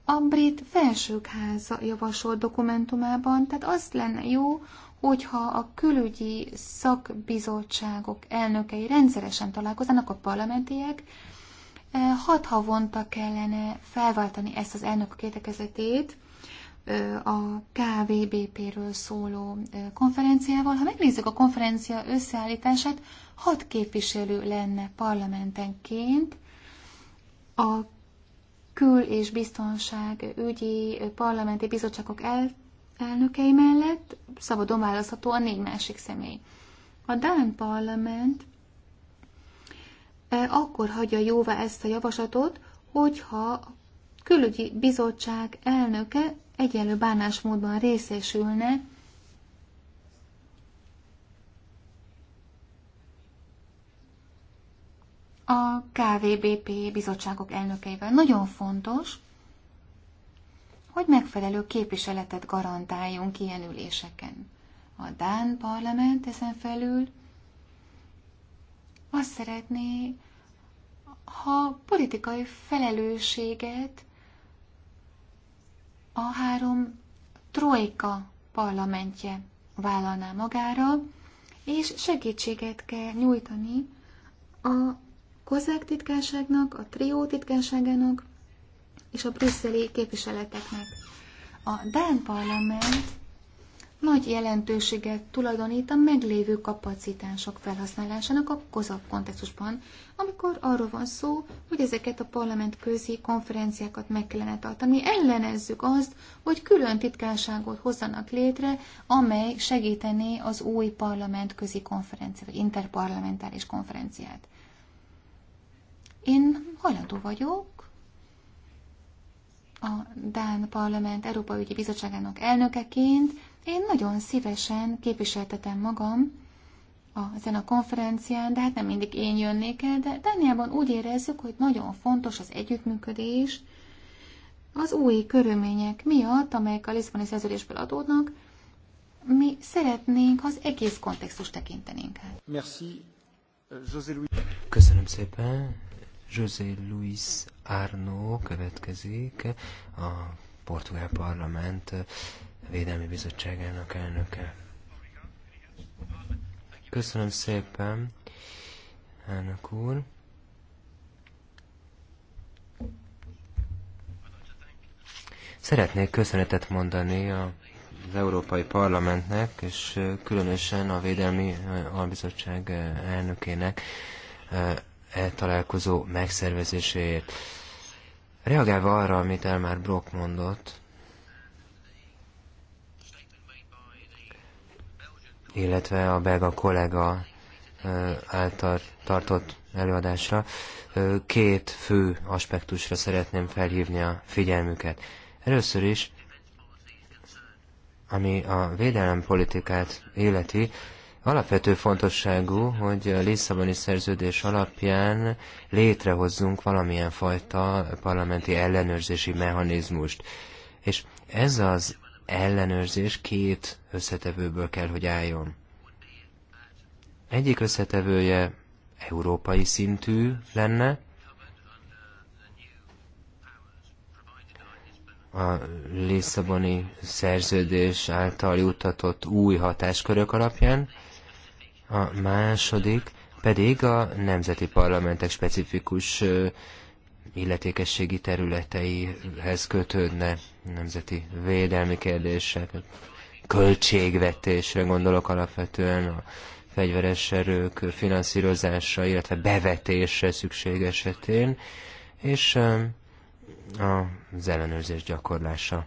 a brit felsőkháza javasolt dokumentumában, tehát az lenne jó, hogyha a külügyi szakbizottságok elnökei rendszeresen találkoznának a parlamentiek, e, hat havonta kellene felváltani ezt az elnök kétekezetét e, a KVBP-ről szóló e, konferenciával. Ha megnézzük a konferencia összeállítását, hat képviselő lenne parlamentenként, a kül- és biztonság ügyi parlamenti bizottságok el, elnökei mellett szabadon választható a négy másik személy. A Dán parlament eh, akkor hagyja jóvá ezt a javaslatot, hogyha a külügyi bizottság elnöke egyenlő bánásmódban részesülne a KVBP bizottságok elnökeivel. Nagyon fontos, hogy megfelelő képviseletet garantáljunk ilyen üléseken. A Dán parlament ezen felül azt szeretné, ha politikai felelősséget a három trojka parlamentje vállalná magára, és segítséget kell nyújtani a kozák titkárságnak, a trió titkárságának és a brüsszeli képviseleteknek. A Dán parlament nagy jelentőséget tulajdonít a meglévő kapacitások felhasználásának a kozak kontextusban, amikor arról van szó, hogy ezeket a parlament közi konferenciákat meg kellene tartani. Ellenezzük azt, hogy külön titkárságot hozzanak létre, amely segítené az új parlament közi konferenciát, vagy interparlamentáris konferenciát. Én hajlandó vagyok a Dán Parlament Európa Ügyi Bizottságának elnökeként. Én nagyon szívesen képviseltetem magam a, ezen a konferencián, de hát nem mindig én jönnék el, de Dániában úgy érezzük, hogy nagyon fontos az együttműködés az új körülmények miatt, amelyek a Lisszaboni szerződésből adódnak, mi szeretnénk, az egész kontextus tekintenénk át. Merci, José Louis. Köszönöm szépen, José Luis Arno következik, a portugál parlament védelmi bizottságának elnöke. Köszönöm szépen, elnök úr. Szeretnék köszönetet mondani a az Európai Parlamentnek, és különösen a Védelmi Albizottság elnökének E találkozó megszervezéséért. Reagálva arra, amit már Brock mondott, illetve a belga kollega által tartott előadásra, két fő aspektusra szeretném felhívni a figyelmüket. Először is, ami a védelempolitikát életi, Alapvető fontosságú, hogy a Lisszaboni szerződés alapján létrehozzunk valamilyen fajta parlamenti ellenőrzési mechanizmust. És ez az ellenőrzés két összetevőből kell, hogy álljon. Egyik összetevője európai szintű lenne, a Lisszaboni szerződés által juttatott új hatáskörök alapján, a második pedig a nemzeti parlamentek specifikus illetékességi területeihez kötődne nemzeti védelmi kérdések, költségvetésre gondolok alapvetően a fegyveres erők finanszírozása, illetve bevetésre szükség esetén, és az ellenőrzés gyakorlása.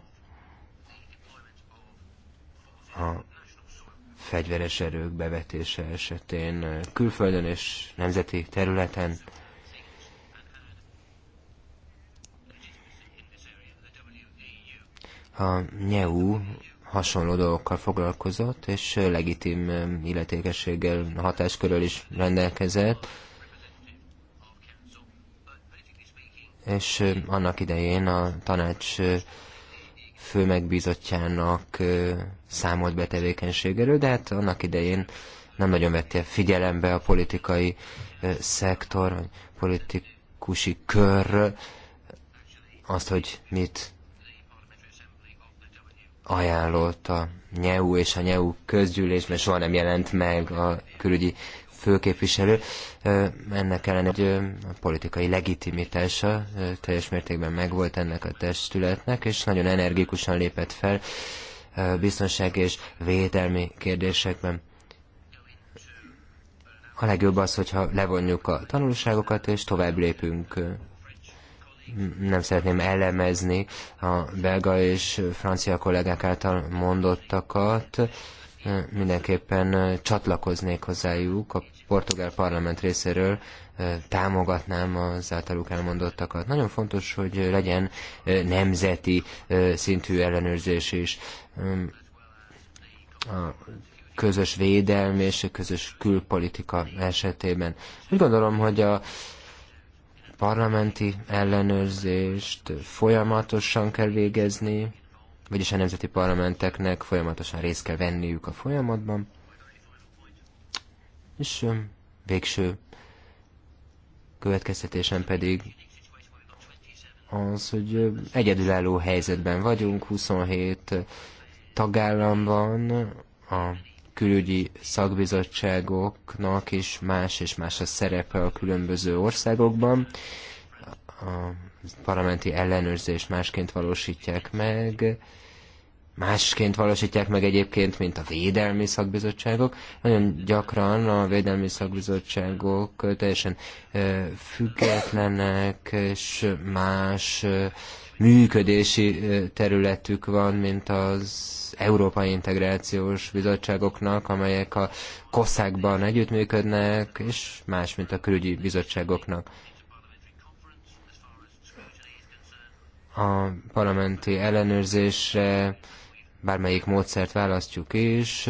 A fegyveres erők bevetése esetén eh, külföldön és nemzeti területen. A NEU hasonló dolgokkal foglalkozott, és legitim eh, illetékességgel, hatáskörrel is rendelkezett. És eh, annak idején a tanács főmegbízottjának számolt be tevékenységéről, de hát annak idején nem nagyon vette figyelembe a politikai szektor, vagy politikusi kör azt, hogy mit ajánlott a NYEU és a közgyűlés, közgyűlésben, soha nem jelent meg a külügyi főképviselő, ennek ellen egy a politikai legitimitása teljes mértékben megvolt ennek a testületnek, és nagyon energikusan lépett fel biztonsági és védelmi kérdésekben. A legjobb az, hogyha levonjuk a tanulságokat, és tovább lépünk nem szeretném elemezni a belga és francia kollégák által mondottakat. Mindenképpen csatlakoznék hozzájuk a portugál parlament részéről támogatnám az általuk elmondottakat. Nagyon fontos, hogy legyen nemzeti szintű ellenőrzés is. A közös védelmi és a közös külpolitika esetében. Úgy gondolom, hogy a parlamenti ellenőrzést folyamatosan kell végezni, vagyis a nemzeti parlamenteknek folyamatosan részt kell venniük a folyamatban és végső következtetésen pedig az, hogy egyedülálló helyzetben vagyunk, 27 tagállamban a külügyi szakbizottságoknak is más és más a szerepe a különböző országokban. A parlamenti ellenőrzést másként valósítják meg, másként valósítják meg egyébként, mint a védelmi szakbizottságok. Nagyon gyakran a védelmi szakbizottságok teljesen függetlenek, és más működési területük van, mint az Európai Integrációs Bizottságoknak, amelyek a koszákban együttműködnek, és más, mint a külügyi bizottságoknak. A parlamenti ellenőrzésre, bármelyik módszert választjuk is,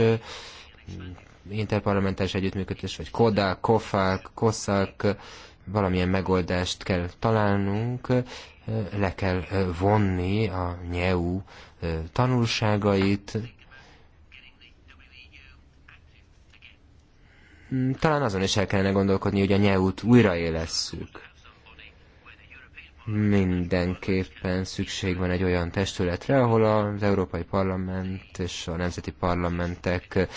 interparlamentális együttműködés, vagy koda, kofák, KOSZAK, valamilyen megoldást kell találnunk, le kell vonni a NYEU tanulságait, talán azon is el kellene gondolkodni, hogy a nyelvút újraélesszük mindenképpen szükség van egy olyan testületre, ahol az Európai Parlament és a nemzeti parlamentek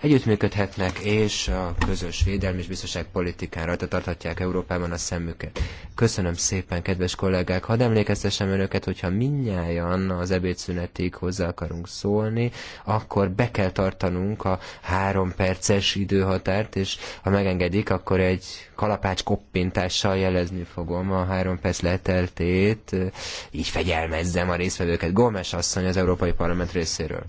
együttműködhetnek, és a közös védelmi és biztonságpolitikán rajta tarthatják Európában a szemüket. Köszönöm szépen, kedves kollégák! Hadd emlékeztessem önöket, hogyha minnyáján az ebédszünetig hozzá akarunk szólni, akkor be kell tartanunk a három perces időhatárt, és ha megengedik, akkor egy kalapács koppintással jelezni fogom a három perc leteltét, így fegyelmezzem a részvevőket. Gómez asszony az Európai Parlament részéről.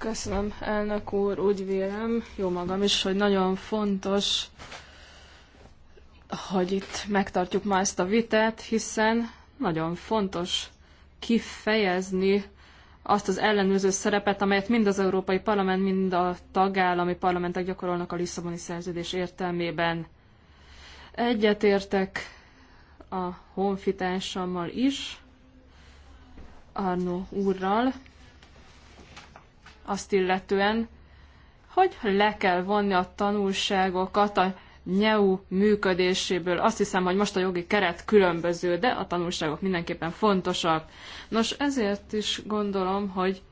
Köszönöm, elnök úr, úgy vélem, jó magam is, hogy nagyon fontos, hogy itt megtartjuk ma ezt a vitát, hiszen nagyon fontos kifejezni azt az ellenőrző szerepet, amelyet mind az Európai Parlament, mind a tagállami parlamentek gyakorolnak a Lisszaboni szerződés értelmében. Egyetértek a honfitársammal is, Arno úrral, azt illetően, hogy le kell vonni a tanulságokat a NEU működéséből. Azt hiszem, hogy most a jogi keret különböző, de a tanulságok mindenképpen fontosak. Nos, ezért is gondolom, hogy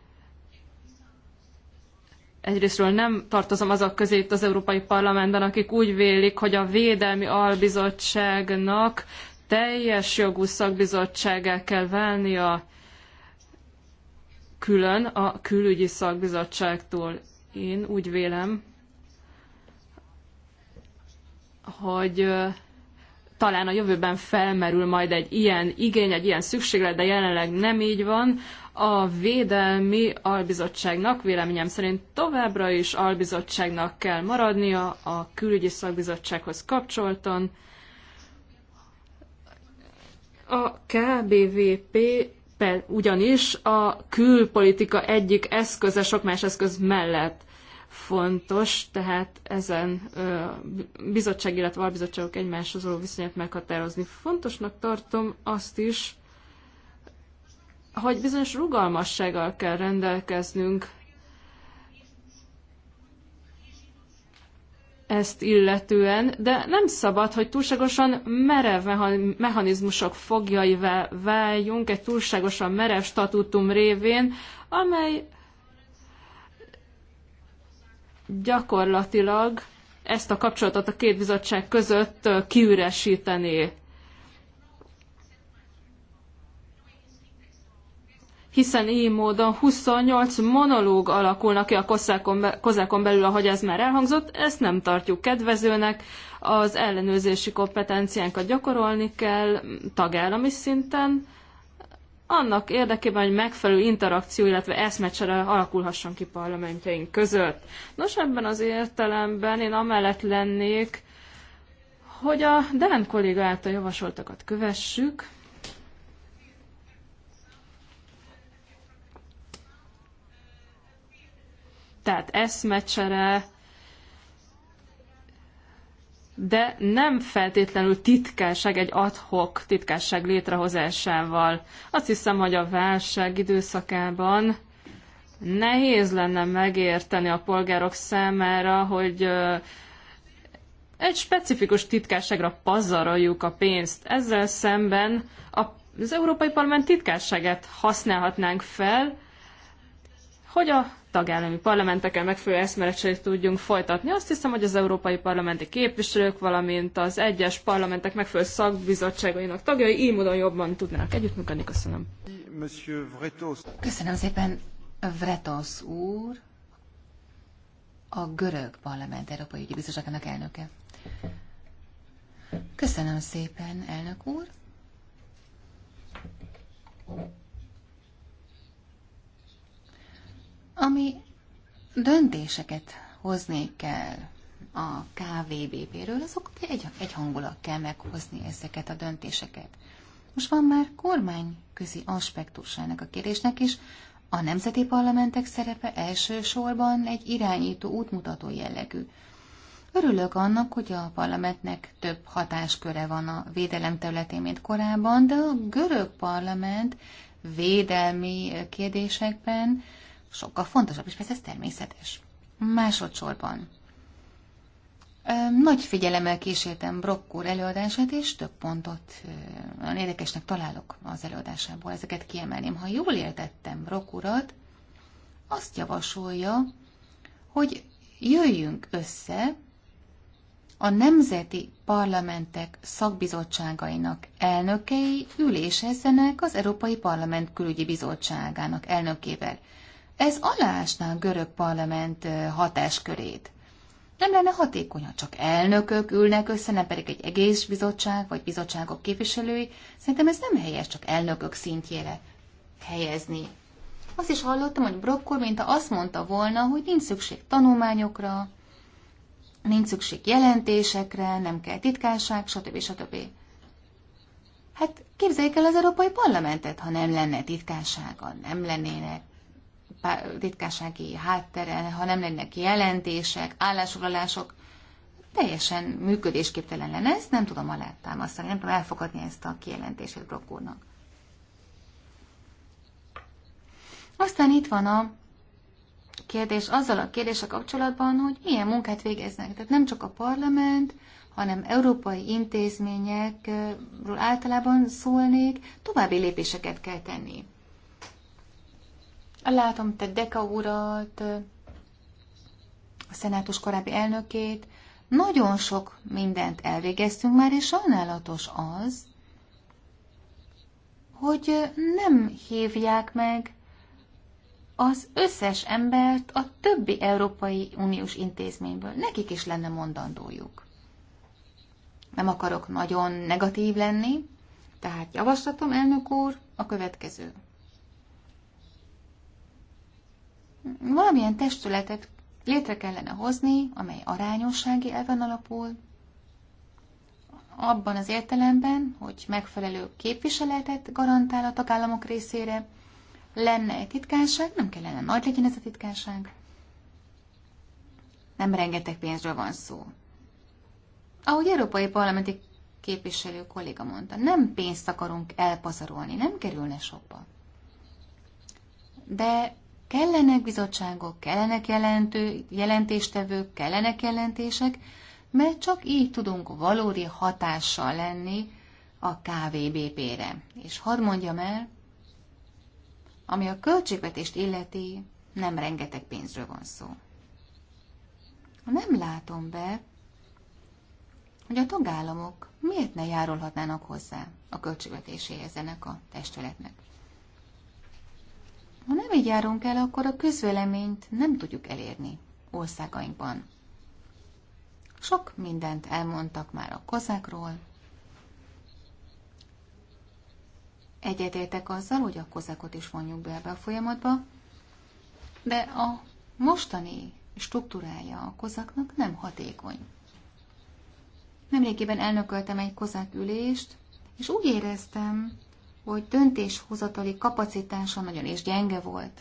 egyrésztről nem tartozom azok közé itt az Európai Parlamentben, akik úgy vélik, hogy a Védelmi Albizottságnak teljes jogú szakbizottságá kell a külön a külügyi szakbizottságtól. Én úgy vélem, hogy talán a jövőben felmerül majd egy ilyen igény, egy ilyen szükséglet, de jelenleg nem így van. A Védelmi Albizottságnak véleményem szerint továbbra is albizottságnak kell maradnia a külügyi szakbizottsághoz kapcsolatban. A KBVP ugyanis a külpolitika egyik eszköze sok más eszköz mellett fontos, tehát ezen bizottság, illetve albizottságok egymáshoz való viszonyát meghatározni. Fontosnak tartom azt is, hogy bizonyos rugalmassággal kell rendelkeznünk ezt illetően, de nem szabad, hogy túlságosan merev mechanizmusok fogjaivá váljunk egy túlságosan merev statútum révén, amely gyakorlatilag ezt a kapcsolatot a két bizottság között kiüresítené. hiszen így módon 28 monológ alakulnak ki a kozákon belül, ahogy ez már elhangzott, ezt nem tartjuk kedvezőnek, az ellenőrzési kompetenciánkat gyakorolni kell tagállami szinten, annak érdekében, hogy megfelelő interakció, illetve eszmecsere alakulhasson ki parlamentjeink között. Nos, ebben az értelemben én amellett lennék, hogy a Dán kolléga által javasoltakat kövessük, tehát eszmecsere, de nem feltétlenül titkárság, egy adhok titkárság létrehozásával. Azt hiszem, hogy a válság időszakában nehéz lenne megérteni a polgárok számára, hogy egy specifikus titkárságra pazaroljuk a pénzt. Ezzel szemben az Európai Parlament titkárságát használhatnánk fel, hogy a tagállami parlamentekkel megfelelő eszmerecserét tudjunk folytatni. Azt hiszem, hogy az európai parlamenti képviselők, valamint az egyes parlamentek megfelelő szakbizottságainak tagjai így módon jobban tudnának együttműködni. Köszönöm. Köszönöm szépen, Vretos úr, a görög parlament Európai Ügyi Bizottságának elnöke. Köszönöm szépen, elnök úr. ami döntéseket hozni kell a KVBP-ről, azokat egy, egy hangulat kell meghozni ezeket a döntéseket. Most van már kormányközi aspektusának a kérésnek is, a nemzeti parlamentek szerepe elsősorban egy irányító útmutató jellegű. Örülök annak, hogy a parlamentnek több hatásköre van a védelem területén, mint korábban, de a görög parlament védelmi kérdésekben sokkal fontosabb, és persze ez természetes. Másodszorban nagy figyelemmel kísértem Brock úr előadását, és több pontot nagyon érdekesnek találok az előadásából. Ezeket kiemelném. Ha jól értettem Brock urat, azt javasolja, hogy jöjjünk össze a nemzeti parlamentek szakbizottságainak elnökei ülésezzenek az Európai Parlament külügyi bizottságának elnökével. Ez aláásná a görög parlament hatáskörét. Nem lenne hatékony, ha csak elnökök ülnek össze, nem pedig egy egész bizottság vagy bizottságok képviselői. Szerintem ez nem helyes csak elnökök szintjére helyezni. Azt is hallottam, hogy Brokkor, mint azt mondta volna, hogy nincs szükség tanulmányokra, nincs szükség jelentésekre, nem kell titkárság, stb. stb. Hát képzeljék el az Európai Parlamentet, ha nem lenne titkársága, nem lennének titkársági háttere, ha nem lennek jelentések, állásfoglalások, teljesen működésképtelen lenne. Ezt nem tudom alátámasztani, nem tudom elfogadni ezt a kijelentését Brokkónak. Aztán itt van a kérdés azzal a kérdéssel kapcsolatban, hogy milyen munkát végeznek. Tehát nem csak a parlament, hanem európai intézményekről általában szólnék, további lépéseket kell tenni. Látom te Deka urat, a szenátus korábbi elnökét. Nagyon sok mindent elvégeztünk már, és sajnálatos az, hogy nem hívják meg az összes embert a többi Európai Uniós intézményből. Nekik is lenne mondandójuk. Nem akarok nagyon negatív lenni, tehát javaslatom, elnök úr, a következő. valamilyen testületet létre kellene hozni, amely arányossági elven alapul, abban az értelemben, hogy megfelelő képviseletet garantál a tagállamok részére, lenne egy titkárság, nem kellene nagy legyen ez a titkárság. Nem rengeteg pénzről van szó. Ahogy európai parlamenti képviselő kolléga mondta, nem pénzt akarunk elpazarolni, nem kerülne sokba. De Kellenek bizottságok, kellenek jelentő, jelentéstevők, kellenek jelentések, mert csak így tudunk valódi hatással lenni a KVBP-re. És hadd mondjam el, ami a költségvetést illeti, nem rengeteg pénzről van szó. Nem látom be, hogy a tagállamok miért ne járulhatnának hozzá a költségvetéséhez ennek a testületnek. Ha nem így járunk el, akkor a közvéleményt nem tudjuk elérni országainkban. Sok mindent elmondtak már a kozákról. Egyetértek azzal, hogy a kozákot is vonjuk be ebbe a folyamatba, de a mostani struktúrája a kozáknak nem hatékony. Nemrégiben elnököltem egy kozák ülést, és úgy éreztem, hogy döntéshozatali kapacitása nagyon és gyenge volt.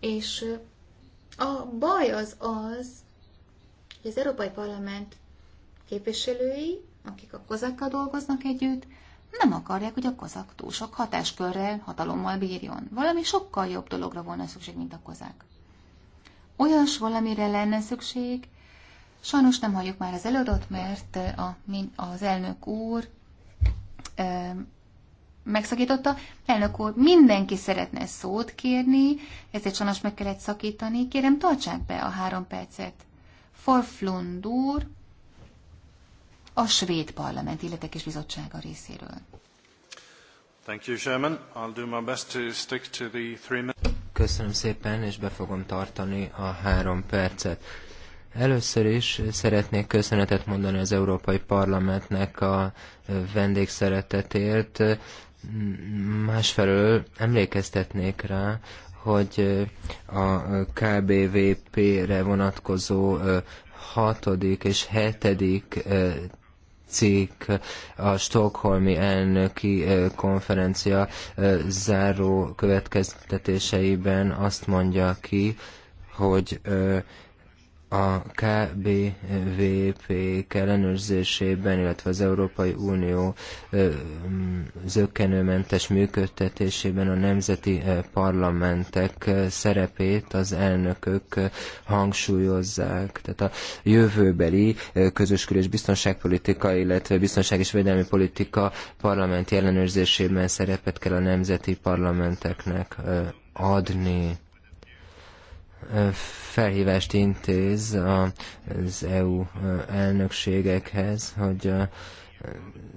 És a baj az az, hogy az Európai Parlament képviselői, akik a kozákkal dolgoznak együtt, nem akarják, hogy a kozák túl sok hatáskörrel, hatalommal bírjon. Valami sokkal jobb dologra volna szükség, mint a kozák. Olyas valamire lenne szükség, sajnos nem halljuk már az előadót, mert a, az elnök úr megszakította. Elnök úr, mindenki szeretne szót kérni, ezért sajnos meg kellett szakítani. Kérem, tartsák be a három percet. Forflund úr, a svéd parlament illetek és bizottsága részéről. Thank you, Chairman. I'll do my best to stick to the three minutes. Köszönöm szépen, és be fogom tartani a három percet. Először is szeretnék köszönetet mondani az Európai Parlamentnek a vendégszeretetért. Másfelől emlékeztetnék rá, hogy a KBVP-re vonatkozó hatodik és hetedik cikk a Stockholmi elnöki konferencia záró következtetéseiben azt mondja ki, hogy a KBVP ellenőrzésében, illetve az Európai Unió mm, zöggenőmentes működtetésében a nemzeti parlamentek szerepét az elnökök hangsúlyozzák. Tehát a jövőbeli közös és biztonságpolitika, illetve biztonság és védelmi politika parlamenti ellenőrzésében szerepet kell a nemzeti parlamenteknek adni felhívást intéz az EU elnökségekhez, hogy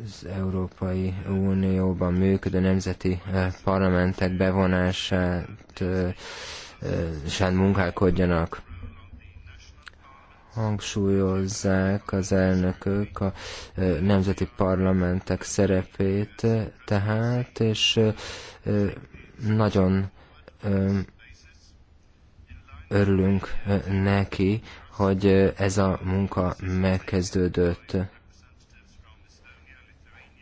az Európai Unióban működő nemzeti parlamentek bevonását sem munkálkodjanak. Hangsúlyozzák az elnökök a nemzeti parlamentek szerepét tehát, és nagyon örülünk neki, hogy ez a munka megkezdődött.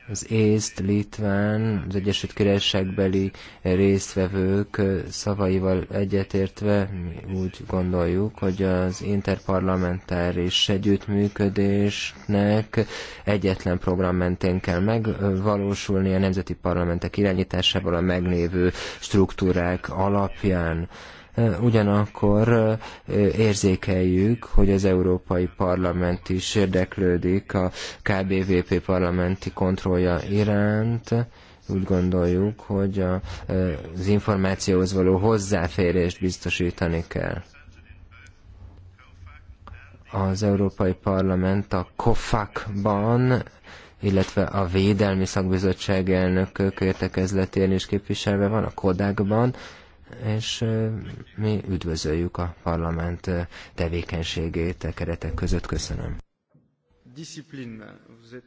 Az észt, litván, az Egyesült Királyságbeli résztvevők szavaival egyetértve mi úgy gondoljuk, hogy az interparlamentáris együttműködésnek egyetlen program mentén kell megvalósulni a nemzeti parlamentek irányításával a meglévő struktúrák alapján ugyanakkor érzékeljük, hogy az Európai Parlament is érdeklődik a KBVP parlamenti kontrollja iránt, úgy gondoljuk, hogy a, az információhoz való hozzáférést biztosítani kell. Az Európai Parlament a COFAC-ban, illetve a Védelmi Szakbizottság elnökök értekezletén is képviselve van, a Kodákban, és mi üdvözöljük a parlament tevékenységét e keretek között. Köszönöm. Euh,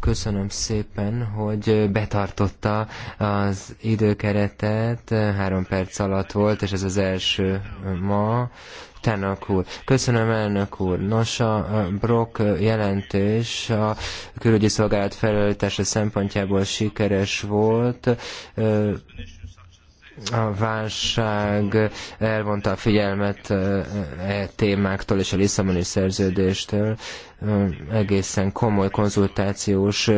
Köszönöm szépen, hogy betartotta az időkeretet, három perc alatt volt, és ez az első ma. Tának úr. Köszönöm, elnök úr. Nos, a Brock jelentés a külügyi szolgálat felelőtése szempontjából sikeres volt a válság elvonta a figyelmet e témáktól és a Lisszaboni szerződéstől. Egészen komoly konzultációs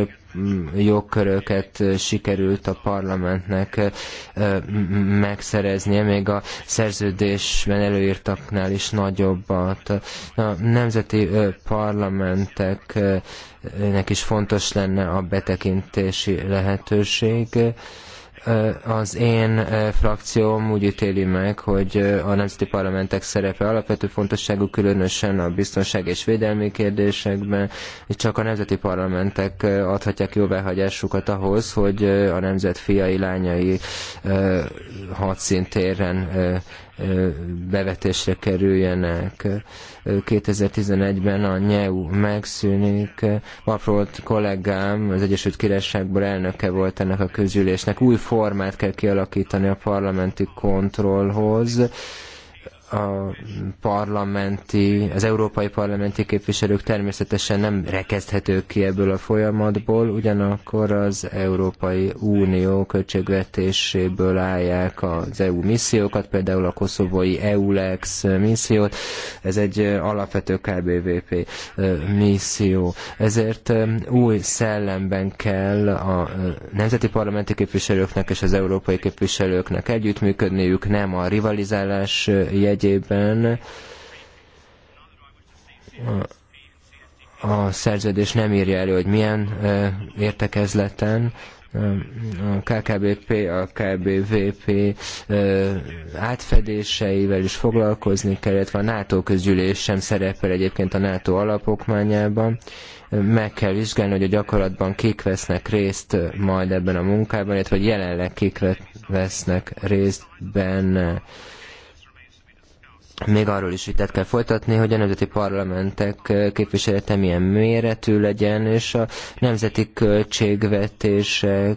jogköröket sikerült a parlamentnek megszereznie, még a szerződésben előírtaknál is nagyobbat. A nemzeti parlamenteknek is fontos lenne a betekintési lehetőség az én frakcióm úgy ítéli meg, hogy a nemzeti parlamentek szerepe alapvető fontosságú, különösen a biztonság és védelmi kérdésekben, és csak a nemzeti parlamentek adhatják jóváhagyásukat ahhoz, hogy a nemzet fiai, lányai hadszintéren bevetésre kerüljenek. 2011-ben a NYEU megszűnik. Maprolt kollégám, az Egyesült Királyságból elnöke volt ennek a közülésnek. Új formát kell kialakítani a parlamenti kontrollhoz a parlamenti, az európai parlamenti képviselők természetesen nem rekezdhetők ki ebből a folyamatból, ugyanakkor az Európai Unió költségvetéséből állják az EU missziókat, például a koszovói EULEX missziót, ez egy alapvető KBVP misszió. Ezért új szellemben kell a nemzeti parlamenti képviselőknek és az európai képviselőknek együttműködniük, nem a rivalizálás jegy egyében a szerződés nem írja elő, hogy milyen értekezleten, a KKBP, a KBVP átfedéseivel is foglalkozni kell, illetve a NATO közgyűlés sem szerepel egyébként a NATO alapokmányában. Meg kell vizsgálni, hogy a gyakorlatban kik vesznek részt majd ebben a munkában, illetve hogy jelenleg kik vesznek részt benne még arról is vitát kell folytatni, hogy a nemzeti parlamentek képviselete milyen méretű legyen, és a nemzeti költségvetések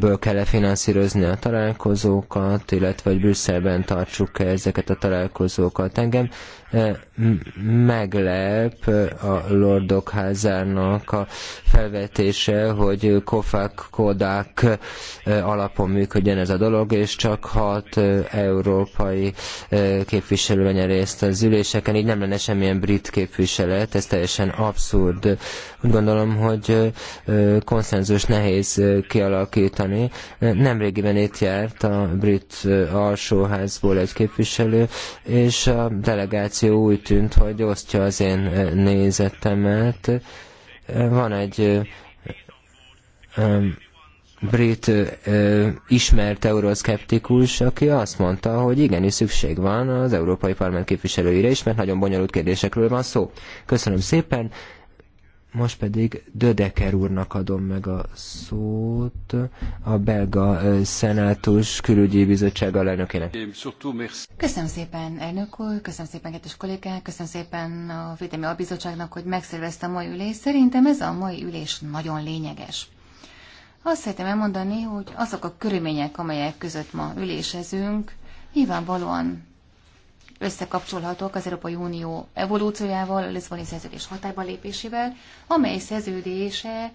ből kell -e finanszírozni a találkozókat, illetve hogy Brüsszelben tartsuk -e ezeket a találkozókat. Engem meglep a Lordok házának a felvetése, hogy kofák, kodák alapon működjen ez a dolog, és csak hat európai képviselő venye részt az üléseken, így nem lenne semmilyen brit képviselet, ez teljesen abszurd. Úgy gondolom, hogy konszenzus nehéz kialakítani. Nemrégiben itt járt a brit alsóházból egy képviselő, és a delegáció frakció úgy tűnt, hogy osztja az én nézetemet. Van egy brit ismert euroszkeptikus, aki azt mondta, hogy igenis szükség van az Európai Parlament képviselőire is, mert nagyon bonyolult kérdésekről van szó. Köszönöm szépen, most pedig Dödeker úrnak adom meg a szót, a belga szenátus külügyi bizottság alelnökének. Köszönöm szépen, elnök úr, köszönöm szépen, kedves kollégák, köszönöm szépen a Védelmi Albizottságnak, hogy megszervezte a mai ülést. Szerintem ez a mai ülés nagyon lényeges. Azt szeretném elmondani, hogy azok a körülmények, amelyek között ma ülésezünk, nyilvánvalóan összekapcsolhatók az Európai Unió evolúciójával, a Lisszaboni szerződés hatályba lépésével, amely szerződése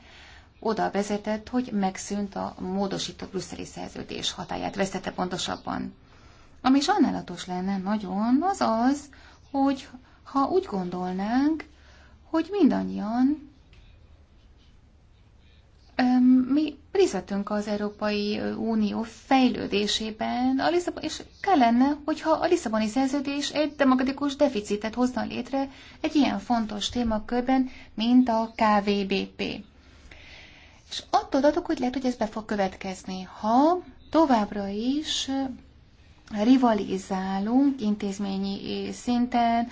oda vezetett, hogy megszűnt a módosított brüsszeli szerződés hatáját, vesztette pontosabban. Ami sajnálatos lenne nagyon, az az, hogy ha úgy gondolnánk, hogy mindannyian mi részt vettünk az Európai Unió fejlődésében, a Lisszabon, és kell lenne, hogyha a Lisszaboni szerződés egy demokratikus deficitet hozna létre egy ilyen fontos témakörben, mint a KVBP. És attól adok, hogy lehet, hogy ez be fog következni, ha továbbra is rivalizálunk intézményi szinten,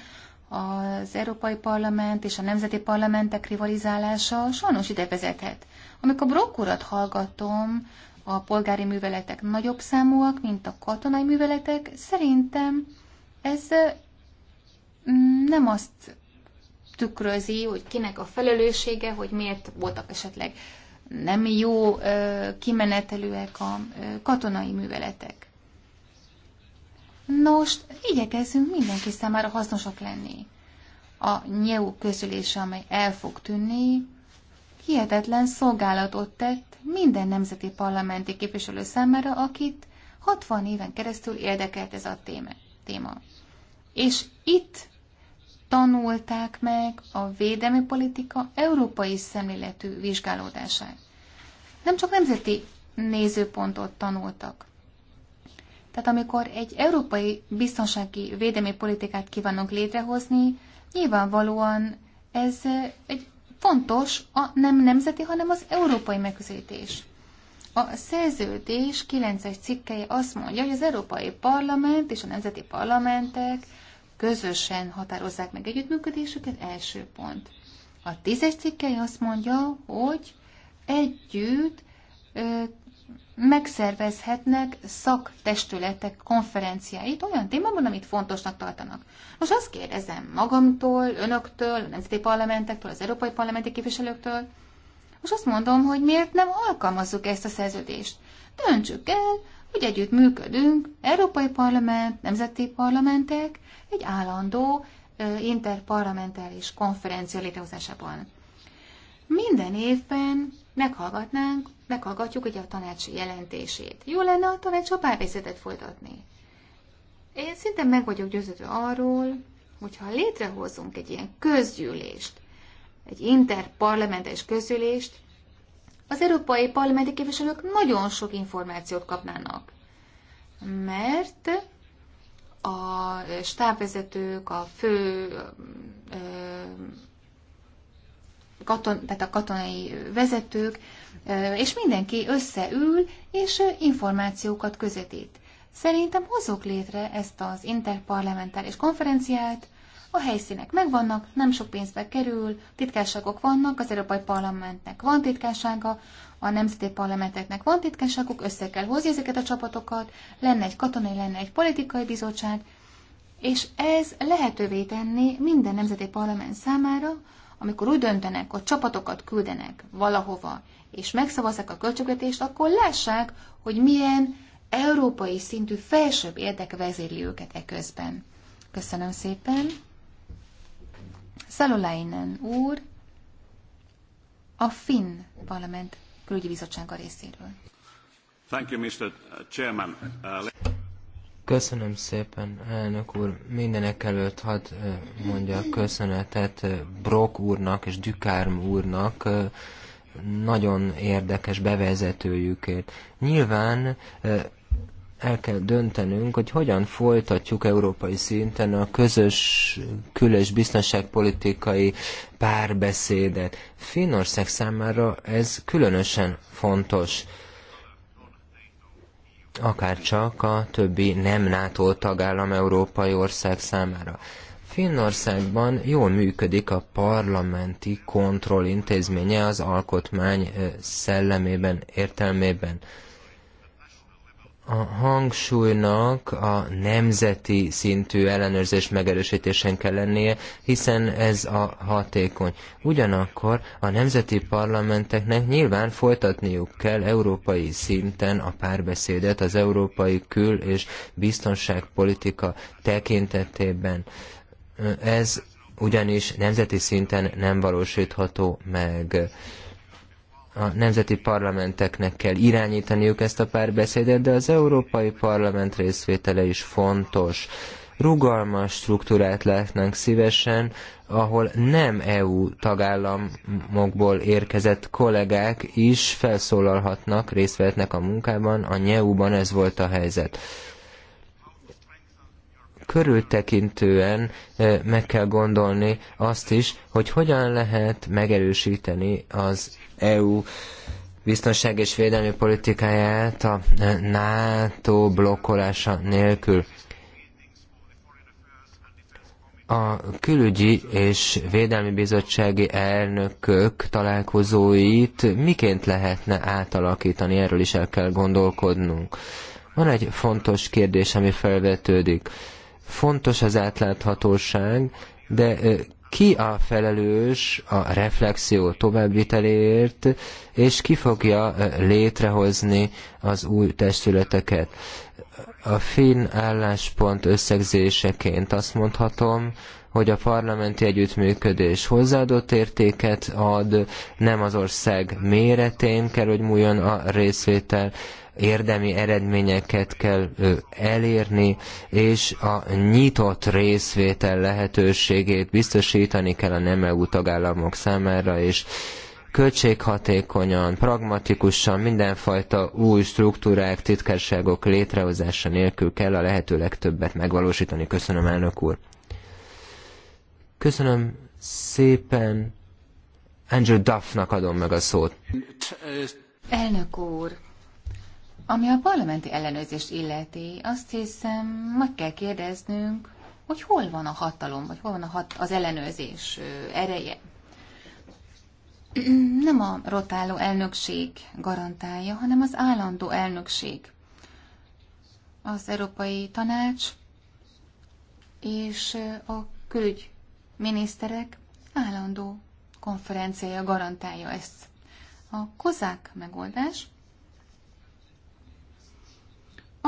az Európai Parlament és a nemzeti parlamentek rivalizálása sajnos ide vezethet. Amikor Brokkurat hallgatom, a polgári műveletek nagyobb számúak, mint a katonai műveletek, szerintem ez mm, nem azt tükrözi, hogy kinek a felelőssége, hogy miért voltak esetleg nem jó kimenetelőek a katonai műveletek. Nos, igyekezzünk mindenki számára hasznosak lenni. A nyelv közülése, amely el fog tűnni, hihetetlen szolgálatot tett minden nemzeti parlamenti képviselő számára, akit 60 éven keresztül érdekelt ez a téma. És itt tanulták meg a védelmi politika európai szemléletű vizsgálódását. Nem csak nemzeti nézőpontot tanultak. Tehát amikor egy európai biztonsági védelmi politikát kívánunk létrehozni, nyilvánvalóan ez egy Fontos a nem nemzeti, hanem az európai megközelítés. A szerződés 9-es cikkeje azt mondja, hogy az Európai Parlament és a nemzeti parlamentek közösen határozzák meg együttműködésüket, első pont. A 10-es cikkei azt mondja, hogy együtt megszervezhetnek szaktestületek konferenciáit olyan témában, amit fontosnak tartanak. Most azt kérdezem magamtól, önöktől, a nemzeti parlamentektől, az európai parlamenti képviselőktől, most azt mondom, hogy miért nem alkalmazzuk ezt a szerződést. Döntsük el, hogy együtt működünk, Európai Parlament, Nemzeti Parlamentek, egy állandó interparlamentális konferencia létrehozásában. Minden évben meghallgatnánk meghallgatjuk ugye a tanács jelentését. Jó lenne a tanács a párbeszédet folytatni. Én szinte meg vagyok győződve arról, hogyha létrehozunk egy ilyen közgyűlést, egy interparlamentes közgyűlést, az európai parlamenti képviselők nagyon sok információt kapnának. Mert a stábvezetők, a fő katon, tehát a katonai vezetők és mindenki összeül, és információkat közvetít. Szerintem hozzuk létre ezt az interparlamentális konferenciát, a helyszínek megvannak, nem sok pénzbe kerül, titkárságok vannak, az Európai Parlamentnek van titkársága, a nemzeti parlamenteknek van titkárságuk, össze kell hozni ezeket a csapatokat, lenne egy katonai, lenne egy politikai bizottság, és ez lehetővé tenni minden nemzeti parlament számára, amikor úgy döntenek, hogy csapatokat küldenek valahova, és megszavazzák a költségvetést, akkor lássák, hogy milyen európai szintű felsőbb érdek vezérli őket e közben. Köszönöm szépen. Szalolainen úr, a Finn Parlament külügyi bizottsága részéről. Thank you, Mr. Uh, chairman. Uh, Köszönöm szépen, elnök úr. Mindenek előtt hadd mondja köszönetet Brok úrnak és Dükárm úrnak nagyon érdekes bevezetőjükért. Nyilván el kell döntenünk, hogy hogyan folytatjuk európai szinten a közös külös biztonságpolitikai párbeszédet. Finnország számára ez különösen fontos Akár csak a többi nem NATO tagállam európai ország számára. Finnországban jól működik a parlamenti kontroll intézménye az alkotmány szellemében, értelmében a hangsúlynak a nemzeti szintű ellenőrzés megerősítésen kell lennie, hiszen ez a hatékony. Ugyanakkor a nemzeti parlamenteknek nyilván folytatniuk kell európai szinten a párbeszédet az európai kül- és biztonságpolitika tekintetében. Ez ugyanis nemzeti szinten nem valósítható meg a nemzeti parlamenteknek kell irányítaniuk ezt a párbeszédet, de az Európai Parlament részvétele is fontos. Rugalmas struktúrát látnánk szívesen, ahol nem EU tagállamokból érkezett kollégák is felszólalhatnak, részt vehetnek a munkában, a NEU-ban ez volt a helyzet körültekintően e, meg kell gondolni azt is, hogy hogyan lehet megerősíteni az EU biztonság és védelmi politikáját a NATO blokkolása nélkül. A külügyi és védelmi bizottsági elnökök találkozóit miként lehetne átalakítani, erről is el kell gondolkodnunk. Van egy fontos kérdés, ami felvetődik. Fontos az átláthatóság, de ki a felelős a reflexió továbbviteléért, és ki fogja létrehozni az új testületeket. A finn álláspont összegzéseként azt mondhatom, hogy a parlamenti együttműködés hozzáadott értéket ad, nem az ország méretén kell, hogy múljon a részvétel, érdemi eredményeket kell elérni, és a nyitott részvétel lehetőségét biztosítani kell a nem EU tagállamok számára, és költséghatékonyan, pragmatikusan, mindenfajta új struktúrák, titkárságok létrehozása nélkül kell a lehető legtöbbet megvalósítani. Köszönöm, elnök úr. Köszönöm szépen. Andrew Duffnak adom meg a szót. Elnök úr, ami a parlamenti ellenőrzést illeti, azt hiszem, meg kell kérdeznünk, hogy hol van a hatalom, vagy hol van a hat, az ellenőrzés ereje. Nem a rotáló elnökség garantálja, hanem az állandó elnökség. Az Európai Tanács és a külügyminiszterek állandó konferenciája garantálja ezt. A kozák megoldás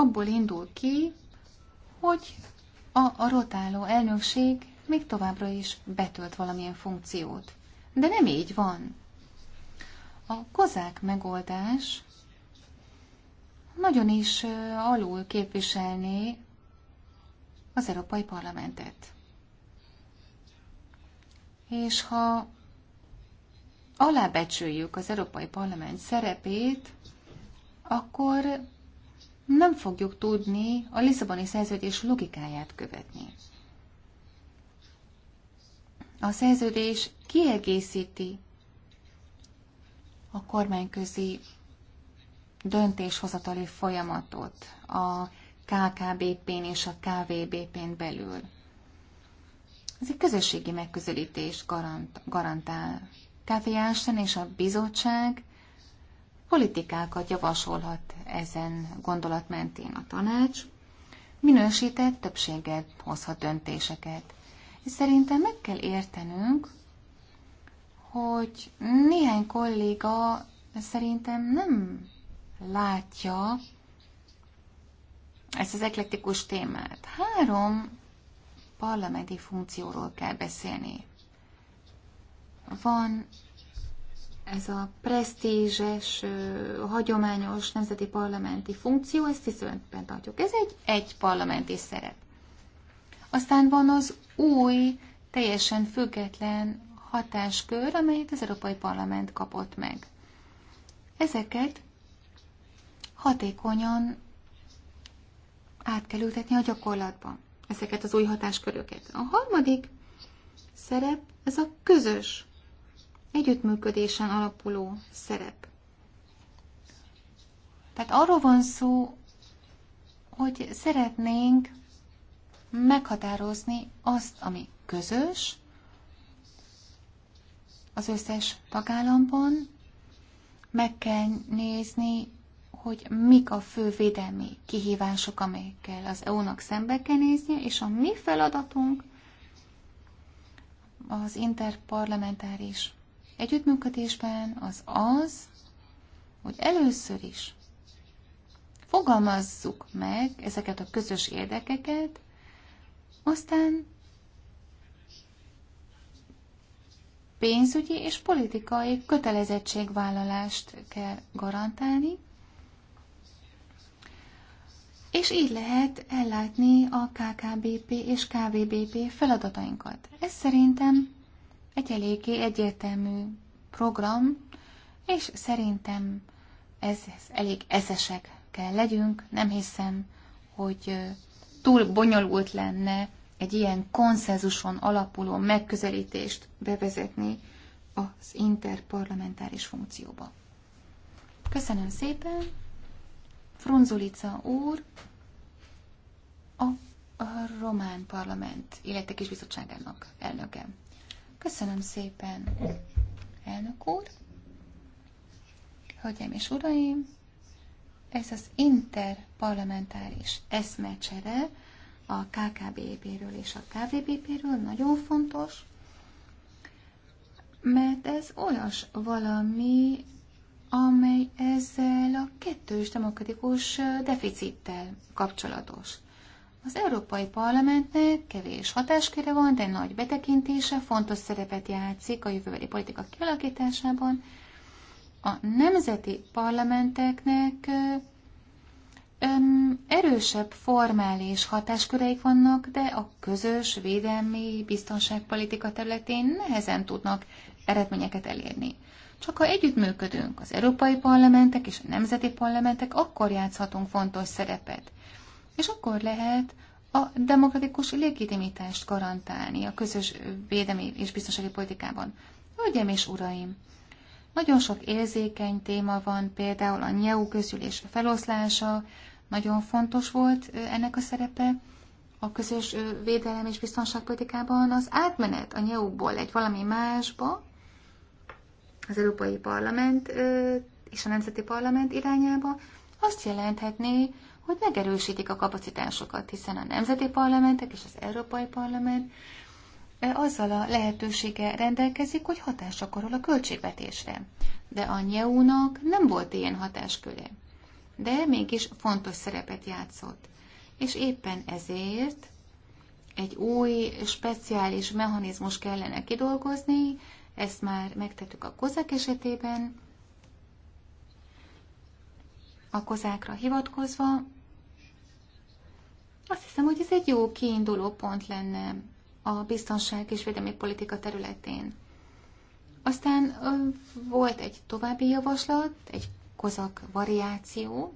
abból indul ki, hogy a, a rotáló elnökség még továbbra is betölt valamilyen funkciót. De nem így van. A kozák megoldás nagyon is alul képviselné az Európai Parlamentet. És ha alábecsüljük az Európai Parlament szerepét, akkor nem fogjuk tudni a Lisszaboni szerződés logikáját követni. A szerződés kiegészíti a kormányközi döntéshozatali folyamatot a KKBP-n és a KVBP-n belül. Ez egy közösségi megközelítés garant, garantál. Kávé és a bizottság politikákat javasolhat ezen gondolat mentén a tanács, minősített többséget hozhat döntéseket. És szerintem meg kell értenünk, hogy néhány kolléga szerintem nem látja ezt az eklektikus témát. Három parlamenti funkcióról kell beszélni. Van ez a presztízses, hagyományos nemzeti parlamenti funkció, ezt tiszteletben tartjuk. Ez egy egy parlamenti szerep. Aztán van az új, teljesen független hatáskör, amelyet az Európai Parlament kapott meg. Ezeket hatékonyan át kell ültetni a gyakorlatba, ezeket az új hatásköröket. A harmadik szerep, ez a közös együttműködésen alapuló szerep. Tehát arról van szó, hogy szeretnénk meghatározni azt, ami közös az összes tagállamban, meg kell nézni, hogy mik a fő védelmi kihívások, amelyekkel az EU-nak szembe kell néznie, és a mi feladatunk az interparlamentáris együttműködésben az az, hogy először is fogalmazzuk meg ezeket a közös érdekeket, aztán pénzügyi és politikai kötelezettségvállalást kell garantálni, és így lehet ellátni a KKBP és KVBP feladatainkat. Ez szerintem egy eléggé egyértelmű program, és szerintem ez, ez elég eszesek kell legyünk. Nem hiszem, hogy túl bonyolult lenne egy ilyen konszenzuson alapuló megközelítést bevezetni az interparlamentáris funkcióba. Köszönöm szépen, Frunzulica úr, a, a Román Parlament Illetékes Bizottságának elnöke. Köszönöm szépen, elnök úr. Hölgyeim és uraim, ez az interparlamentáris eszmecsere a KKBP-ről és a KVBP-ről nagyon fontos, mert ez olyas valami, amely ezzel a kettős demokratikus deficittel kapcsolatos. Az Európai Parlamentnek kevés hatásköre van, de nagy betekintése, fontos szerepet játszik a jövőbeli politika kialakításában. A nemzeti parlamenteknek öm, erősebb formális hatásköreik vannak, de a közös védelmi biztonságpolitika területén nehezen tudnak eredményeket elérni. Csak ha együttműködünk az európai parlamentek és a nemzeti parlamentek, akkor játszhatunk fontos szerepet és akkor lehet a demokratikus légitimitást garantálni a közös védelmi és biztonsági politikában. Hölgyeim és uraim! Nagyon sok érzékeny téma van, például a NEU közülés feloszlása, nagyon fontos volt ennek a szerepe a közös védelem és biztonságpolitikában. Az átmenet a NEU-ból egy valami másba, az Európai Parlament és a Nemzeti Parlament irányába, azt jelenthetné, hogy megerősítik a kapacitásokat, hiszen a nemzeti parlamentek és az Európai Parlament azzal a lehetősége rendelkezik, hogy hatás gyakorol a költségvetésre. De a NEU-nak nem volt ilyen hatásköre. De mégis fontos szerepet játszott. És éppen ezért egy új, speciális mechanizmus kellene kidolgozni, ezt már megtettük a kozak esetében, a kozákra hivatkozva, azt hiszem, hogy ez egy jó kiinduló pont lenne a biztonság és védelmi politika területén. Aztán volt egy további javaslat, egy kozak variáció,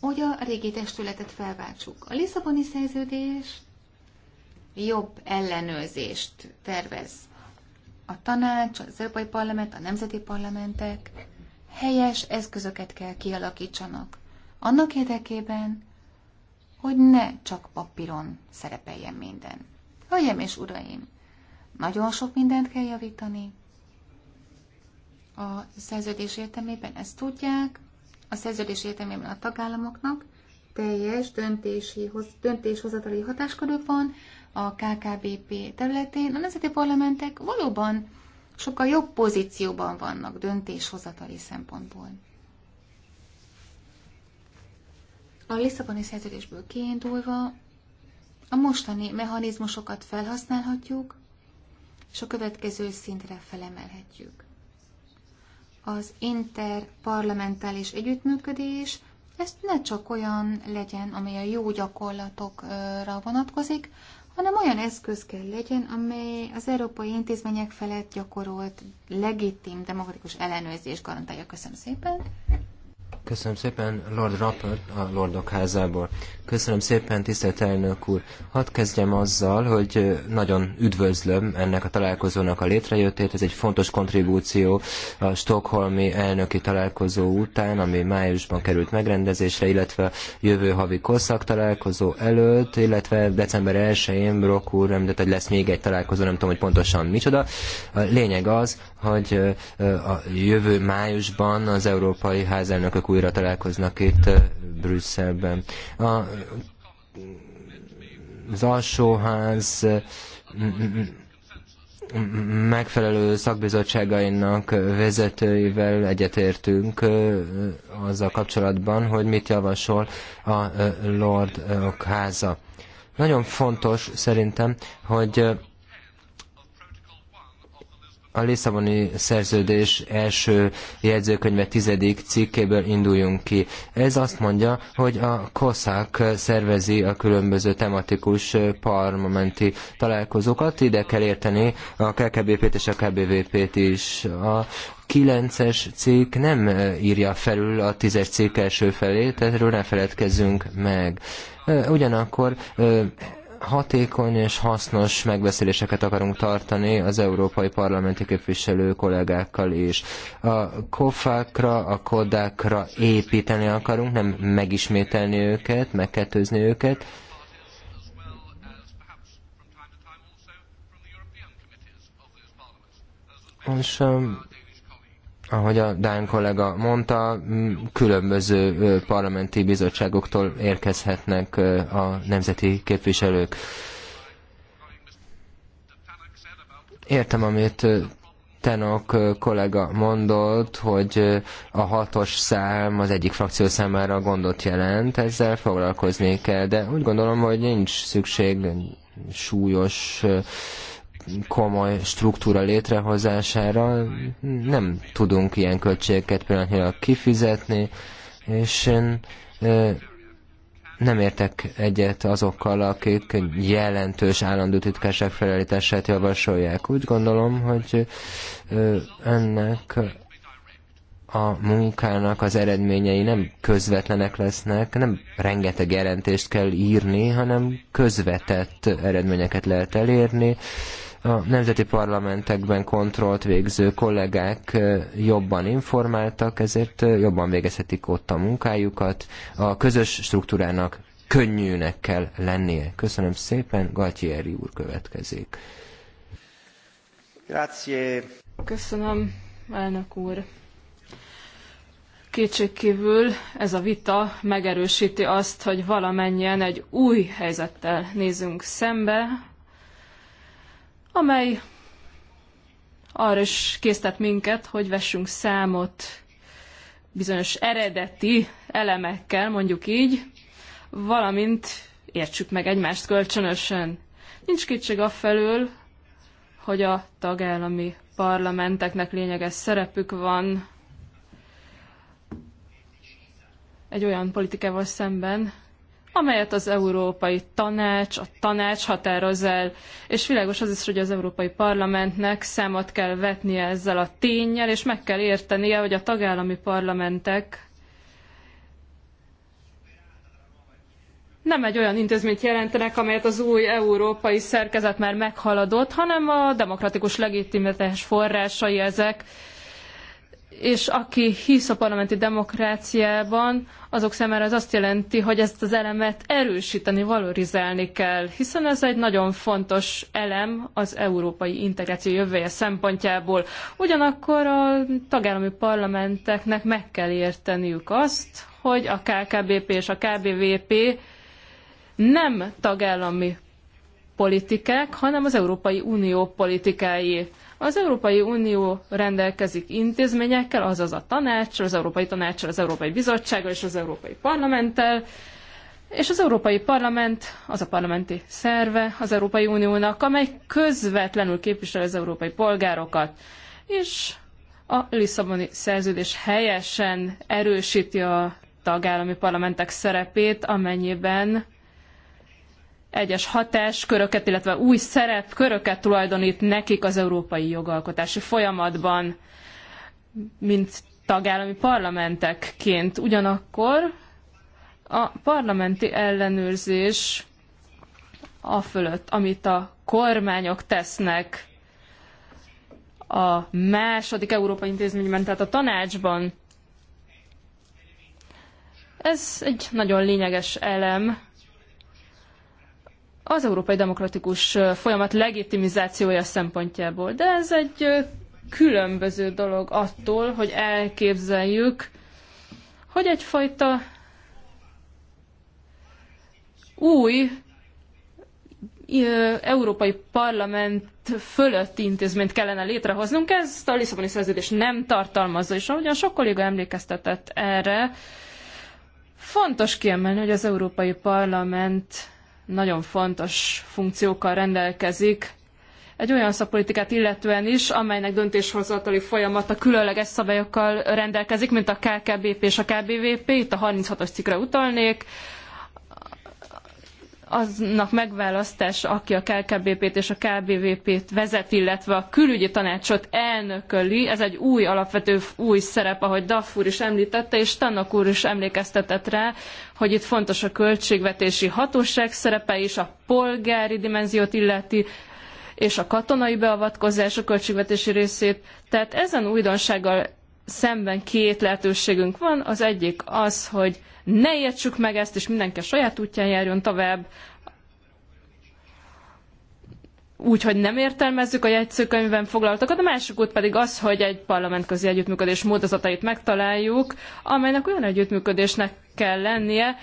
hogy a régi testületet felváltsuk. A Lisszaboni szerződés jobb ellenőrzést tervez a tanács, az Európai Parlament, a nemzeti parlamentek helyes eszközöket kell kialakítsanak. Annak érdekében, hogy ne csak papíron szerepeljen minden. Hölgyeim és uraim, nagyon sok mindent kell javítani. A szerződés értelmében ezt tudják, a szerződés értelmében a tagállamoknak teljes döntési, döntéshozatali hatáskörük van, a KKBP területén, a nemzeti parlamentek valóban sokkal jobb pozícióban vannak döntéshozatali szempontból. A Lisszaboni szerződésből kiindulva a mostani mechanizmusokat felhasználhatjuk, és a következő szintre felemelhetjük. Az interparlamentális együttműködés ezt ne csak olyan legyen, amely a jó gyakorlatokra vonatkozik, hanem olyan eszköz kell legyen, amely az európai intézmények felett gyakorolt legitim demokratikus ellenőrzés garantálja. Köszönöm szépen. Köszönöm szépen, Lord Rappert a Lordok házából. Köszönöm szépen, tisztelt elnök úr. Hadd kezdjem azzal, hogy nagyon üdvözlöm ennek a találkozónak a létrejöttét. Ez egy fontos kontribúció a Stockholmi elnöki találkozó után, ami májusban került megrendezésre, illetve jövő havi korszak találkozó előtt, illetve december 1-én Brok úr említett, hogy lesz még egy találkozó, nem tudom, hogy pontosan micsoda. A lényeg az, hogy a jövő májusban az európai házelnökök újra találkoznak itt Brüsszelben. A, az alsóház megfelelő szakbizottságainak vezetőivel egyetértünk azzal kapcsolatban, hogy mit javasol a Lordok háza. Nagyon fontos szerintem, hogy a Lisszaboni szerződés első jegyzőkönyve tizedik cikkéből induljunk ki. Ez azt mondja, hogy a koszák szervezi a különböző tematikus parlamenti találkozókat. Ide kell érteni a KKBP-t és a KBVP-t is. A 9-es cikk nem írja felül a 10-es cikk első felét, erről ne feledkezzünk meg. Ugyanakkor hatékony és hasznos megbeszéléseket akarunk tartani az európai parlamenti képviselő kollégákkal is. A kofákra, a kodákra építeni akarunk, nem megismételni őket, megkettőzni őket, és um, ahogy a Dán kollega mondta, különböző parlamenti bizottságoktól érkezhetnek a nemzeti képviselők. Értem, amit Tenok kollega mondott, hogy a hatos szám az egyik frakció számára gondot jelent, ezzel foglalkozni kell, de úgy gondolom, hogy nincs szükség súlyos komoly struktúra létrehozására nem tudunk ilyen költségeket pillanatnyilag kifizetni, és én nem értek egyet azokkal, akik jelentős állandó titkárság felállítását javasolják. Úgy gondolom, hogy ennek a munkának az eredményei nem közvetlenek lesznek, nem rengeteg jelentést kell írni, hanem közvetett eredményeket lehet elérni, a nemzeti parlamentekben kontrollt végző kollégák jobban informáltak, ezért jobban végezhetik ott a munkájukat. A közös struktúrának könnyűnek kell lennie. Köszönöm szépen, Galtieri úr következik. Grazie. Köszönöm, elnök úr. Kétségkívül ez a vita megerősíti azt, hogy valamennyien egy új helyzettel nézünk szembe, amely arra is késztet minket, hogy vessünk számot bizonyos eredeti elemekkel, mondjuk így, valamint értsük meg egymást kölcsönösen. Nincs kétség afelől, hogy a tagállami parlamenteknek lényeges szerepük van egy olyan politikával szemben, amelyet az Európai Tanács, a tanács határoz el, és világos az is, hogy az Európai Parlamentnek számot kell vetnie ezzel a tényel, és meg kell értenie, hogy a tagállami parlamentek nem egy olyan intézményt jelentenek, amelyet az új európai szerkezet már meghaladott, hanem a demokratikus legitimitás forrásai ezek, és aki hisz a parlamenti demokráciában, azok számára ez azt jelenti, hogy ezt az elemet erősíteni, valorizálni kell, hiszen ez egy nagyon fontos elem az európai integráció jövője szempontjából. Ugyanakkor a tagállami parlamenteknek meg kell érteniük azt, hogy a KKBP és a KBVP nem tagállami politikák, hanem az Európai Unió politikái. Az Európai Unió rendelkezik intézményekkel, azaz a tanácssal, az Európai Tanácssal, az Európai Bizottsággal és az Európai Parlamenttel, és az Európai Parlament az a parlamenti szerve az Európai Uniónak, amely közvetlenül képvisel az európai polgárokat, és a Lisszaboni szerződés helyesen erősíti a tagállami parlamentek szerepét, amennyiben egyes hatásköröket, illetve új szerepköröket tulajdonít nekik az európai jogalkotási folyamatban, mint tagállami parlamentekként. Ugyanakkor a parlamenti ellenőrzés a fölött, amit a kormányok tesznek a második európai intézményben, tehát a tanácsban, ez egy nagyon lényeges elem az európai demokratikus folyamat legitimizációja szempontjából. De ez egy különböző dolog attól, hogy elképzeljük, hogy egyfajta új európai parlament fölött intézményt kellene létrehoznunk. Ezt a Lisszaboni szerződés nem tartalmazza, és ahogyan sok kolléga emlékeztetett erre, fontos kiemelni, hogy az Európai Parlament nagyon fontos funkciókkal rendelkezik, egy olyan szakpolitikát illetően is, amelynek döntéshozatali folyamata különleges szabályokkal rendelkezik, mint a KKBP és a KBVP, itt a 36-os cikkre utalnék, aznak megválasztás, aki a KKBP-t és a KBVP-t vezet, illetve a külügyi tanácsot elnököli. Ez egy új, alapvető új szerep, ahogy Daff úr is említette, és Tannak úr is emlékeztetett rá, hogy itt fontos a költségvetési hatóság szerepe is, a polgári dimenziót illeti, és a katonai beavatkozás a költségvetési részét. Tehát ezen újdonsággal szemben két lehetőségünk van. Az egyik az, hogy ne értsük meg ezt, és mindenki a saját útján járjon tovább. Úgyhogy nem értelmezzük a jegyzőkönyvben foglaltakat, a másik út pedig az, hogy egy parlamentközi együttműködés módozatait megtaláljuk, amelynek olyan együttműködésnek kell lennie,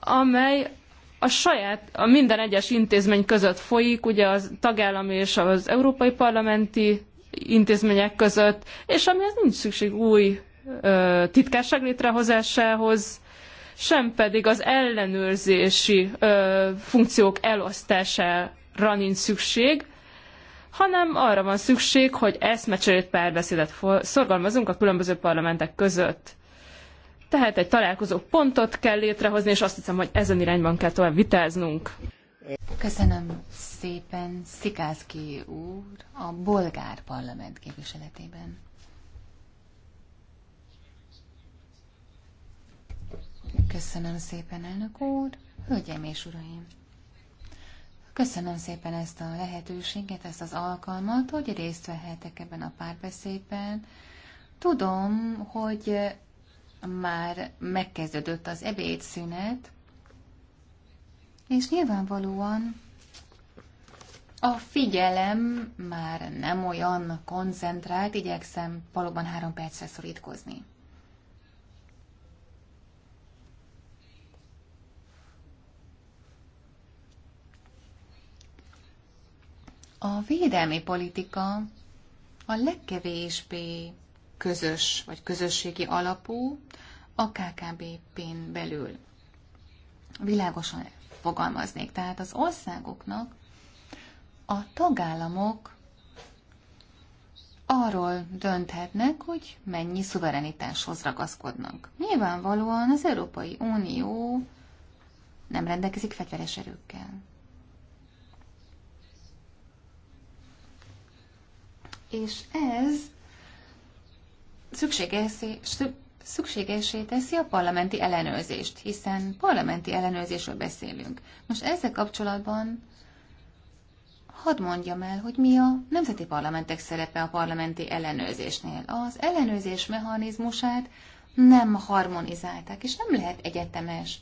amely a saját, a minden egyes intézmény között folyik, ugye az tagállami és az európai parlamenti intézmények között, és amihez nincs szükség új ö, titkárság létrehozásához, sem pedig az ellenőrzési ö, funkciók elosztására nincs szükség, hanem arra van szükség, hogy eszmecserét párbeszédet szorgalmazunk a különböző parlamentek között. Tehát egy találkozó pontot kell létrehozni, és azt hiszem, hogy ezen irányban kell tovább vitáznunk. Köszönöm szépen Szikászki úr a bolgár parlament képviseletében. Köszönöm szépen, elnök úr. Hölgyeim és uraim! Köszönöm szépen ezt a lehetőséget, ezt az alkalmat, hogy részt vehetek ebben a párbeszédben. Tudom, hogy már megkezdődött az ebédszünet, és nyilvánvalóan a figyelem már nem olyan koncentrált, igyekszem valóban három percre szorítkozni. a védelmi politika a legkevésbé közös vagy közösségi alapú a KKB-n belül. Világosan fogalmaznék, tehát az országoknak a tagállamok arról dönthetnek, hogy mennyi szuverenitáshoz ragaszkodnak. Nyilvánvalóan az Európai Unió nem rendelkezik fegyveres erőkkel. és ez szükségesé, teszi a parlamenti ellenőrzést, hiszen parlamenti ellenőrzésről beszélünk. Most ezzel kapcsolatban hadd mondjam el, hogy mi a nemzeti parlamentek szerepe a parlamenti ellenőrzésnél. Az ellenőrzés mechanizmusát nem harmonizálták, és nem lehet egyetemes.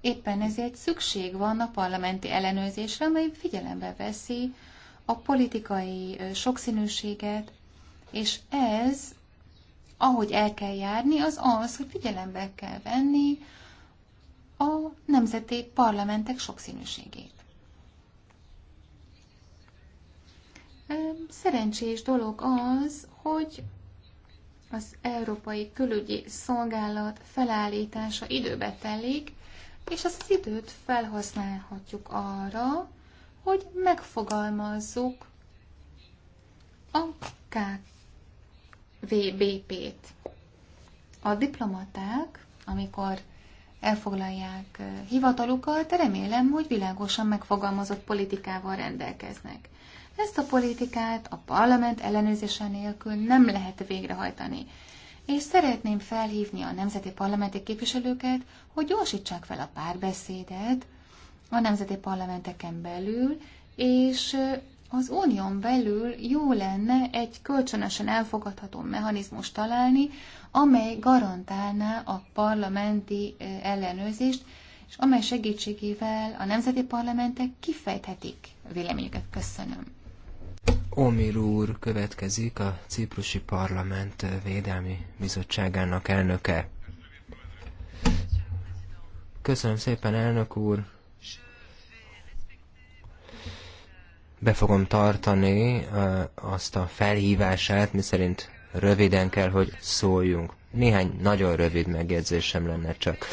Éppen ezért szükség van a parlamenti ellenőrzésre, amely figyelembe veszi a politikai sokszínűséget, és ez, ahogy el kell járni, az az, hogy figyelembe kell venni a nemzeti parlamentek sokszínűségét. Szerencsés dolog az, hogy az Európai Külügyi Szolgálat felállítása időbe telik, és azt az időt felhasználhatjuk arra, hogy megfogalmazzuk a KVBP-t. A diplomaták, amikor elfoglalják eh, hivatalukat, remélem, hogy világosan megfogalmazott politikával rendelkeznek. Ezt a politikát a parlament ellenőrzése nélkül nem lehet végrehajtani. És szeretném felhívni a nemzeti parlamenti képviselőket, hogy gyorsítsák fel a párbeszédet a nemzeti parlamenteken belül, és az unión belül jó lenne egy kölcsönösen elfogadható mechanizmust találni, amely garantálná a parlamenti ellenőrzést, és amely segítségével a nemzeti parlamentek kifejthetik véleményüket. Köszönöm. Omir úr következik a Ciprusi Parlament Védelmi Bizottságának elnöke. Köszönöm szépen, elnök úr! be fogom tartani azt a felhívását, miszerint röviden kell, hogy szóljunk. Néhány nagyon rövid megjegyzésem lenne csak.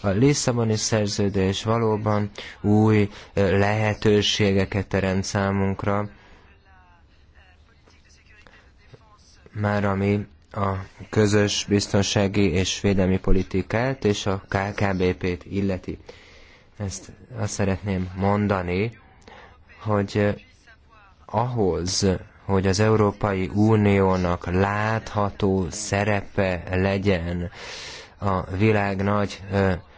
A Lisszaboni szerződés valóban új lehetőségeket teremt számunkra, már ami a közös biztonsági és védelmi politikát és a KKBP-t illeti. Ezt azt szeretném mondani, hogy ahhoz, hogy az Európai Uniónak látható szerepe legyen a világ nagy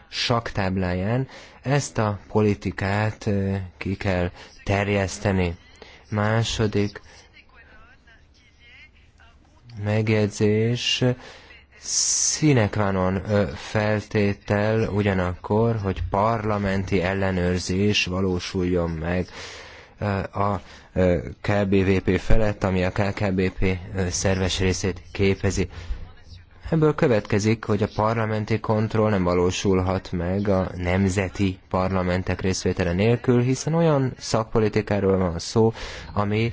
saktábláján, ezt a politikát ki kell terjeszteni. Második megjegyzés, színekvánon feltétel ugyanakkor, hogy parlamenti ellenőrzés valósuljon meg. A KBVP felett, ami a KKBP szerves részét képezi. Ebből következik, hogy a parlamenti kontroll nem valósulhat meg a nemzeti parlamentek részvétele nélkül, hiszen olyan szakpolitikáról van szó, ami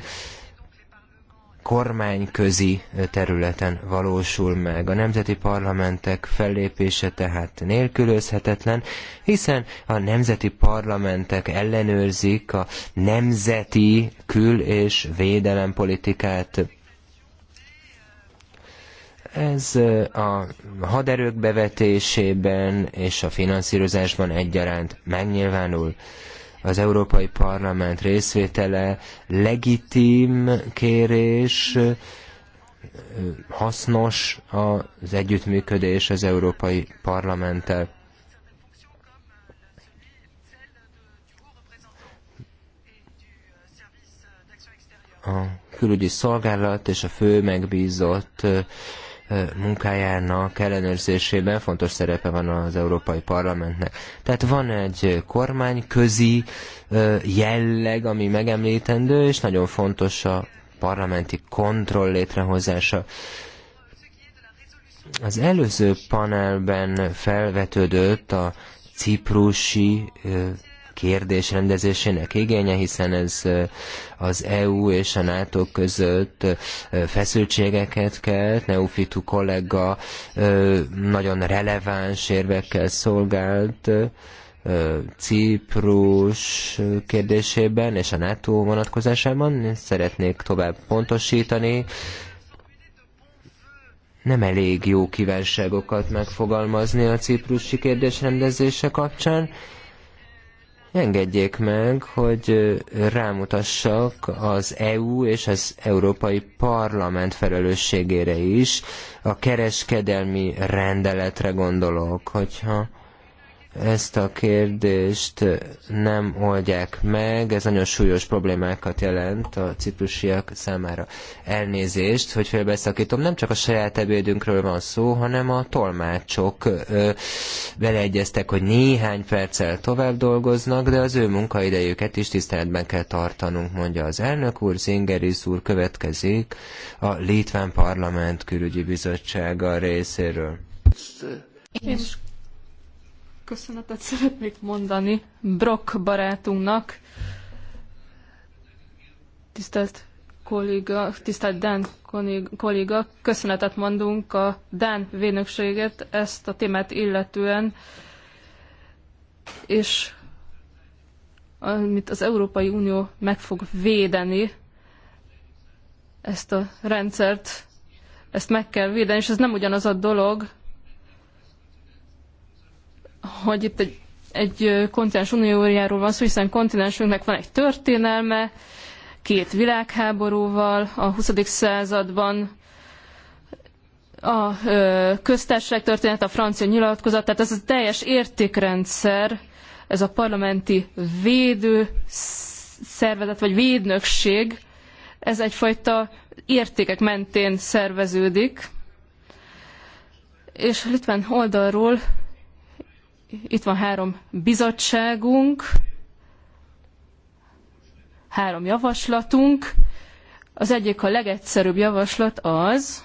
kormányközi területen valósul meg. A nemzeti parlamentek fellépése tehát nélkülözhetetlen, hiszen a nemzeti parlamentek ellenőrzik a nemzeti kül- és védelempolitikát. Ez a haderők bevetésében és a finanszírozásban egyaránt megnyilvánul az Európai Parlament részvétele legitim kérés, hasznos az együttműködés az Európai Parlamenttel. A külügyi szolgálat és a fő megbízott munkájának ellenőrzésében fontos szerepe van az Európai Parlamentnek. Tehát van egy kormányközi jelleg, ami megemlítendő, és nagyon fontos a parlamenti kontroll létrehozása. Az előző panelben felvetődött a ciprusi kérdés rendezésének igénye, hiszen ez az EU és a NATO között feszültségeket kelt. Neufitu kollega nagyon releváns érvekkel szolgált, Ciprus kérdésében és a NATO vonatkozásában szeretnék tovább pontosítani. Nem elég jó kívánságokat megfogalmazni a ciprusi kérdésrendezése kapcsán engedjék meg, hogy rámutassak az EU és az Európai Parlament felelősségére is, a kereskedelmi rendeletre gondolok, hogyha ezt a kérdést nem oldják meg, ez nagyon súlyos problémákat jelent a ciprusiak számára. Elnézést, hogy félbeszakítom, nem csak a saját ebédünkről van szó, hanem a tolmácsok beleegyeztek, hogy néhány perccel tovább dolgoznak, de az ő munkaidejüket is tiszteletben kell tartanunk, mondja az elnök úr, Zingeris úr következik a Litván Parlament külügyi bizottsága részéről. És köszönetet szeretnék mondani Brock barátunknak, tisztelt kolléga, tisztelt Dán kolléga, köszönetet mondunk a Dán vénökséget ezt a témát illetően, és amit az Európai Unió meg fog védeni, ezt a rendszert, ezt meg kell védeni, és ez nem ugyanaz a dolog, hogy itt egy, egy kontinens uniójáról van szó, hiszen kontinensünknek van egy történelme, két világháborúval a 20. században, a köztársaság történet, a francia nyilatkozat, tehát ez a teljes értékrendszer, ez a parlamenti védő szervezet, vagy védnökség, ez egyfajta értékek mentén szerveződik, és litván oldalról itt van három bizottságunk, három javaslatunk. Az egyik a legegyszerűbb javaslat az,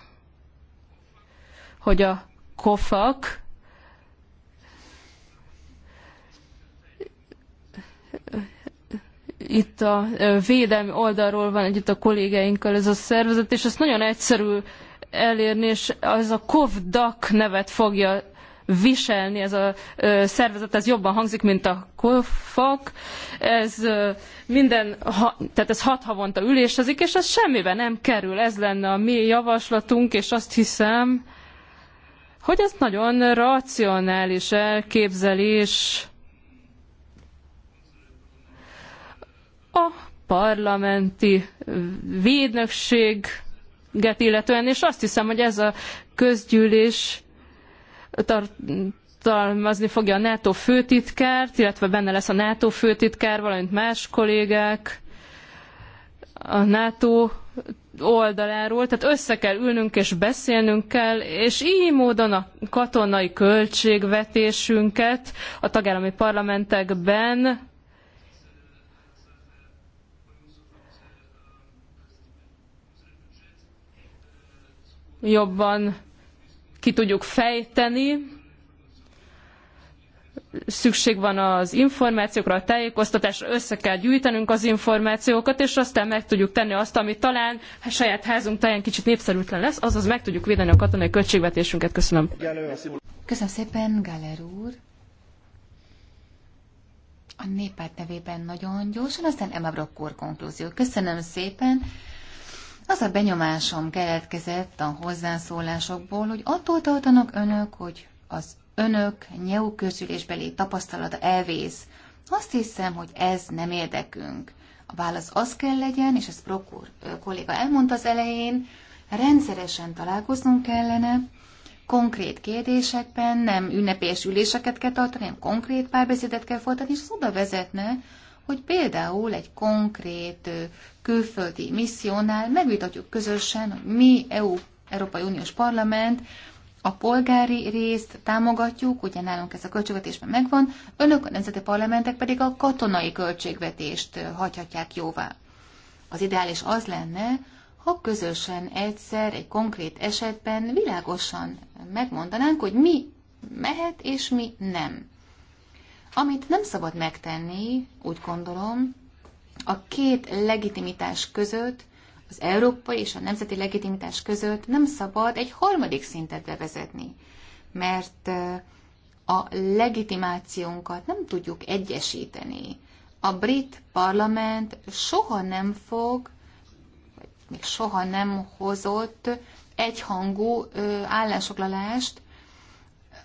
hogy a kofak itt a védelmi oldalról van együtt a kollégáinkkal ez a szervezet, és ezt nagyon egyszerű elérni, és az a kovdak nevet fogja viselni, ez a szervezet, ez jobban hangzik, mint a kofak, ez minden, ha, tehát ez hat havonta ülésezik, és ez semmibe nem kerül, ez lenne a mi javaslatunk, és azt hiszem, hogy ez nagyon racionális elképzelés a parlamenti védnökséget illetően, és azt hiszem, hogy ez a közgyűlés tartalmazni fogja a NATO főtitkárt, illetve benne lesz a NATO főtitkár, valamint más kollégák a NATO oldaláról, tehát össze kell ülnünk és beszélnünk kell, és így módon a katonai költségvetésünket a tagállami parlamentekben jobban ki tudjuk fejteni, szükség van az információkra, a tájékoztatásra, össze kell gyűjtenünk az információkat, és aztán meg tudjuk tenni azt, ami talán a saját házunk táján kicsit népszerűtlen lesz, azaz meg tudjuk védeni a katonai költségvetésünket. Köszönöm. Köszönöm szépen, Galer úr. A néppárt nevében nagyon gyorsan, aztán Emma Brokkor konklúzió. Köszönöm szépen. Az a benyomásom keletkezett a hozzászólásokból, hogy attól tartanak önök, hogy az önök nyeu közülésbeli tapasztalata elvész. Azt hiszem, hogy ez nem érdekünk. A válasz az kell legyen, és ezt Prokur kolléga elmondta az elején, rendszeresen találkoznunk kellene, konkrét kérdésekben, nem ünnepés üléseket kell tartani, hanem konkrét párbeszédet kell folytatni, és az oda vezetne, hogy például egy konkrét külföldi missziónál megvitatjuk közösen, hogy mi EU, Európai Uniós Parlament, a polgári részt támogatjuk, ugye nálunk ez a költségvetésben megvan, önök a nemzeti parlamentek pedig a katonai költségvetést hagyhatják jóvá. Az ideális az lenne, ha közösen egyszer egy konkrét esetben világosan megmondanánk, hogy mi mehet és mi nem. Amit nem szabad megtenni, úgy gondolom, a két legitimitás között, az európai és a nemzeti legitimitás között nem szabad egy harmadik szintet bevezetni, mert a legitimációnkat nem tudjuk egyesíteni. A brit parlament soha nem fog, vagy még soha nem hozott egyhangú állásoklalást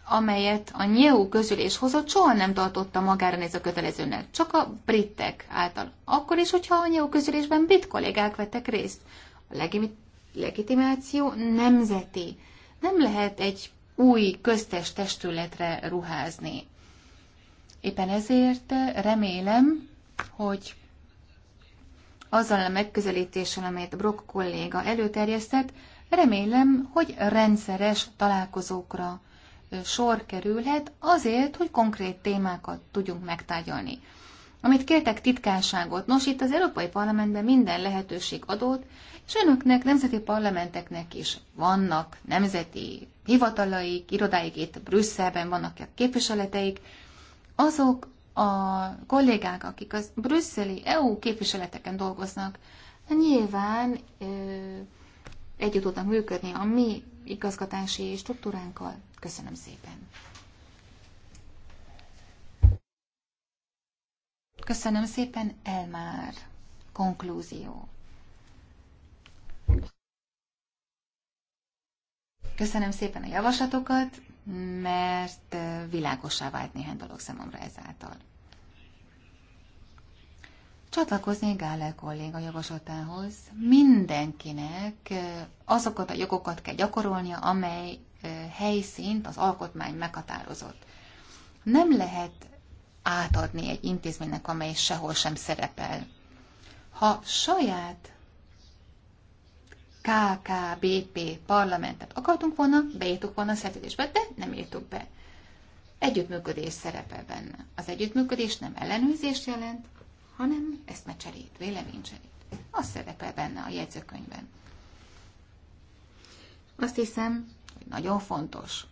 amelyet a NEU közülés hozott, soha nem tartotta magára a kötelezőnek, csak a britek által. Akkor is, hogyha a NEU közülésben brit kollégák vettek részt. A legitimáció nemzeti. Nem lehet egy új köztes testületre ruházni. Éppen ezért remélem, hogy azzal a megközelítéssel, amelyet Brock kolléga előterjesztett, remélem, hogy rendszeres találkozókra sor kerülhet, azért, hogy konkrét témákat tudjunk megtárgyalni. Amit kértek titkárságot, nos itt az Európai Parlamentben minden lehetőség adott, és önöknek, nemzeti parlamenteknek is vannak nemzeti hivatalaik, irodáik itt Brüsszelben vannak a képviseleteik, azok a kollégák, akik az brüsszeli EU képviseleteken dolgoznak, nyilván ö, együtt tudnak működni a mi igazgatási struktúránkkal. Köszönöm szépen. Köszönöm szépen, Elmár. Konklúzió. Köszönöm szépen a javaslatokat, mert világosá vált néhány dolog számomra ezáltal. Csatlakozni Gáler kolléga javaslatához, mindenkinek azokat a jogokat kell gyakorolnia, amely helyszínt az alkotmány meghatározott. Nem lehet átadni egy intézménynek, amely sehol sem szerepel. Ha saját KKBP parlamentet akartunk volna, beírtuk volna a szerződésbe, de nem írtuk be. Együttműködés szerepel benne. Az együttműködés nem ellenőrzést jelent, hanem ezt vélemény cserét. Az szerepel benne a jegyzőkönyvben. Azt hiszem, nagyon fontos.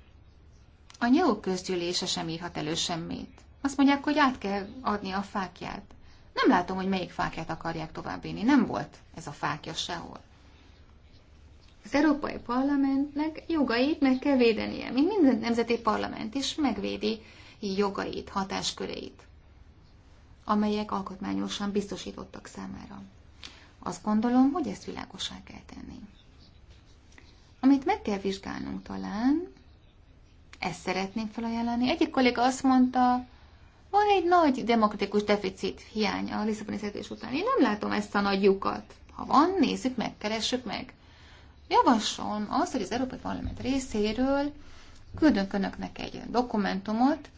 A nyúl közgyűlése sem írhat elő semmit. Azt mondják, hogy át kell adni a fákját. Nem látom, hogy melyik fákját akarják továbbvinni. Nem volt ez a fákja sehol. Az Európai Parlamentnek jogait meg kell védenie, mint minden nemzeti parlament is megvédi jogait, hatásköreit, amelyek alkotmányosan biztosítottak számára. Azt gondolom, hogy ezt világosá kell tenni. Amit meg kell vizsgálnunk talán, ezt szeretném felajánlani. Egyik kolléga azt mondta, van egy nagy demokratikus deficit hiánya a Lisszaboni szerződés után. Én nem látom ezt a nagy lyukat. Ha van, nézzük meg, keressük meg. Javaslom azt, hogy az Európai Parlament részéről küldünk önöknek egy dokumentumot,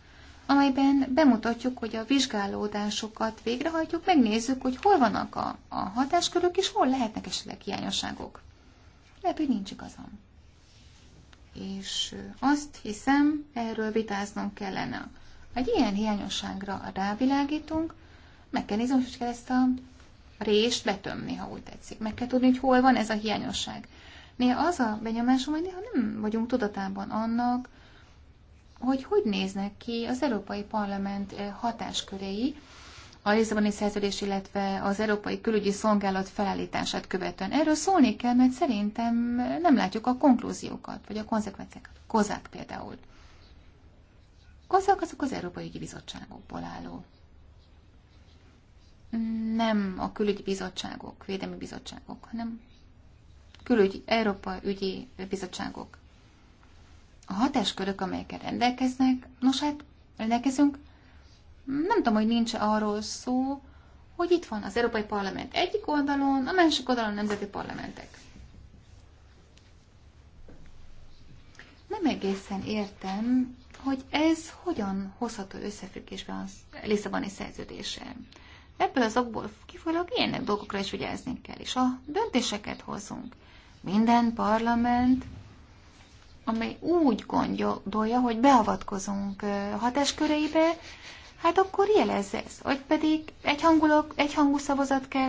amelyben bemutatjuk, hogy a vizsgálódásokat végrehajtjuk, megnézzük, hogy hol vannak a, a hatáskörök, és hol lehetnek esetleg hiányosságok. Lehet, hogy nincs igazam. És azt hiszem, erről vitáznunk kellene. egy ilyen hiányosságra rávilágítunk, meg kell nézni, hogy kell ezt a részt betömni, ha úgy tetszik. Meg kell tudni, hogy hol van ez a hiányosság. Néha az a benyomásom, hogy néha nem vagyunk tudatában annak, hogy hogy néznek ki az Európai Parlament hatásköréi a Lisszaboni szerződés, illetve az Európai Külügyi Szolgálat felállítását követően. Erről szólni kell, mert szerintem nem látjuk a konklúziókat, vagy a konzekvenciákat. Kozák például. Kozák azok az Európai Ügyi Bizottságokból álló. Nem a külügyi bizottságok, védelmi bizottságok, hanem külügyi, Európa ügyi bizottságok. A hatáskörök, amelyekkel rendelkeznek, nos hát rendelkezünk, nem tudom, hogy nincs arról szó, hogy itt van az Európai Parlament egyik oldalon, a másik oldalon a nemzeti parlamentek. Nem egészen értem, hogy ez hogyan hozható összefüggésbe az Lisszaboni szerződése. Ebből az okból kifolyólag ilyenek dolgokra is vigyázni kell, és a döntéseket hozunk. Minden parlament, amely úgy gondolja, hogy beavatkozunk hatásköreibe, hát akkor jelezze ezt, vagy pedig egy hangú szavazat kell.